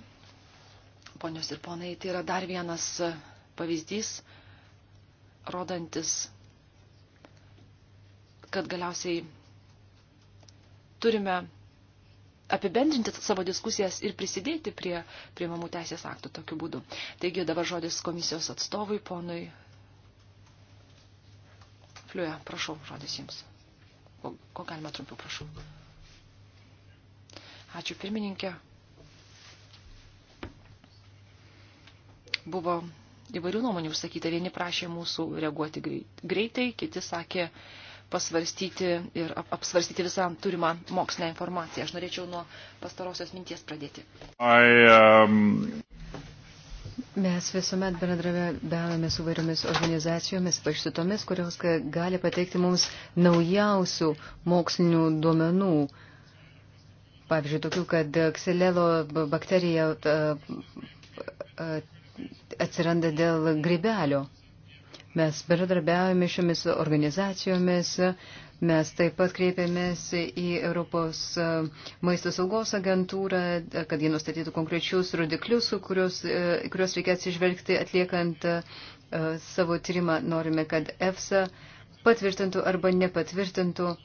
Ponios ir ponai, tai yra dar vienas pavyzdys, rodantis, kad galiausiai turime apibendrinti savo diskusijas ir prisidėti prie priimamų teisės aktų tokiu būdu. Taigi dabar žodis komisijos atstovui, ponui Fliuje, prašau, žodis jums. Ko, ko galima trumpiau, prašau. Ačiū pirmininkė. Buvo įvairių nuomonių užsakyta. Vieni prašė mūsų reaguoti greitai, kiti sakė pasvarstyti ir apsvarstyti visą turimą mokslinę informaciją. Aš norėčiau nuo pastarosios minties pradėti. I, um... Mes visuomet bendradarbiavame su vairiomis organizacijomis, ypač su tomis, kurios gali pateikti mums naujausių mokslinių duomenų pavyzdžiui, tokių, kad ksilelo bakterija atsiranda dėl grybelio. Mes bendradarbiavame šiomis organizacijomis, mes taip pat kreipėmės į Europos maisto saugos agentūrą, kad jie nustatytų konkrečius rodiklius, kuriuos, kuriuos reikia atsižvelgti atliekant savo tyrimą. Norime, kad EFSA patvirtintų arba nepatvirtintų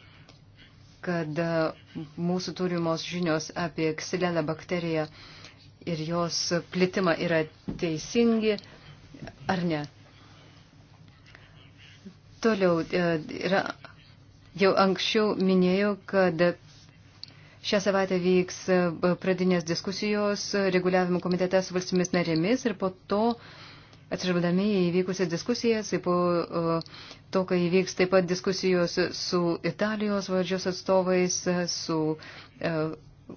kad e, mūsų turimos žinios apie ksilelę bakteriją ir jos plitimą yra teisingi ar ne. Toliau, e, yra, jau anksčiau minėjau, kad Šią savaitę vyks e, pradinės diskusijos reguliavimo komitete su valstybės narėmis ir po to uh, atsižvelgdami į vykusią diskusiją, taip pat e, to, kai vyks taip pat diskusijos su Italijos valdžios atstovais, su e,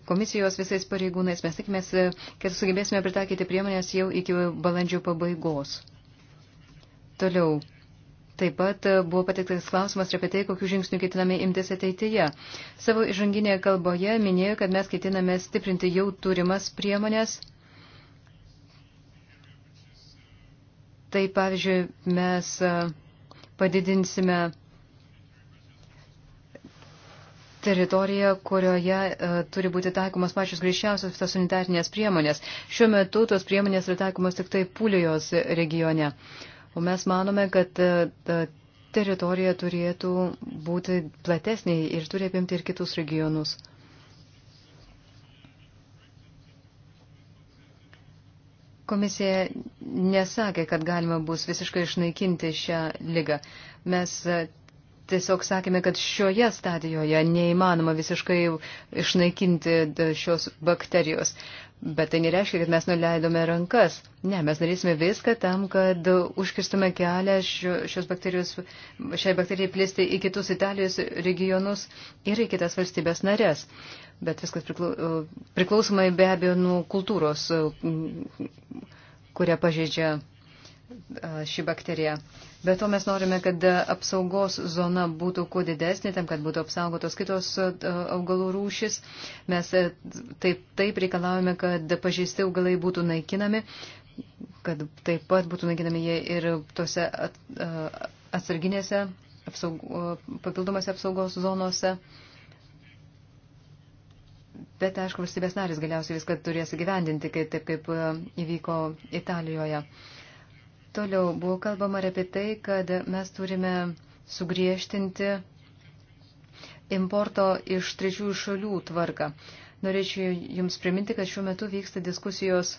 komisijos visais pareigūnais, mes tikimės, e, kad sugebėsime pritaikyti priemonės jau iki balandžio pabaigos. Toliau. Taip pat buvo patiktas klausimas apie tai, kokiu žingsniu ketiname imtis ateityje. Savo įžanginėje kalboje minėjo, kad mes ketiname stiprinti jau turimas priemonės Tai pavyzdžiui, mes e, padidinsime teritorija, kurioje uh, turi būti taikomas pačios grįžčiausios fitosanitarnės priemonės. Šiuo metu tos priemonės yra taikomas tik tai Pulijos regione. O mes manome, kad uh, teritorija turėtų būti platesnė ir turi apimti ir kitus regionus. Komisija nesakė, kad galima bus visiškai išnaikinti šią lygą. Mes e, tiesiog sakėme, kad šioje stadijoje neįmanoma visiškai išnaikinti e, šios bakterijos. Bet tai nereiškia, kad mes nuleidome rankas. Ne, mes darysime viską tam, kad užkirstume kelią šios bakterijos, šiai bakterijai plisti į kitus Italijos regionus ir į kitas valstybės narės. Uh, bet viskas e, priklausomai be abejo nuo kultūros, e, kurią pažeidžia e, ši bakterija. Be to mes norime, kad apsaugos zona būtų kuo didesnė, tam, kad būtų apsaugotos kitos augalų rūšis. Mes taip, taip reikalavome, kad pažeisti augalai būtų naikinami, kad taip pat būtų naikinami jie ir tose atsarginėse apsaug, papildomose apsaugos zonose. Bet, aišku, valstybės narės galiausiai viską turės gyvendinti, kai, taip kaip e, įvyko Italijoje. Toliau buvo kalbama ir apie tai, kad mes turime sugriežtinti importo iš trečiųjų šalių tvarką. Norėčiau Jums priminti, kad šiuo metu vyksta diskusijos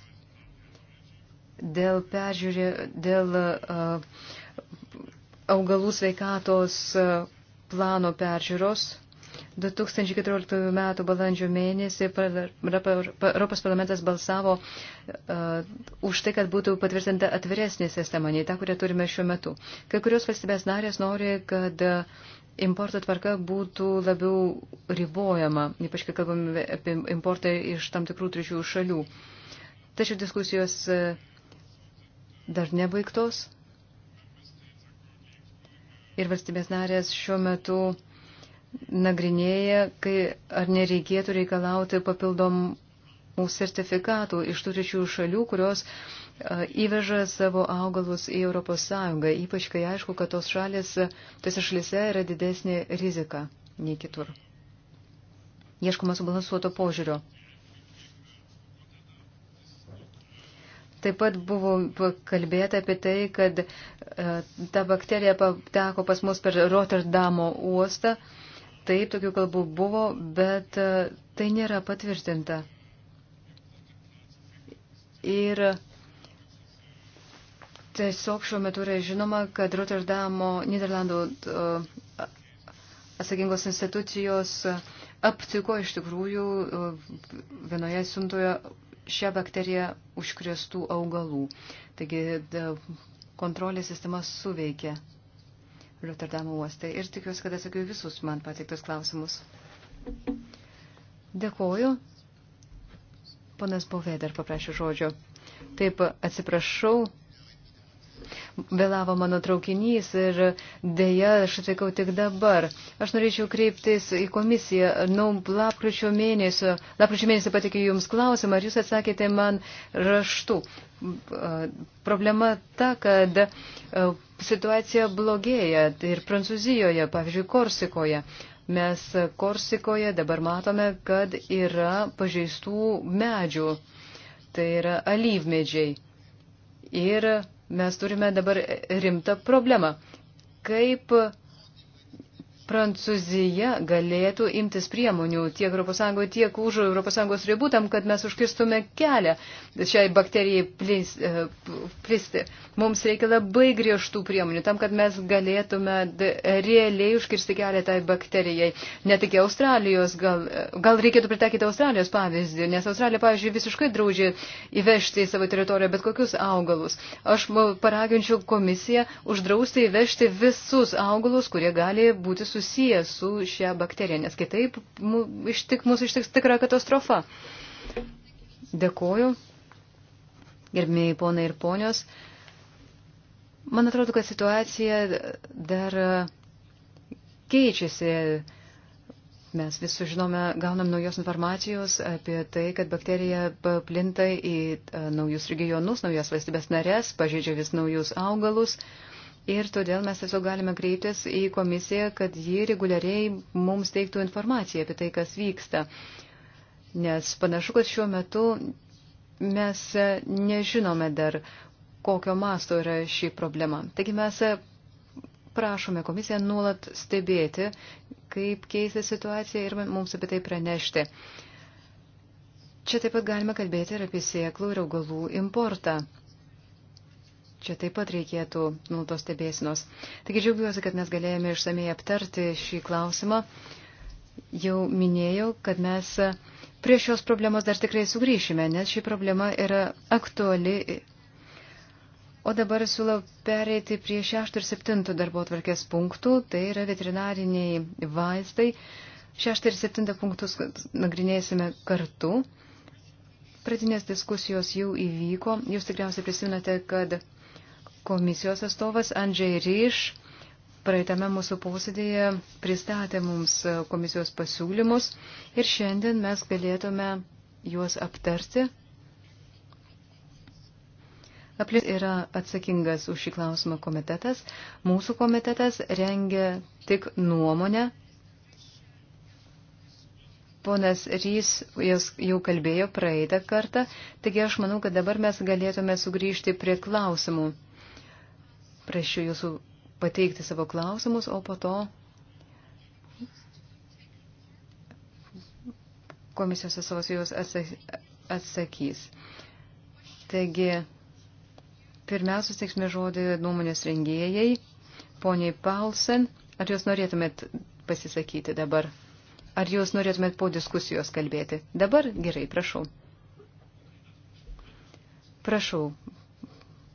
dėl peržiūrė, dėl uh, augalų sveikatos e, plano peržiūros 2014 m. balandžio mėnesį Europos parlamentas balsavo uh, už tai, kad būtų patvirtinta atviresnė sistema nei ta, kurią turime šiuo metu. Kai kurios valstybės narės nori, kad uh, importo tvarka būtų labiau ribojama, ypač kai kalbame apie importą iš tam tikrų trečių šalių. Tačiau diskusijos uh, dar nebaigtos ir valstybės narės šiuo metu uh, nagrinėja, kai ar nereikėtų reikalauti papildomų sertifikatų iš tų trečių šalių, kurios įveža savo augalus į ES, ypač kai aišku, kad tos šalis, tose šalise yra didesnė rizika nei kitur. Ieškoma subalansuoto požiūrio. Taip pat buvo kalbėta apie tai, kad ta bakterija pateko pas mus per Rotterdamo uostą Taip, tokių kalbų buvo, bet e, tai nėra patvirtinta. Ir tiesiog šiuo metu yra žinoma, kad Rotterdamo Niderlandų e, atsakingos institucijos aptiko iš tikrųjų e, vienoje siuntoje šią bakteriją užkrėstų augalų. Taigi kontrolės sistema suveikė. Rotterdamo uoste. Ir tikiuosi, kad atsakiau visus man patiktus klausimus. Dėkoju. Ponas Bovė dar paprašė žodžio. Taip, atsiprašau. Vėlavo mano traukinys ir dėja, aš atvykau tik dabar. Aš norėčiau kreiptis į komisiją. Nu, lapkričio mėnesio, lapkričio mėnesį patikiu Jums klausimą, ar Jūs atsakėte man raštu. Problema ta, kad situacija blogėja ir Prancūzijoje, pavyzdžiui, Korsikoje. Mes Korsikoje dabar matome, kad yra pažeistų medžių, tai yra alyvmedžiai. Ir mes turime dabar rimtą problemą. Kaip Prancūzija galėtų imtis priemonių tiek ES, tiek už ES ribų tam, kad mes užkirstume kelią šiai bakterijai plis, e, plisti. Mums reikia labai griežtų priemonių tam, kad mes galėtume realiai užkirsti kelią tai bakterijai. Netik Australijos, gal, e, gal reikėtų pritaikyti Australijos pavyzdį, nes Australija, pavyzdžiui, visiškai draudžia įvežti į savo teritoriją bet kokius augalus. Aš paraginčiau komisiją uždrausti įvežti visus augalus, kurie gali būti su susiję su šia bakterija, nes kitaip mūsų ištik, mūsų ištiks tikra katastrofa. Dėkoju, gerbėjai ponai ir ponios. Man atrodo, kad situacija dar keičiasi. Mes vis sužinome, gaunam naujos informacijos apie tai, kad bakterija plinta į naujus regionus, naujas valstybės narės, pažeidžia vis naujus augalus. Ir todėl mes tiesiog galime kreiptis į komisiją, kad ji reguliariai mums teiktų informaciją apie tai, kas vyksta. Nes panašu, kad šiuo metu mes nežinome dar, kokio masto yra ši problema. Taigi mes prašome komisiją nuolat stebėti, kaip keisė situacija ir mums apie tai pranešti. Čia taip pat galime kalbėti ir apie sėklų ir augalų importą. Čia taip pat reikėtų nultos stebėsinos. Taigi džiaugiuosi, kad mes galėjome išsamei aptarti šį klausimą. Jau minėjau, kad mes prie šios problemos dar tikrai sugrįšime, nes ši problema yra aktuali. O dabar siūlau pereiti prie 6 ir 7 darbo tvarkės punktų, tai yra veterinariniai vaistai. 6 ir 7 punktus nagrinėsime kartu. Pradinės diskusijos jau įvyko. Jūs tikriausiai prisiminate, kad Komisijos atstovas Andžiai Ryš praeitame mūsų posėdėje pristatė mums komisijos pasiūlymus ir šiandien mes galėtume juos aptarti. Aplis yra atsakingas už šį klausimą komitetas. Mūsų komitetas rengia tik nuomonę. Ponas Rys jau kalbėjo praeitą kartą, taigi aš manau, kad dabar mes galėtume sugrįžti prie klausimų. Prašiu jūsų pateikti savo klausimus, o po to komisijos asociacijos atsakys. Taigi, pirmiausia, sėksmė žodį nuomonės rengėjai, poniai Paulsen, ar jūs norėtumėt pasisakyti dabar? Ar jūs norėtumėt po diskusijos kalbėti? Dabar gerai, prašau. Prašau,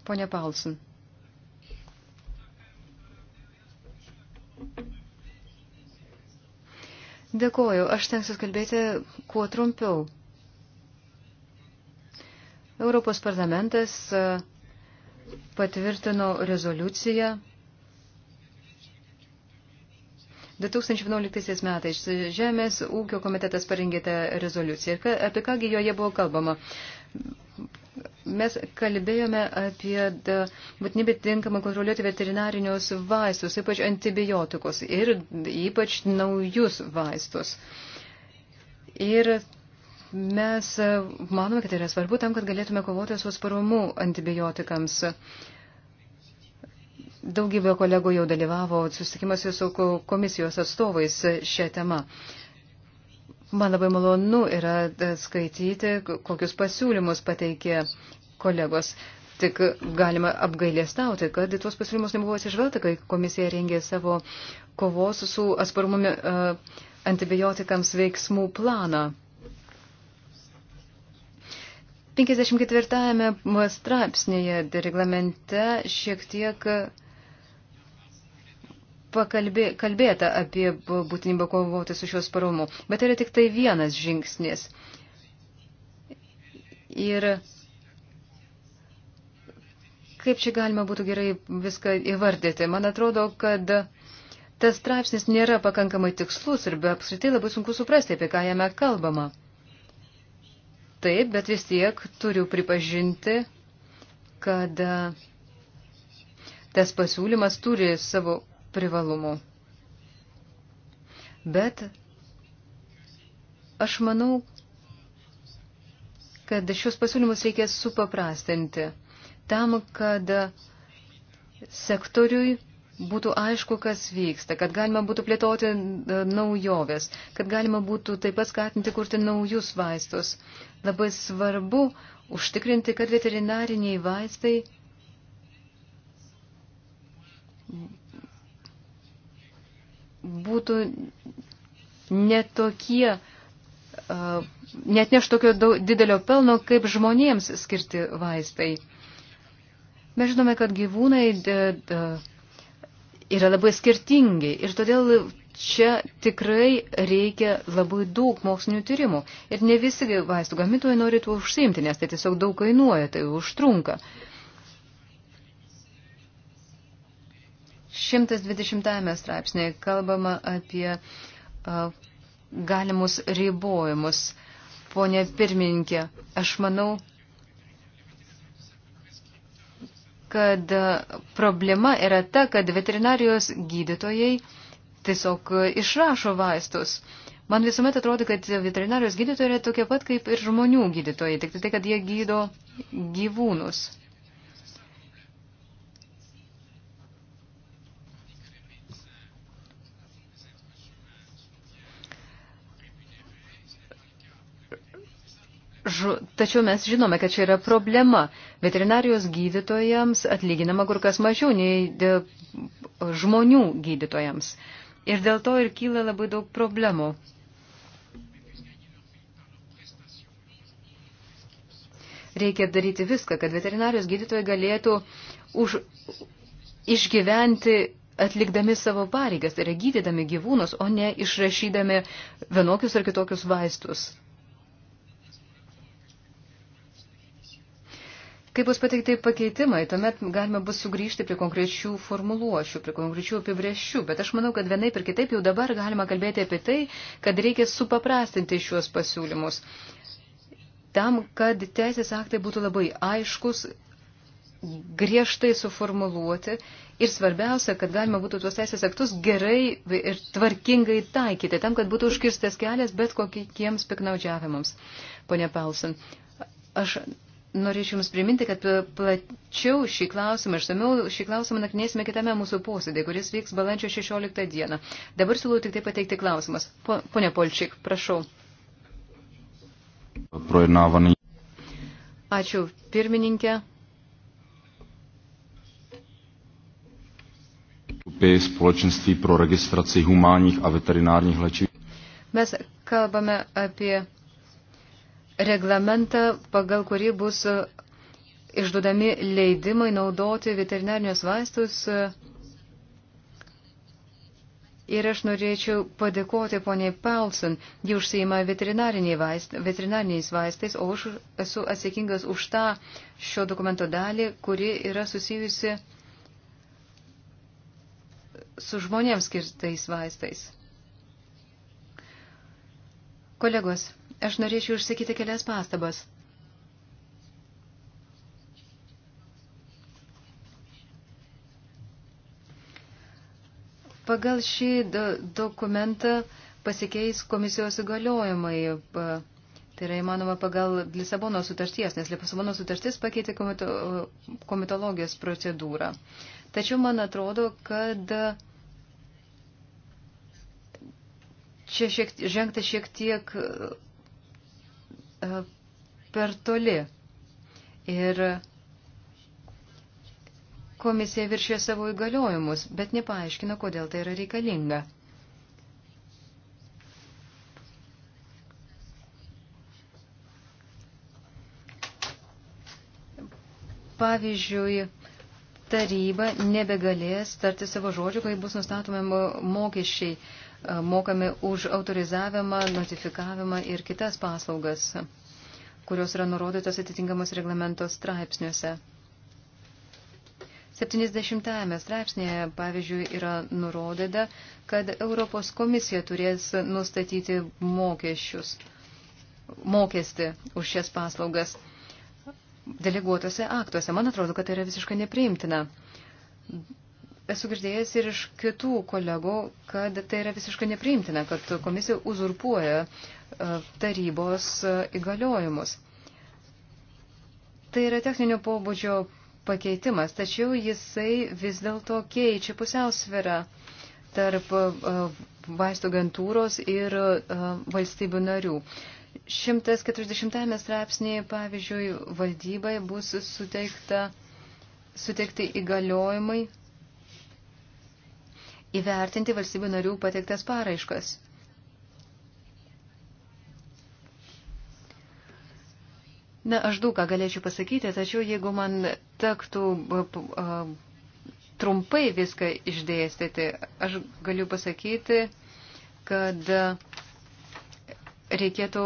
ponia Paulsen. Dėkoju, aš tenksiu kalbėti kuo trumpiau. Europos parlamentas e, patvirtino rezoliuciją 2011 metais Žemės ūkio komitetas parengėte rezoliuciją. Apie kągi joje buvo kalbama? Mes kalbėjome apie būtinybę tinkamai kontroliuoti veterinarinius vaistus, ypač antibiotikus ir ypač naujus vaistus. Ir mes e, manome, kad tai yra svarbu tam, kad galėtume kovoti su sparumu antibiotikams. Daugybė kolegų jau dalyvavo susitikimuose su komisijos atstovais šią temą. Man labai malonu yra e, skaityti, kokius pasiūlymus pateikė kolegos. Tik galima apgailėstauti, kad į tuos pasiūlymus nebuvo atsižvelgta, kai komisija rengė savo kovos su atsparumumi e, antibiotikams veiksmų planą. 54 straipsnėje reglamente šiek tiek pakalbė, kalbėta apie būtinybę kovoti su šios parumu, bet yra tik tai vienas žingsnis. Ir kaip čia galima būtų gerai viską įvardyti? Man atrodo, kad tas straipsnis nėra pakankamai tikslus ir be apskritai labai sunku suprasti, apie ką jame kalbama. Taip, bet vis tiek turiu pripažinti, kad tas pasiūlymas turi savo privalumų. Bet aš manau, kad šios pasiūlymus reikės supaprastinti tam, kad sektoriui būtų aišku, kas vyksta, kad galima būtų plėtoti e, naujoves, kad galima būtų taip pat skatinti kurti naujus vaistus. Labai svarbu užtikrinti, kad veterinariniai vaistai būtų netokie, net neš tokio didelio pelno, kaip žmonėms skirti vaistai. Mes žinome, kad gyvūnai yra labai skirtingi ir todėl čia tikrai reikia labai daug mokslinių tyrimų. Ir ne visi vaistų gamintojai nori tuo užsiimti, nes tai tiesiog daug kainuoja, tai užtrunka. Uh, 120 straipsnėje kalbama apie galimus ribojimus. Pone pirmininkė, aš manau, kad problema yra ta, kad veterinarijos gydytojai tiesiog išrašo vaistus. Man visuomet atrodo, kad veterinarijos gydytojai yra tokie pat kaip ir žmonių gydytojai, tik tai, tai kad jie gydo gyvūnus. Tažu, tačiau mes žinome, kad čia yra problema. Veterinarijos gydytojams atlyginama kur kas mažiau nei e, žmonių gydytojams. Ir dėl to ir kyla labai daug problemų. Reikia daryti viską, kad veterinarijos gydytojai galėtų už, išgyventi atlikdami savo pareigas, tai yra gydydami gyvūnus, o ne išrašydami vienokius ar kitokius vaistus. Kai bus pateikti pakeitimai, tuomet galima bus sugrįžti prie konkrečių formuluošių, prie konkrečių apibrėžčių, bet aš manau, kad vienaip ir kitaip jau dabar galima kalbėti apie tai, kad reikia supaprastinti šiuos pasiūlymus. Tam, kad teisės aktai būtų labai aiškus, griežtai suformuluoti ir svarbiausia, kad galima būtų tuos teisės aktus gerai ir tvarkingai taikyti, tam, kad būtų užkirstas kelias bet kokiems piknaudžiavimams. Pone Paulson, aš Norėčiau Jums priminti, kad plačiau šį klausimą, išsamiau šį klausimą naknėsime kitame mūsų posėdėje, kuris vyks balandžio 16 dieną. Dabar siūlau tik tai pateikti klausimas. Po, pone Polčik, prašau. Projednávaný. Ačiū, pirmininkė. Společenství pro registraci humánních a veterinárních léčiv. Mes kalbame apie reglamentą, pagal kurį bus e, išduodami leidimai naudoti veterinarinius vaistus. Ir aš norėčiau padėkoti poniai Paulson, ji užsieima vaist, veterinariniais vaistais, o aš esu atsakingas už tą šio dokumento dalį, kuri yra susijusi su žmonėms skirtais vaistais. Kolegos, Aš norėčiau išsakyti kelias pastabas. Pagal šį do dokumentą pasikeis komisijos įgaliojimai. Tai yra įmanoma pagal Lisabono sutarties, nes Lisabono sutartis pakeitė komito, komitologijos procedūrą. Tačiau man atrodo, kad čia šiek, žengta šiek tiek E, per toli. Ir komisija viršė savo įgaliojimus, bet nepaaiškina, kodėl tai yra reikalinga. Pavyzdžiui, taryba nebegalės tarti savo žodžių, kai bus nustatomi mokesčiai E, mokame už autorizavimą, notifikavimą ir kitas paslaugas, kurios yra nurodytos atitinkamos reglamentos straipsniuose. 70 straipsnėje, pavyzdžiui, yra nurodyta, kad Europos komisija turės nustatyti mokesčius, mokestį už šias paslaugas deleguotose aktuose. Man atrodo, kad tai yra visiškai nepriimtina esu girdėjęs ir iš kitų kolegų, kad tai yra visiškai nepriimtina, kad komisija uzurpuoja e, tarybos e, įgaliojimus. Tai yra techninio pobūdžio pakeitimas, tačiau jisai vis dėlto keičia pusiausvirą tarp e, vaistų agentūros ir valstybių narių. 140 straipsnėje, pavyzdžiui, valdybai bus suteikta, suteikti įgaliojimai įvertinti valstybių narių pateiktas paraiškas. Na, aš daug ką galėčiau pasakyti, tačiau jeigu man tektų trumpai viską išdėstyti, aš galiu pasakyti, kad reikėtų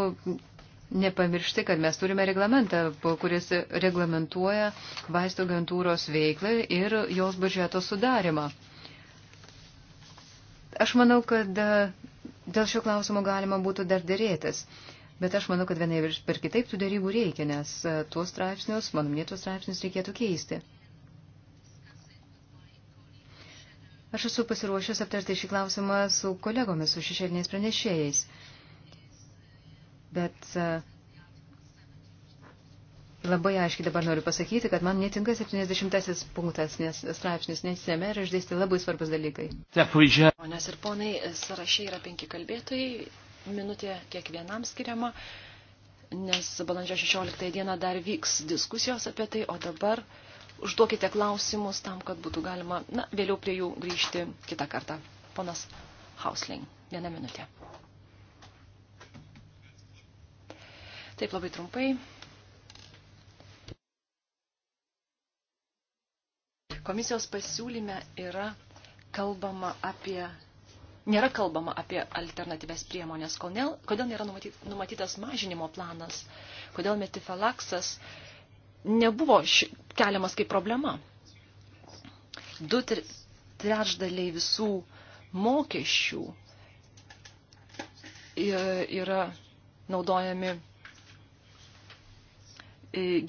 nepamiršti, kad mes turime reglamentą, kuris reglamentuoja vaistų agentūros veiklą ir jos biudžeto sudarimą. Aš manau, kad e, dėl šio klausimo galima būtų dar dėrėtis. Bet aš manau, kad vienai per kitaip tų dėrybų reikia, nes e, tuos straipsnius, mano minėtos straipsnius reikėtų keisti. Aš esu pasiruošęs aptarti šį klausimą su kolegomis, su šešėliniais pranešėjais. Bet uh, Labai aiškiai dabar noriu pasakyti, kad man netinka 70 punktas, nes straipsnis nesisėmė ir išdėsti labai svarbus dalykai. Ponės ir ponai, sąrašė yra penki kalbėtojai, minutė kiekvienam skiriama, nes balandžio 16 dieną dar vyks diskusijos apie tai, o dabar užduokite klausimus tam, kad būtų galima na, vėliau prie jų grįžti kitą kartą. Ponas Hausling, vieną minutę. Taip labai trumpai. Komisijos pasiūlyme yra kalbama apie, nėra kalbama apie alternatyves priemonės. Kodėl, kodėl nėra numatytas mažinimo planas? Kodėl metifalaksas nebuvo ši, keliamas kaip problema? Du trečdaliai visų mokesčių yra naudojami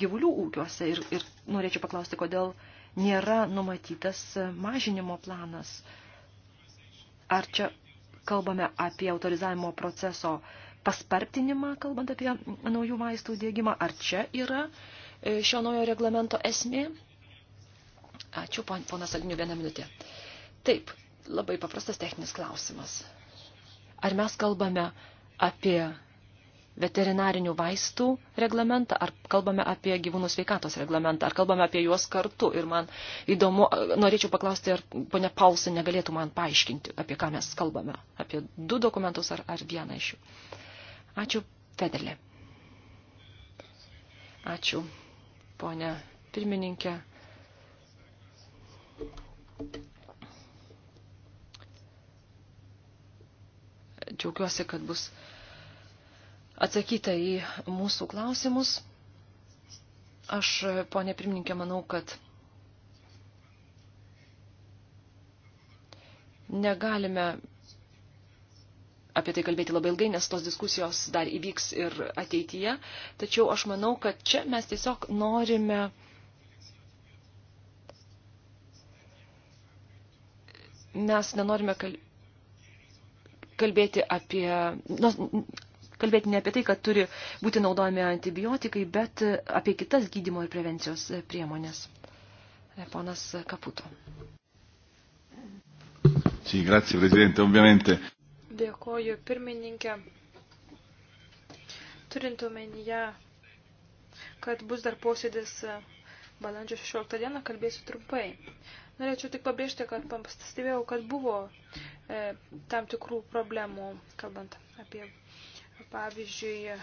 gyvulių ūkiuose ir, ir norėčiau paklausti, kodėl nėra numatytas mažinimo planas. Ar čia kalbame apie autorizavimo proceso paspartinimą, kalbant apie naujų vaistų dėgymą, ar čia yra e, šio naujo reglamento esmė? Ačiū, ponas Aliniu, vieną minutę. Taip, labai paprastas techninis klausimas. Ar mes kalbame apie veterinarinių vaistų reglamentą, ar kalbame apie gyvūnų sveikatos reglamentą, ar kalbame apie juos kartu. Ir man įdomu, norėčiau paklausti, ar ponia Paulsen negalėtų man paaiškinti, apie ką mes kalbame, apie du dokumentus ar, ar vieną iš jų. Ačiū, Federlė. Ačiū, ponia pirmininkė. Džiaugiuosi, kad bus atsakyta į mūsų klausimus. Aš, ponė pirmininkė, manau, kad negalime apie tai kalbėti labai ilgai, nes tos diskusijos dar įvyks ir ateityje. Tačiau aš manau, kad čia mes tiesiog norime mes nenorime kalbėti apie, kalbėti ne apie tai, kad turi būti naudojami antibiotikai, bet apie kitas gydimo ir prevencijos priemonės. Ponas Kaputo. Sì, grazie Presidente, ovviamente. Dėkoju pirmininkė. Turint omenyje, kad bus dar posėdis e, balandžio 16 dieną, kalbėsiu trumpai. Norėčiau tik pabrėžti, kad pastebėjau, kad buvo e, tam tikrų problemų, kalbant apie pavyzdžiui, e,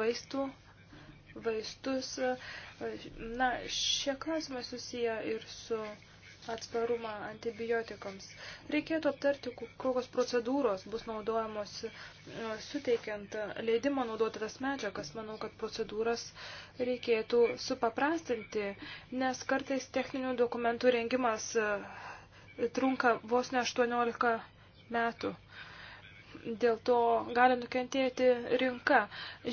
vaistų, vaistus. E, na, šie klausimai susiję ir su atsparumą antibiotikams. Reikėtų aptarti, kokios procedūros bus naudojamos e, suteikiant leidimą naudoti tas medžiagas. Manau, kad procedūras reikėtų supaprastinti, nes kartais techninių dokumentų rengimas trunka vos ne 18 metų dėl to gali nukentėti rinka.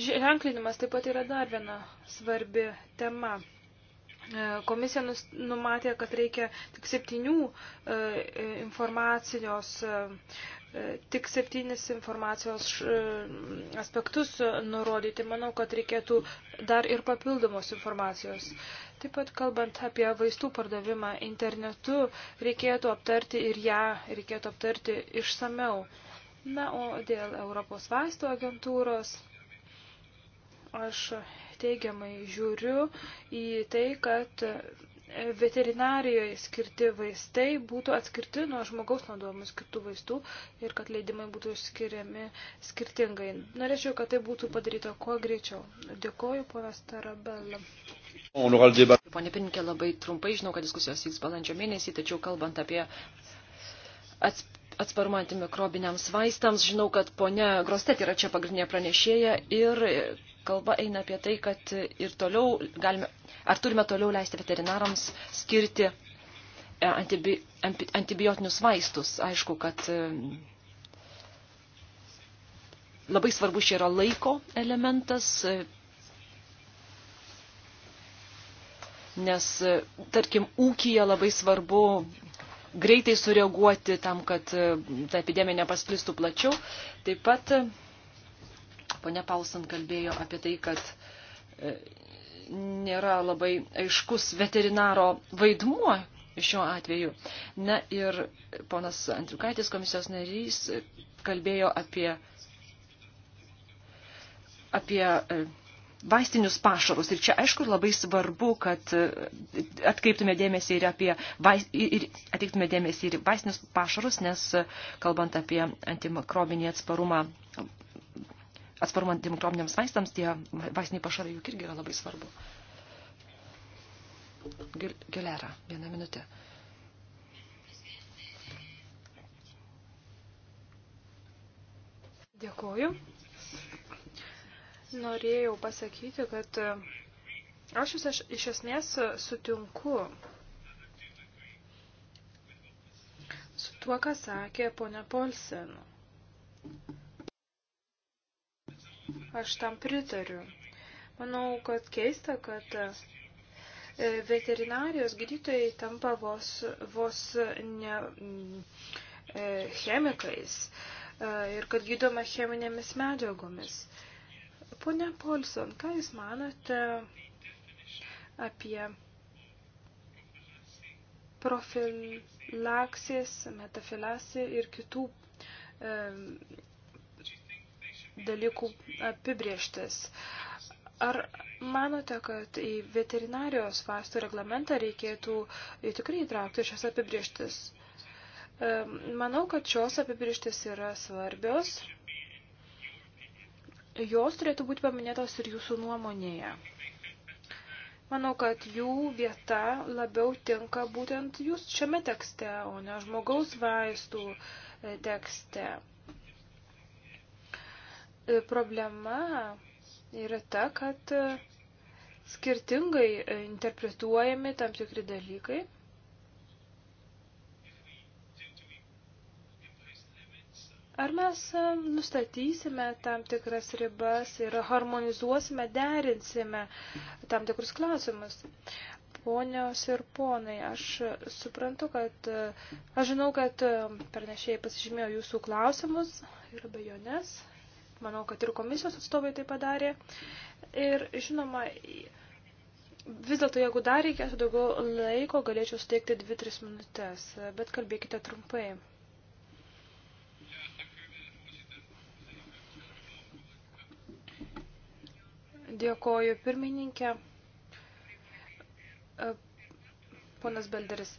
Ženklinimas taip pat yra dar viena svarbi tema. E, komisija numatė, kad reikia tik septynių e, informacijos, e, tik septynis informacijos aspektus nurodyti. Manau, kad reikėtų dar ir papildomos informacijos. Taip pat kalbant apie vaistų pardavimą internetu, reikėtų aptarti ir ją, reikėtų aptarti išsameu. Na, o dėl Europos vaisto agentūros aš teigiamai žiūriu į tai, kad veterinarijoje skirti vaistai būtų atskirti nuo žmogaus naudojamų skirtų vaistų ir kad leidimai būtų skiriami skirtingai. Norėčiau, kad tai būtų padaryta kuo greičiau. Dėkoju, ponas Tarabella. Pone Pirinkė, labai trumpai žinau, kad diskusijos vyks balandžio mėnesį, tačiau kalbant apie atsparumą antimikrobiniams vaistams. Žinau, kad ponia Grostet yra čia pagrindinė pranešėja ir kalba eina apie tai, kad ir toliau galime, ar turime toliau leisti veterinarams skirti e, antibi, antibiotinius vaistus. Aišku, kad e, labai svarbus čia yra laiko elementas, e, nes, tarkim, ūkija labai svarbu greitai sureaguoti tam, kad e, ta epidemija nepasklistų plačiau. Taip pat e, ponia Paulson kalbėjo apie tai, kad e, nėra labai aiškus veterinaro vaidmuo šiuo atveju. Na ir ponas Andriukaitis, komisijos narys, kalbėjo apie, apie vaistinius pašarus. Ir čia aišku labai svarbu, kad e, atkreiptume dėmesį ir, apie, vaist, ir atkreiptume dėmesį ir vaistinius pašarus, nes e, kalbant apie antimikrobinį atsparumą, atsparumą antimikrobiniams vaistams, tie vaistiniai pašarai juk irgi yra labai svarbu. Gilera, vieną minutę. Dėkuoju norėjau pasakyti, kad aš e, jūs aš, iš esmės e, sutinku su tuo, ką sakė ponia Polsen. Aš tam pritariu. Manau, kad keista, kad e, veterinarijos gydytojai tampa vos, vos ne, chemikais ir kad gydoma cheminėmis medžiagomis. Pone Polson, ką Jūs manote apie profilaksės, metafilasi ir kitų e, dalykų apibrieštis. Ar manote, kad į veterinarijos vaistų reglamentą reikėtų tikrai įtraukti šias apibrieštis? E, manau, kad šios apibrieštis yra svarbios jos turėtų būti paminėtos ir jūsų nuomonėje. Manau, kad jų vieta labiau tinka būtent jūs šiame tekste, o ne žmogaus vaistų e, tekste. E, problema yra ta, kad e, skirtingai interpretuojami tam tikri dalykai Ar mes e, nustatysime tam tikras ribas ir harmonizuosime, derinsime tam tikrus klausimus? Ponios ir ponai, aš suprantu, kad e, aš žinau, kad e, pernešėjai pasižymėjo jūsų klausimus ir abejonės. Manau, kad ir komisijos atstovai tai padarė. Ir žinoma, vis dėlto, jeigu dar reikėtų daugiau laiko, galėčiau suteikti 2-3 minutės, bet kalbėkite trumpai. Dėkoju pirmininkė. E, ponas Belderis.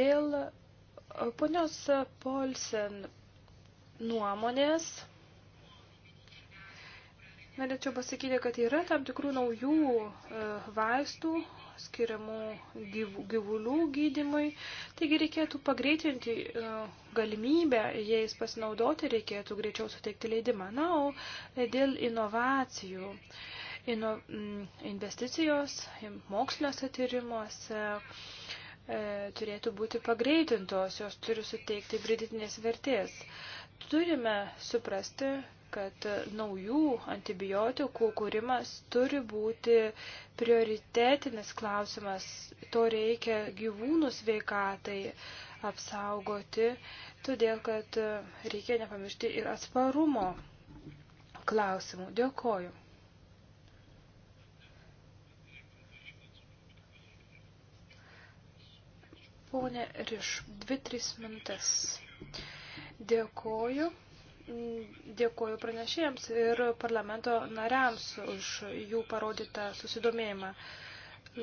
Dėl ponios Polsen nuomonės norėčiau pasakyti, kad yra tam tikrų naujų e, vaistų, skiriamų gyvulių gydimui. Taigi reikėtų pagreitinti e, galimybę jais pasinaudoti, reikėtų greičiau suteikti leidimą. Na, o e, dėl inovacijų. Ino, investicijos moksliniuose tyrimuose e, turėtų būti pagreitintos, jos turi suteikti pridėtinės vertės. Turime suprasti, kad naujų antibiotikų kūrimas turi būti prioritetinis klausimas. To reikia gyvūnų sveikatai apsaugoti, todėl kad reikia nepamiršti ir atsparumo klausimų. Dėkoju. Pone Riš, dvi, trys mintas. Dėkoju. Dėkuoju pranešėjams ir parlamento nariams už jų parodytą susidomėjimą.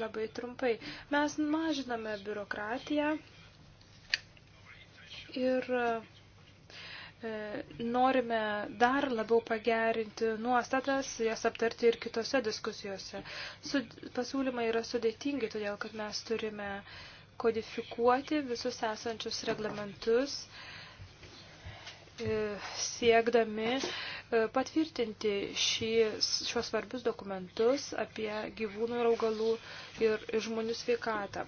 Labai trumpai. Mes mažiname biurokratiją ir e, norime dar labiau pagerinti nuostatas, jas aptarti ir kitose diskusijose. Su, pasiūlymai yra sudėtingi, todėl kad mes turime kodifikuoti visus esančius reglamentus. E, E, siekdami e, patvirtinti šį, šios svarbius dokumentus apie gyvūnų ir augalų ir žmonių sveikatą.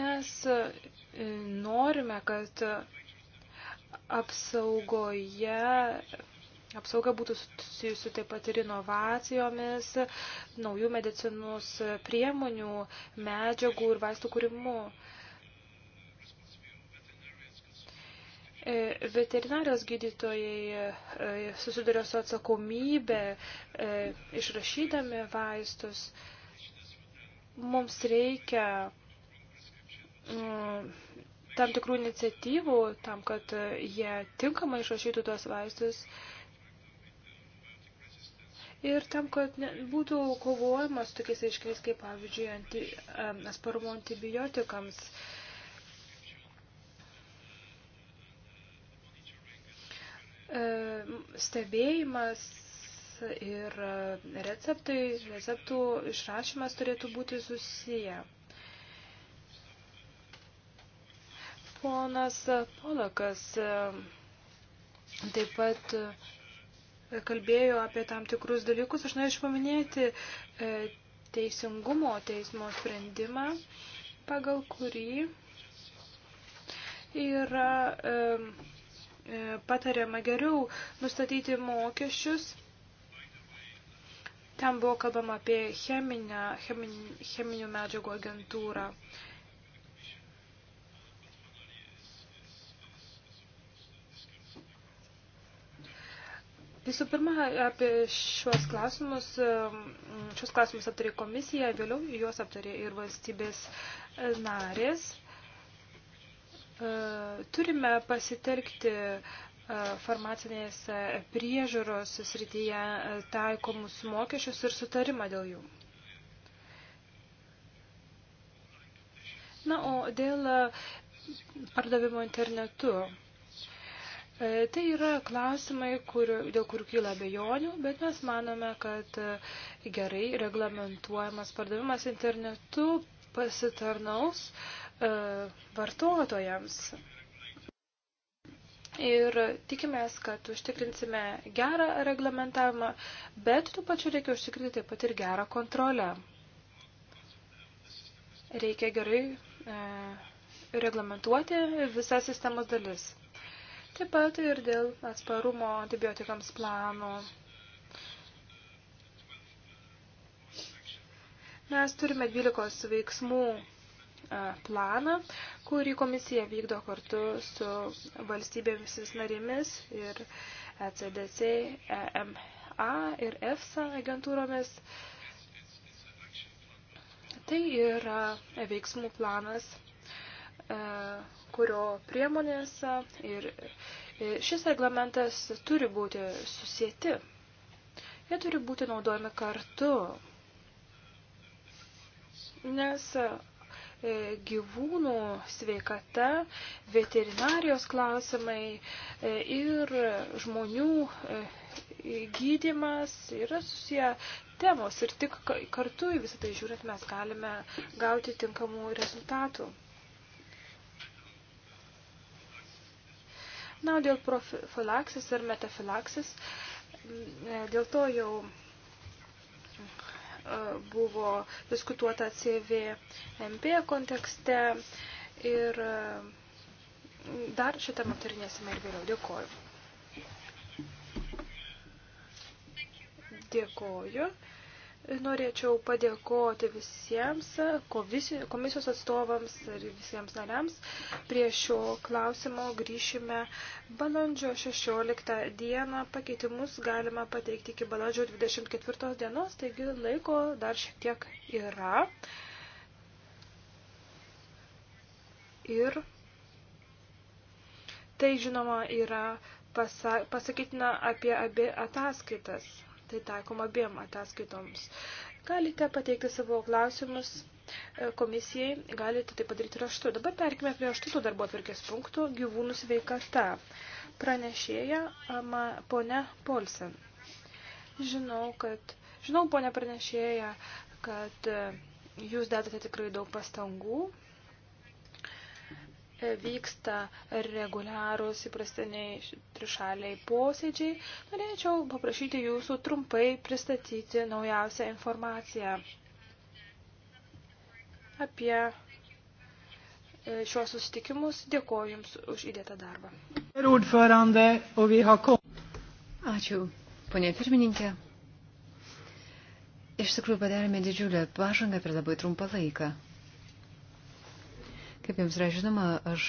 Mes e, norime, kad apsaugoje Apsauga būtų susijusi taip pat ir inovacijomis, naujų medicinos priemonių, medžiagų ir vaistų kūrimu. E, veterinarijos gydytojai e, susiduria su atsakomybė e, išrašydami vaistus. Mums reikia mm, tam tikrų iniciatyvų tam, kad jie tinkamai išrašytų tuos vaistus ir tam, kad ne, būtų kovojamas tokiais aiškiais kaip, pavyzdžiui, anti, atsparumo antibiotikams. E, E, stebėjimas ir receptai, receptų išrašymas turėtų būti susiję. Ponas Polakas e, taip pat e, kalbėjo apie tam tikrus dalykus. Aš norėčiau paminėti teisingumo teismo sprendimą, pagal kurį yra E, patariama geriau nustatyti mokesčius. Ten buvo kalbama apie cheminę, chemin, cheminių medžiagų agentūrą. Visų pirma, apie šios klausimus, e, šios klausimus aptarė komisija, vėliau juos aptarė ir valstybės narės. E, turime pasitelkti e, farmacinės priežiūros srityje e, taikomus mokesčius ir sutarimą dėl jų. Na, o dėl pardavimo internetu. Tai yra klausimai, kur, dėl kurių kyla abejonių, bet mes manome, kad gerai reglamentuojamas pardavimas internetu pasitarnaus uh, E, vartotojams. Ir tikimės, kad užtikrinsime gerą reglamentavimą, bet tuo pačiu reikia užtikrinti taip pat ir gerą kontrolę. Reikia gerai e, reglamentuoti visas sistemos dalis. Taip pat ir dėl atsparumo antibiotikams plano. Mes turime 12 veiksmų E, planą, kurį komisija vykdo kartu su valstybėmis narėmis ir ECDC, EMA ir EFSA agentūromis. Tai yra veiksmų planas, e, kurio priemonės ir e, šis reglamentas turi būti susieti. Jie turi būti naudojami kartu, nes E, gyvūnų sveikata, veterinarijos klausimai e, ir žmonių e, gydimas yra susiję temos ir tik kartu į visą tai žiūrint mes galime gauti tinkamų rezultatų. Na, dėl profilaksis ir metafilaksis, dėl to jau buvo diskutuota CVMP kontekste ir e, dar šitą aptarinėsime ir vėliau. Dėkoju. Dėkoju. Norėčiau padėkoti visiems komisijos atstovams ir visiems nariams. Prie šio klausimo grįšime balandžio 16 dieną. Pakeitimus galima pateikti iki balandžio 24 dienos, taigi laiko dar šiek tiek yra. Ir tai žinoma yra pasakytina apie abi ataskaitas. Tai taikoma abiem ataskaitoms. Galite pateikti savo klausimus e, komisijai, galite tai padaryti raštu. Dabar perkime prie aštuntų darbo atvirkės punktų – gyvūnų sveikata. Pranešėja ama, ponia Polsen. Žinau, kad, žinau, ponia pranešėja, kad e, jūs dedate tikrai daug pastangų vyksta reguliarūs įprastiniai trišaliai posėdžiai, norėčiau paprašyti jūsų trumpai pristatyti naujausią informaciją apie e, šiuos susitikimus. Dėkuoju Jums už įdėtą darbą. Ačiū, ponė pirmininkė. Iš tikrųjų padarėme didžiulę pažangą per labai trumpą laiką. Kaip jums yra žinoma, aš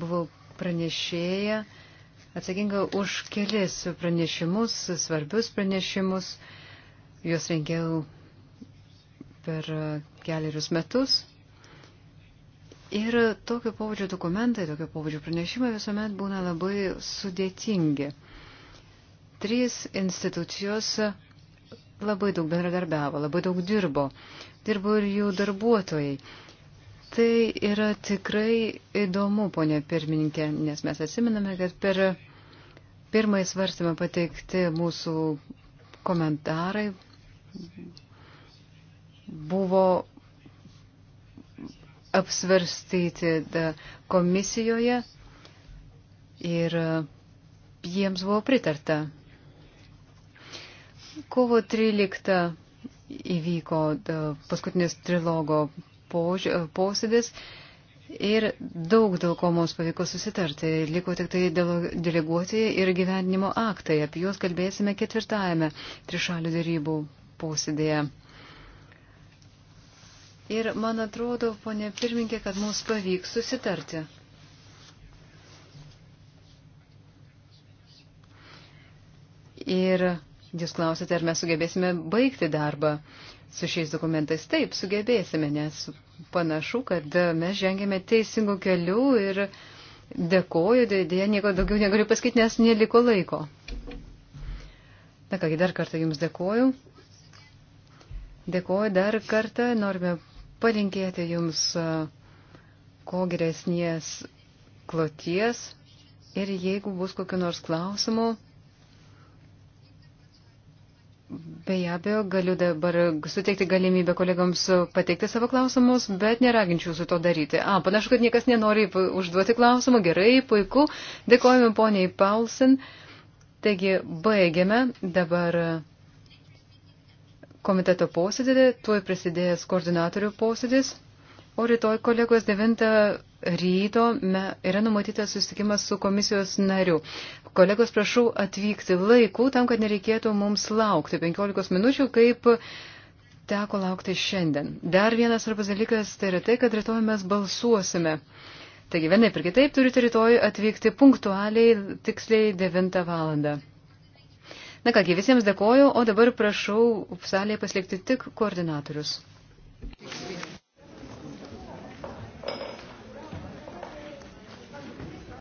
buvau pranešėja, atsakinga už kelis pranešimus, svarbius pranešimus. Juos rengiau per keliarius metus. Ir tokio pobūdžio dokumentai, tokio pobūdžio pranešimai visuomet būna labai sudėtingi. Trys institucijos labai daug bendradarbiavo, labai daug dirbo. Dirbo ir jų darbuotojai. Tai yra tikrai įdomu, ponė pirmininkė, nes mes atsiminame, kad per pirmąjį svarstymą pateikti mūsų komentarai buvo apsvarstyti komisijoje ir jiems buvo pritarta. Kovo 13 įvyko paskutinis trilogo pož... posėdis ir daug dėl ko mums pavyko susitarti. Liko tik tai deleguoti ir gyvenimo aktai. Apie juos kalbėsime ketvirtajame trišalių dėrybų posėdėje. Ir man atrodo, ponė pirminkė, kad mums pavyks susitarti. Ir jūs klausite, ar mes sugebėsime baigti darbą su šiais dokumentais. Taip, sugebėsime, nes panašu, kad mes žengėme teisingų kelių ir dėkoju, dėja nieko daugiau negaliu pasakyti, nes neliko laiko. Na kągi, dar kartą Jums dėkoju. Dėkoju dar kartą, norime palinkėti Jums uh, ko geresnės kloties ir jeigu bus kokiu nors klausimu, Be abejo, galiu dabar suteikti galimybę kolegoms pateikti savo klausimus, bet neraginčiau su to daryti. A, panašu, kad niekas nenori užduoti klausimų. Gerai, puiku. Dėkojame poniai Paulsen. Taigi, baigiame dabar komiteto posėdį, tuoj prasidėjęs koordinatorių posėdis, o rytoj kolegos 9 ryto yra numatytas susitikimas su komisijos nariu. Kolegos, prašau atvykti laiku, tam, kad nereikėtų mums laukti 15 minučių, kaip teko laukti šiandien. Dar vienas svarbus dalykas tai yra tai, kad rytoj mes balsuosime. Taigi vienai ir kitaip turite rytoj atvykti punktualiai, tiksliai 9 valandą. Na kągi, visiems dėkoju, o dabar prašau salėje pasilikti tik koordinatorius. Thank you.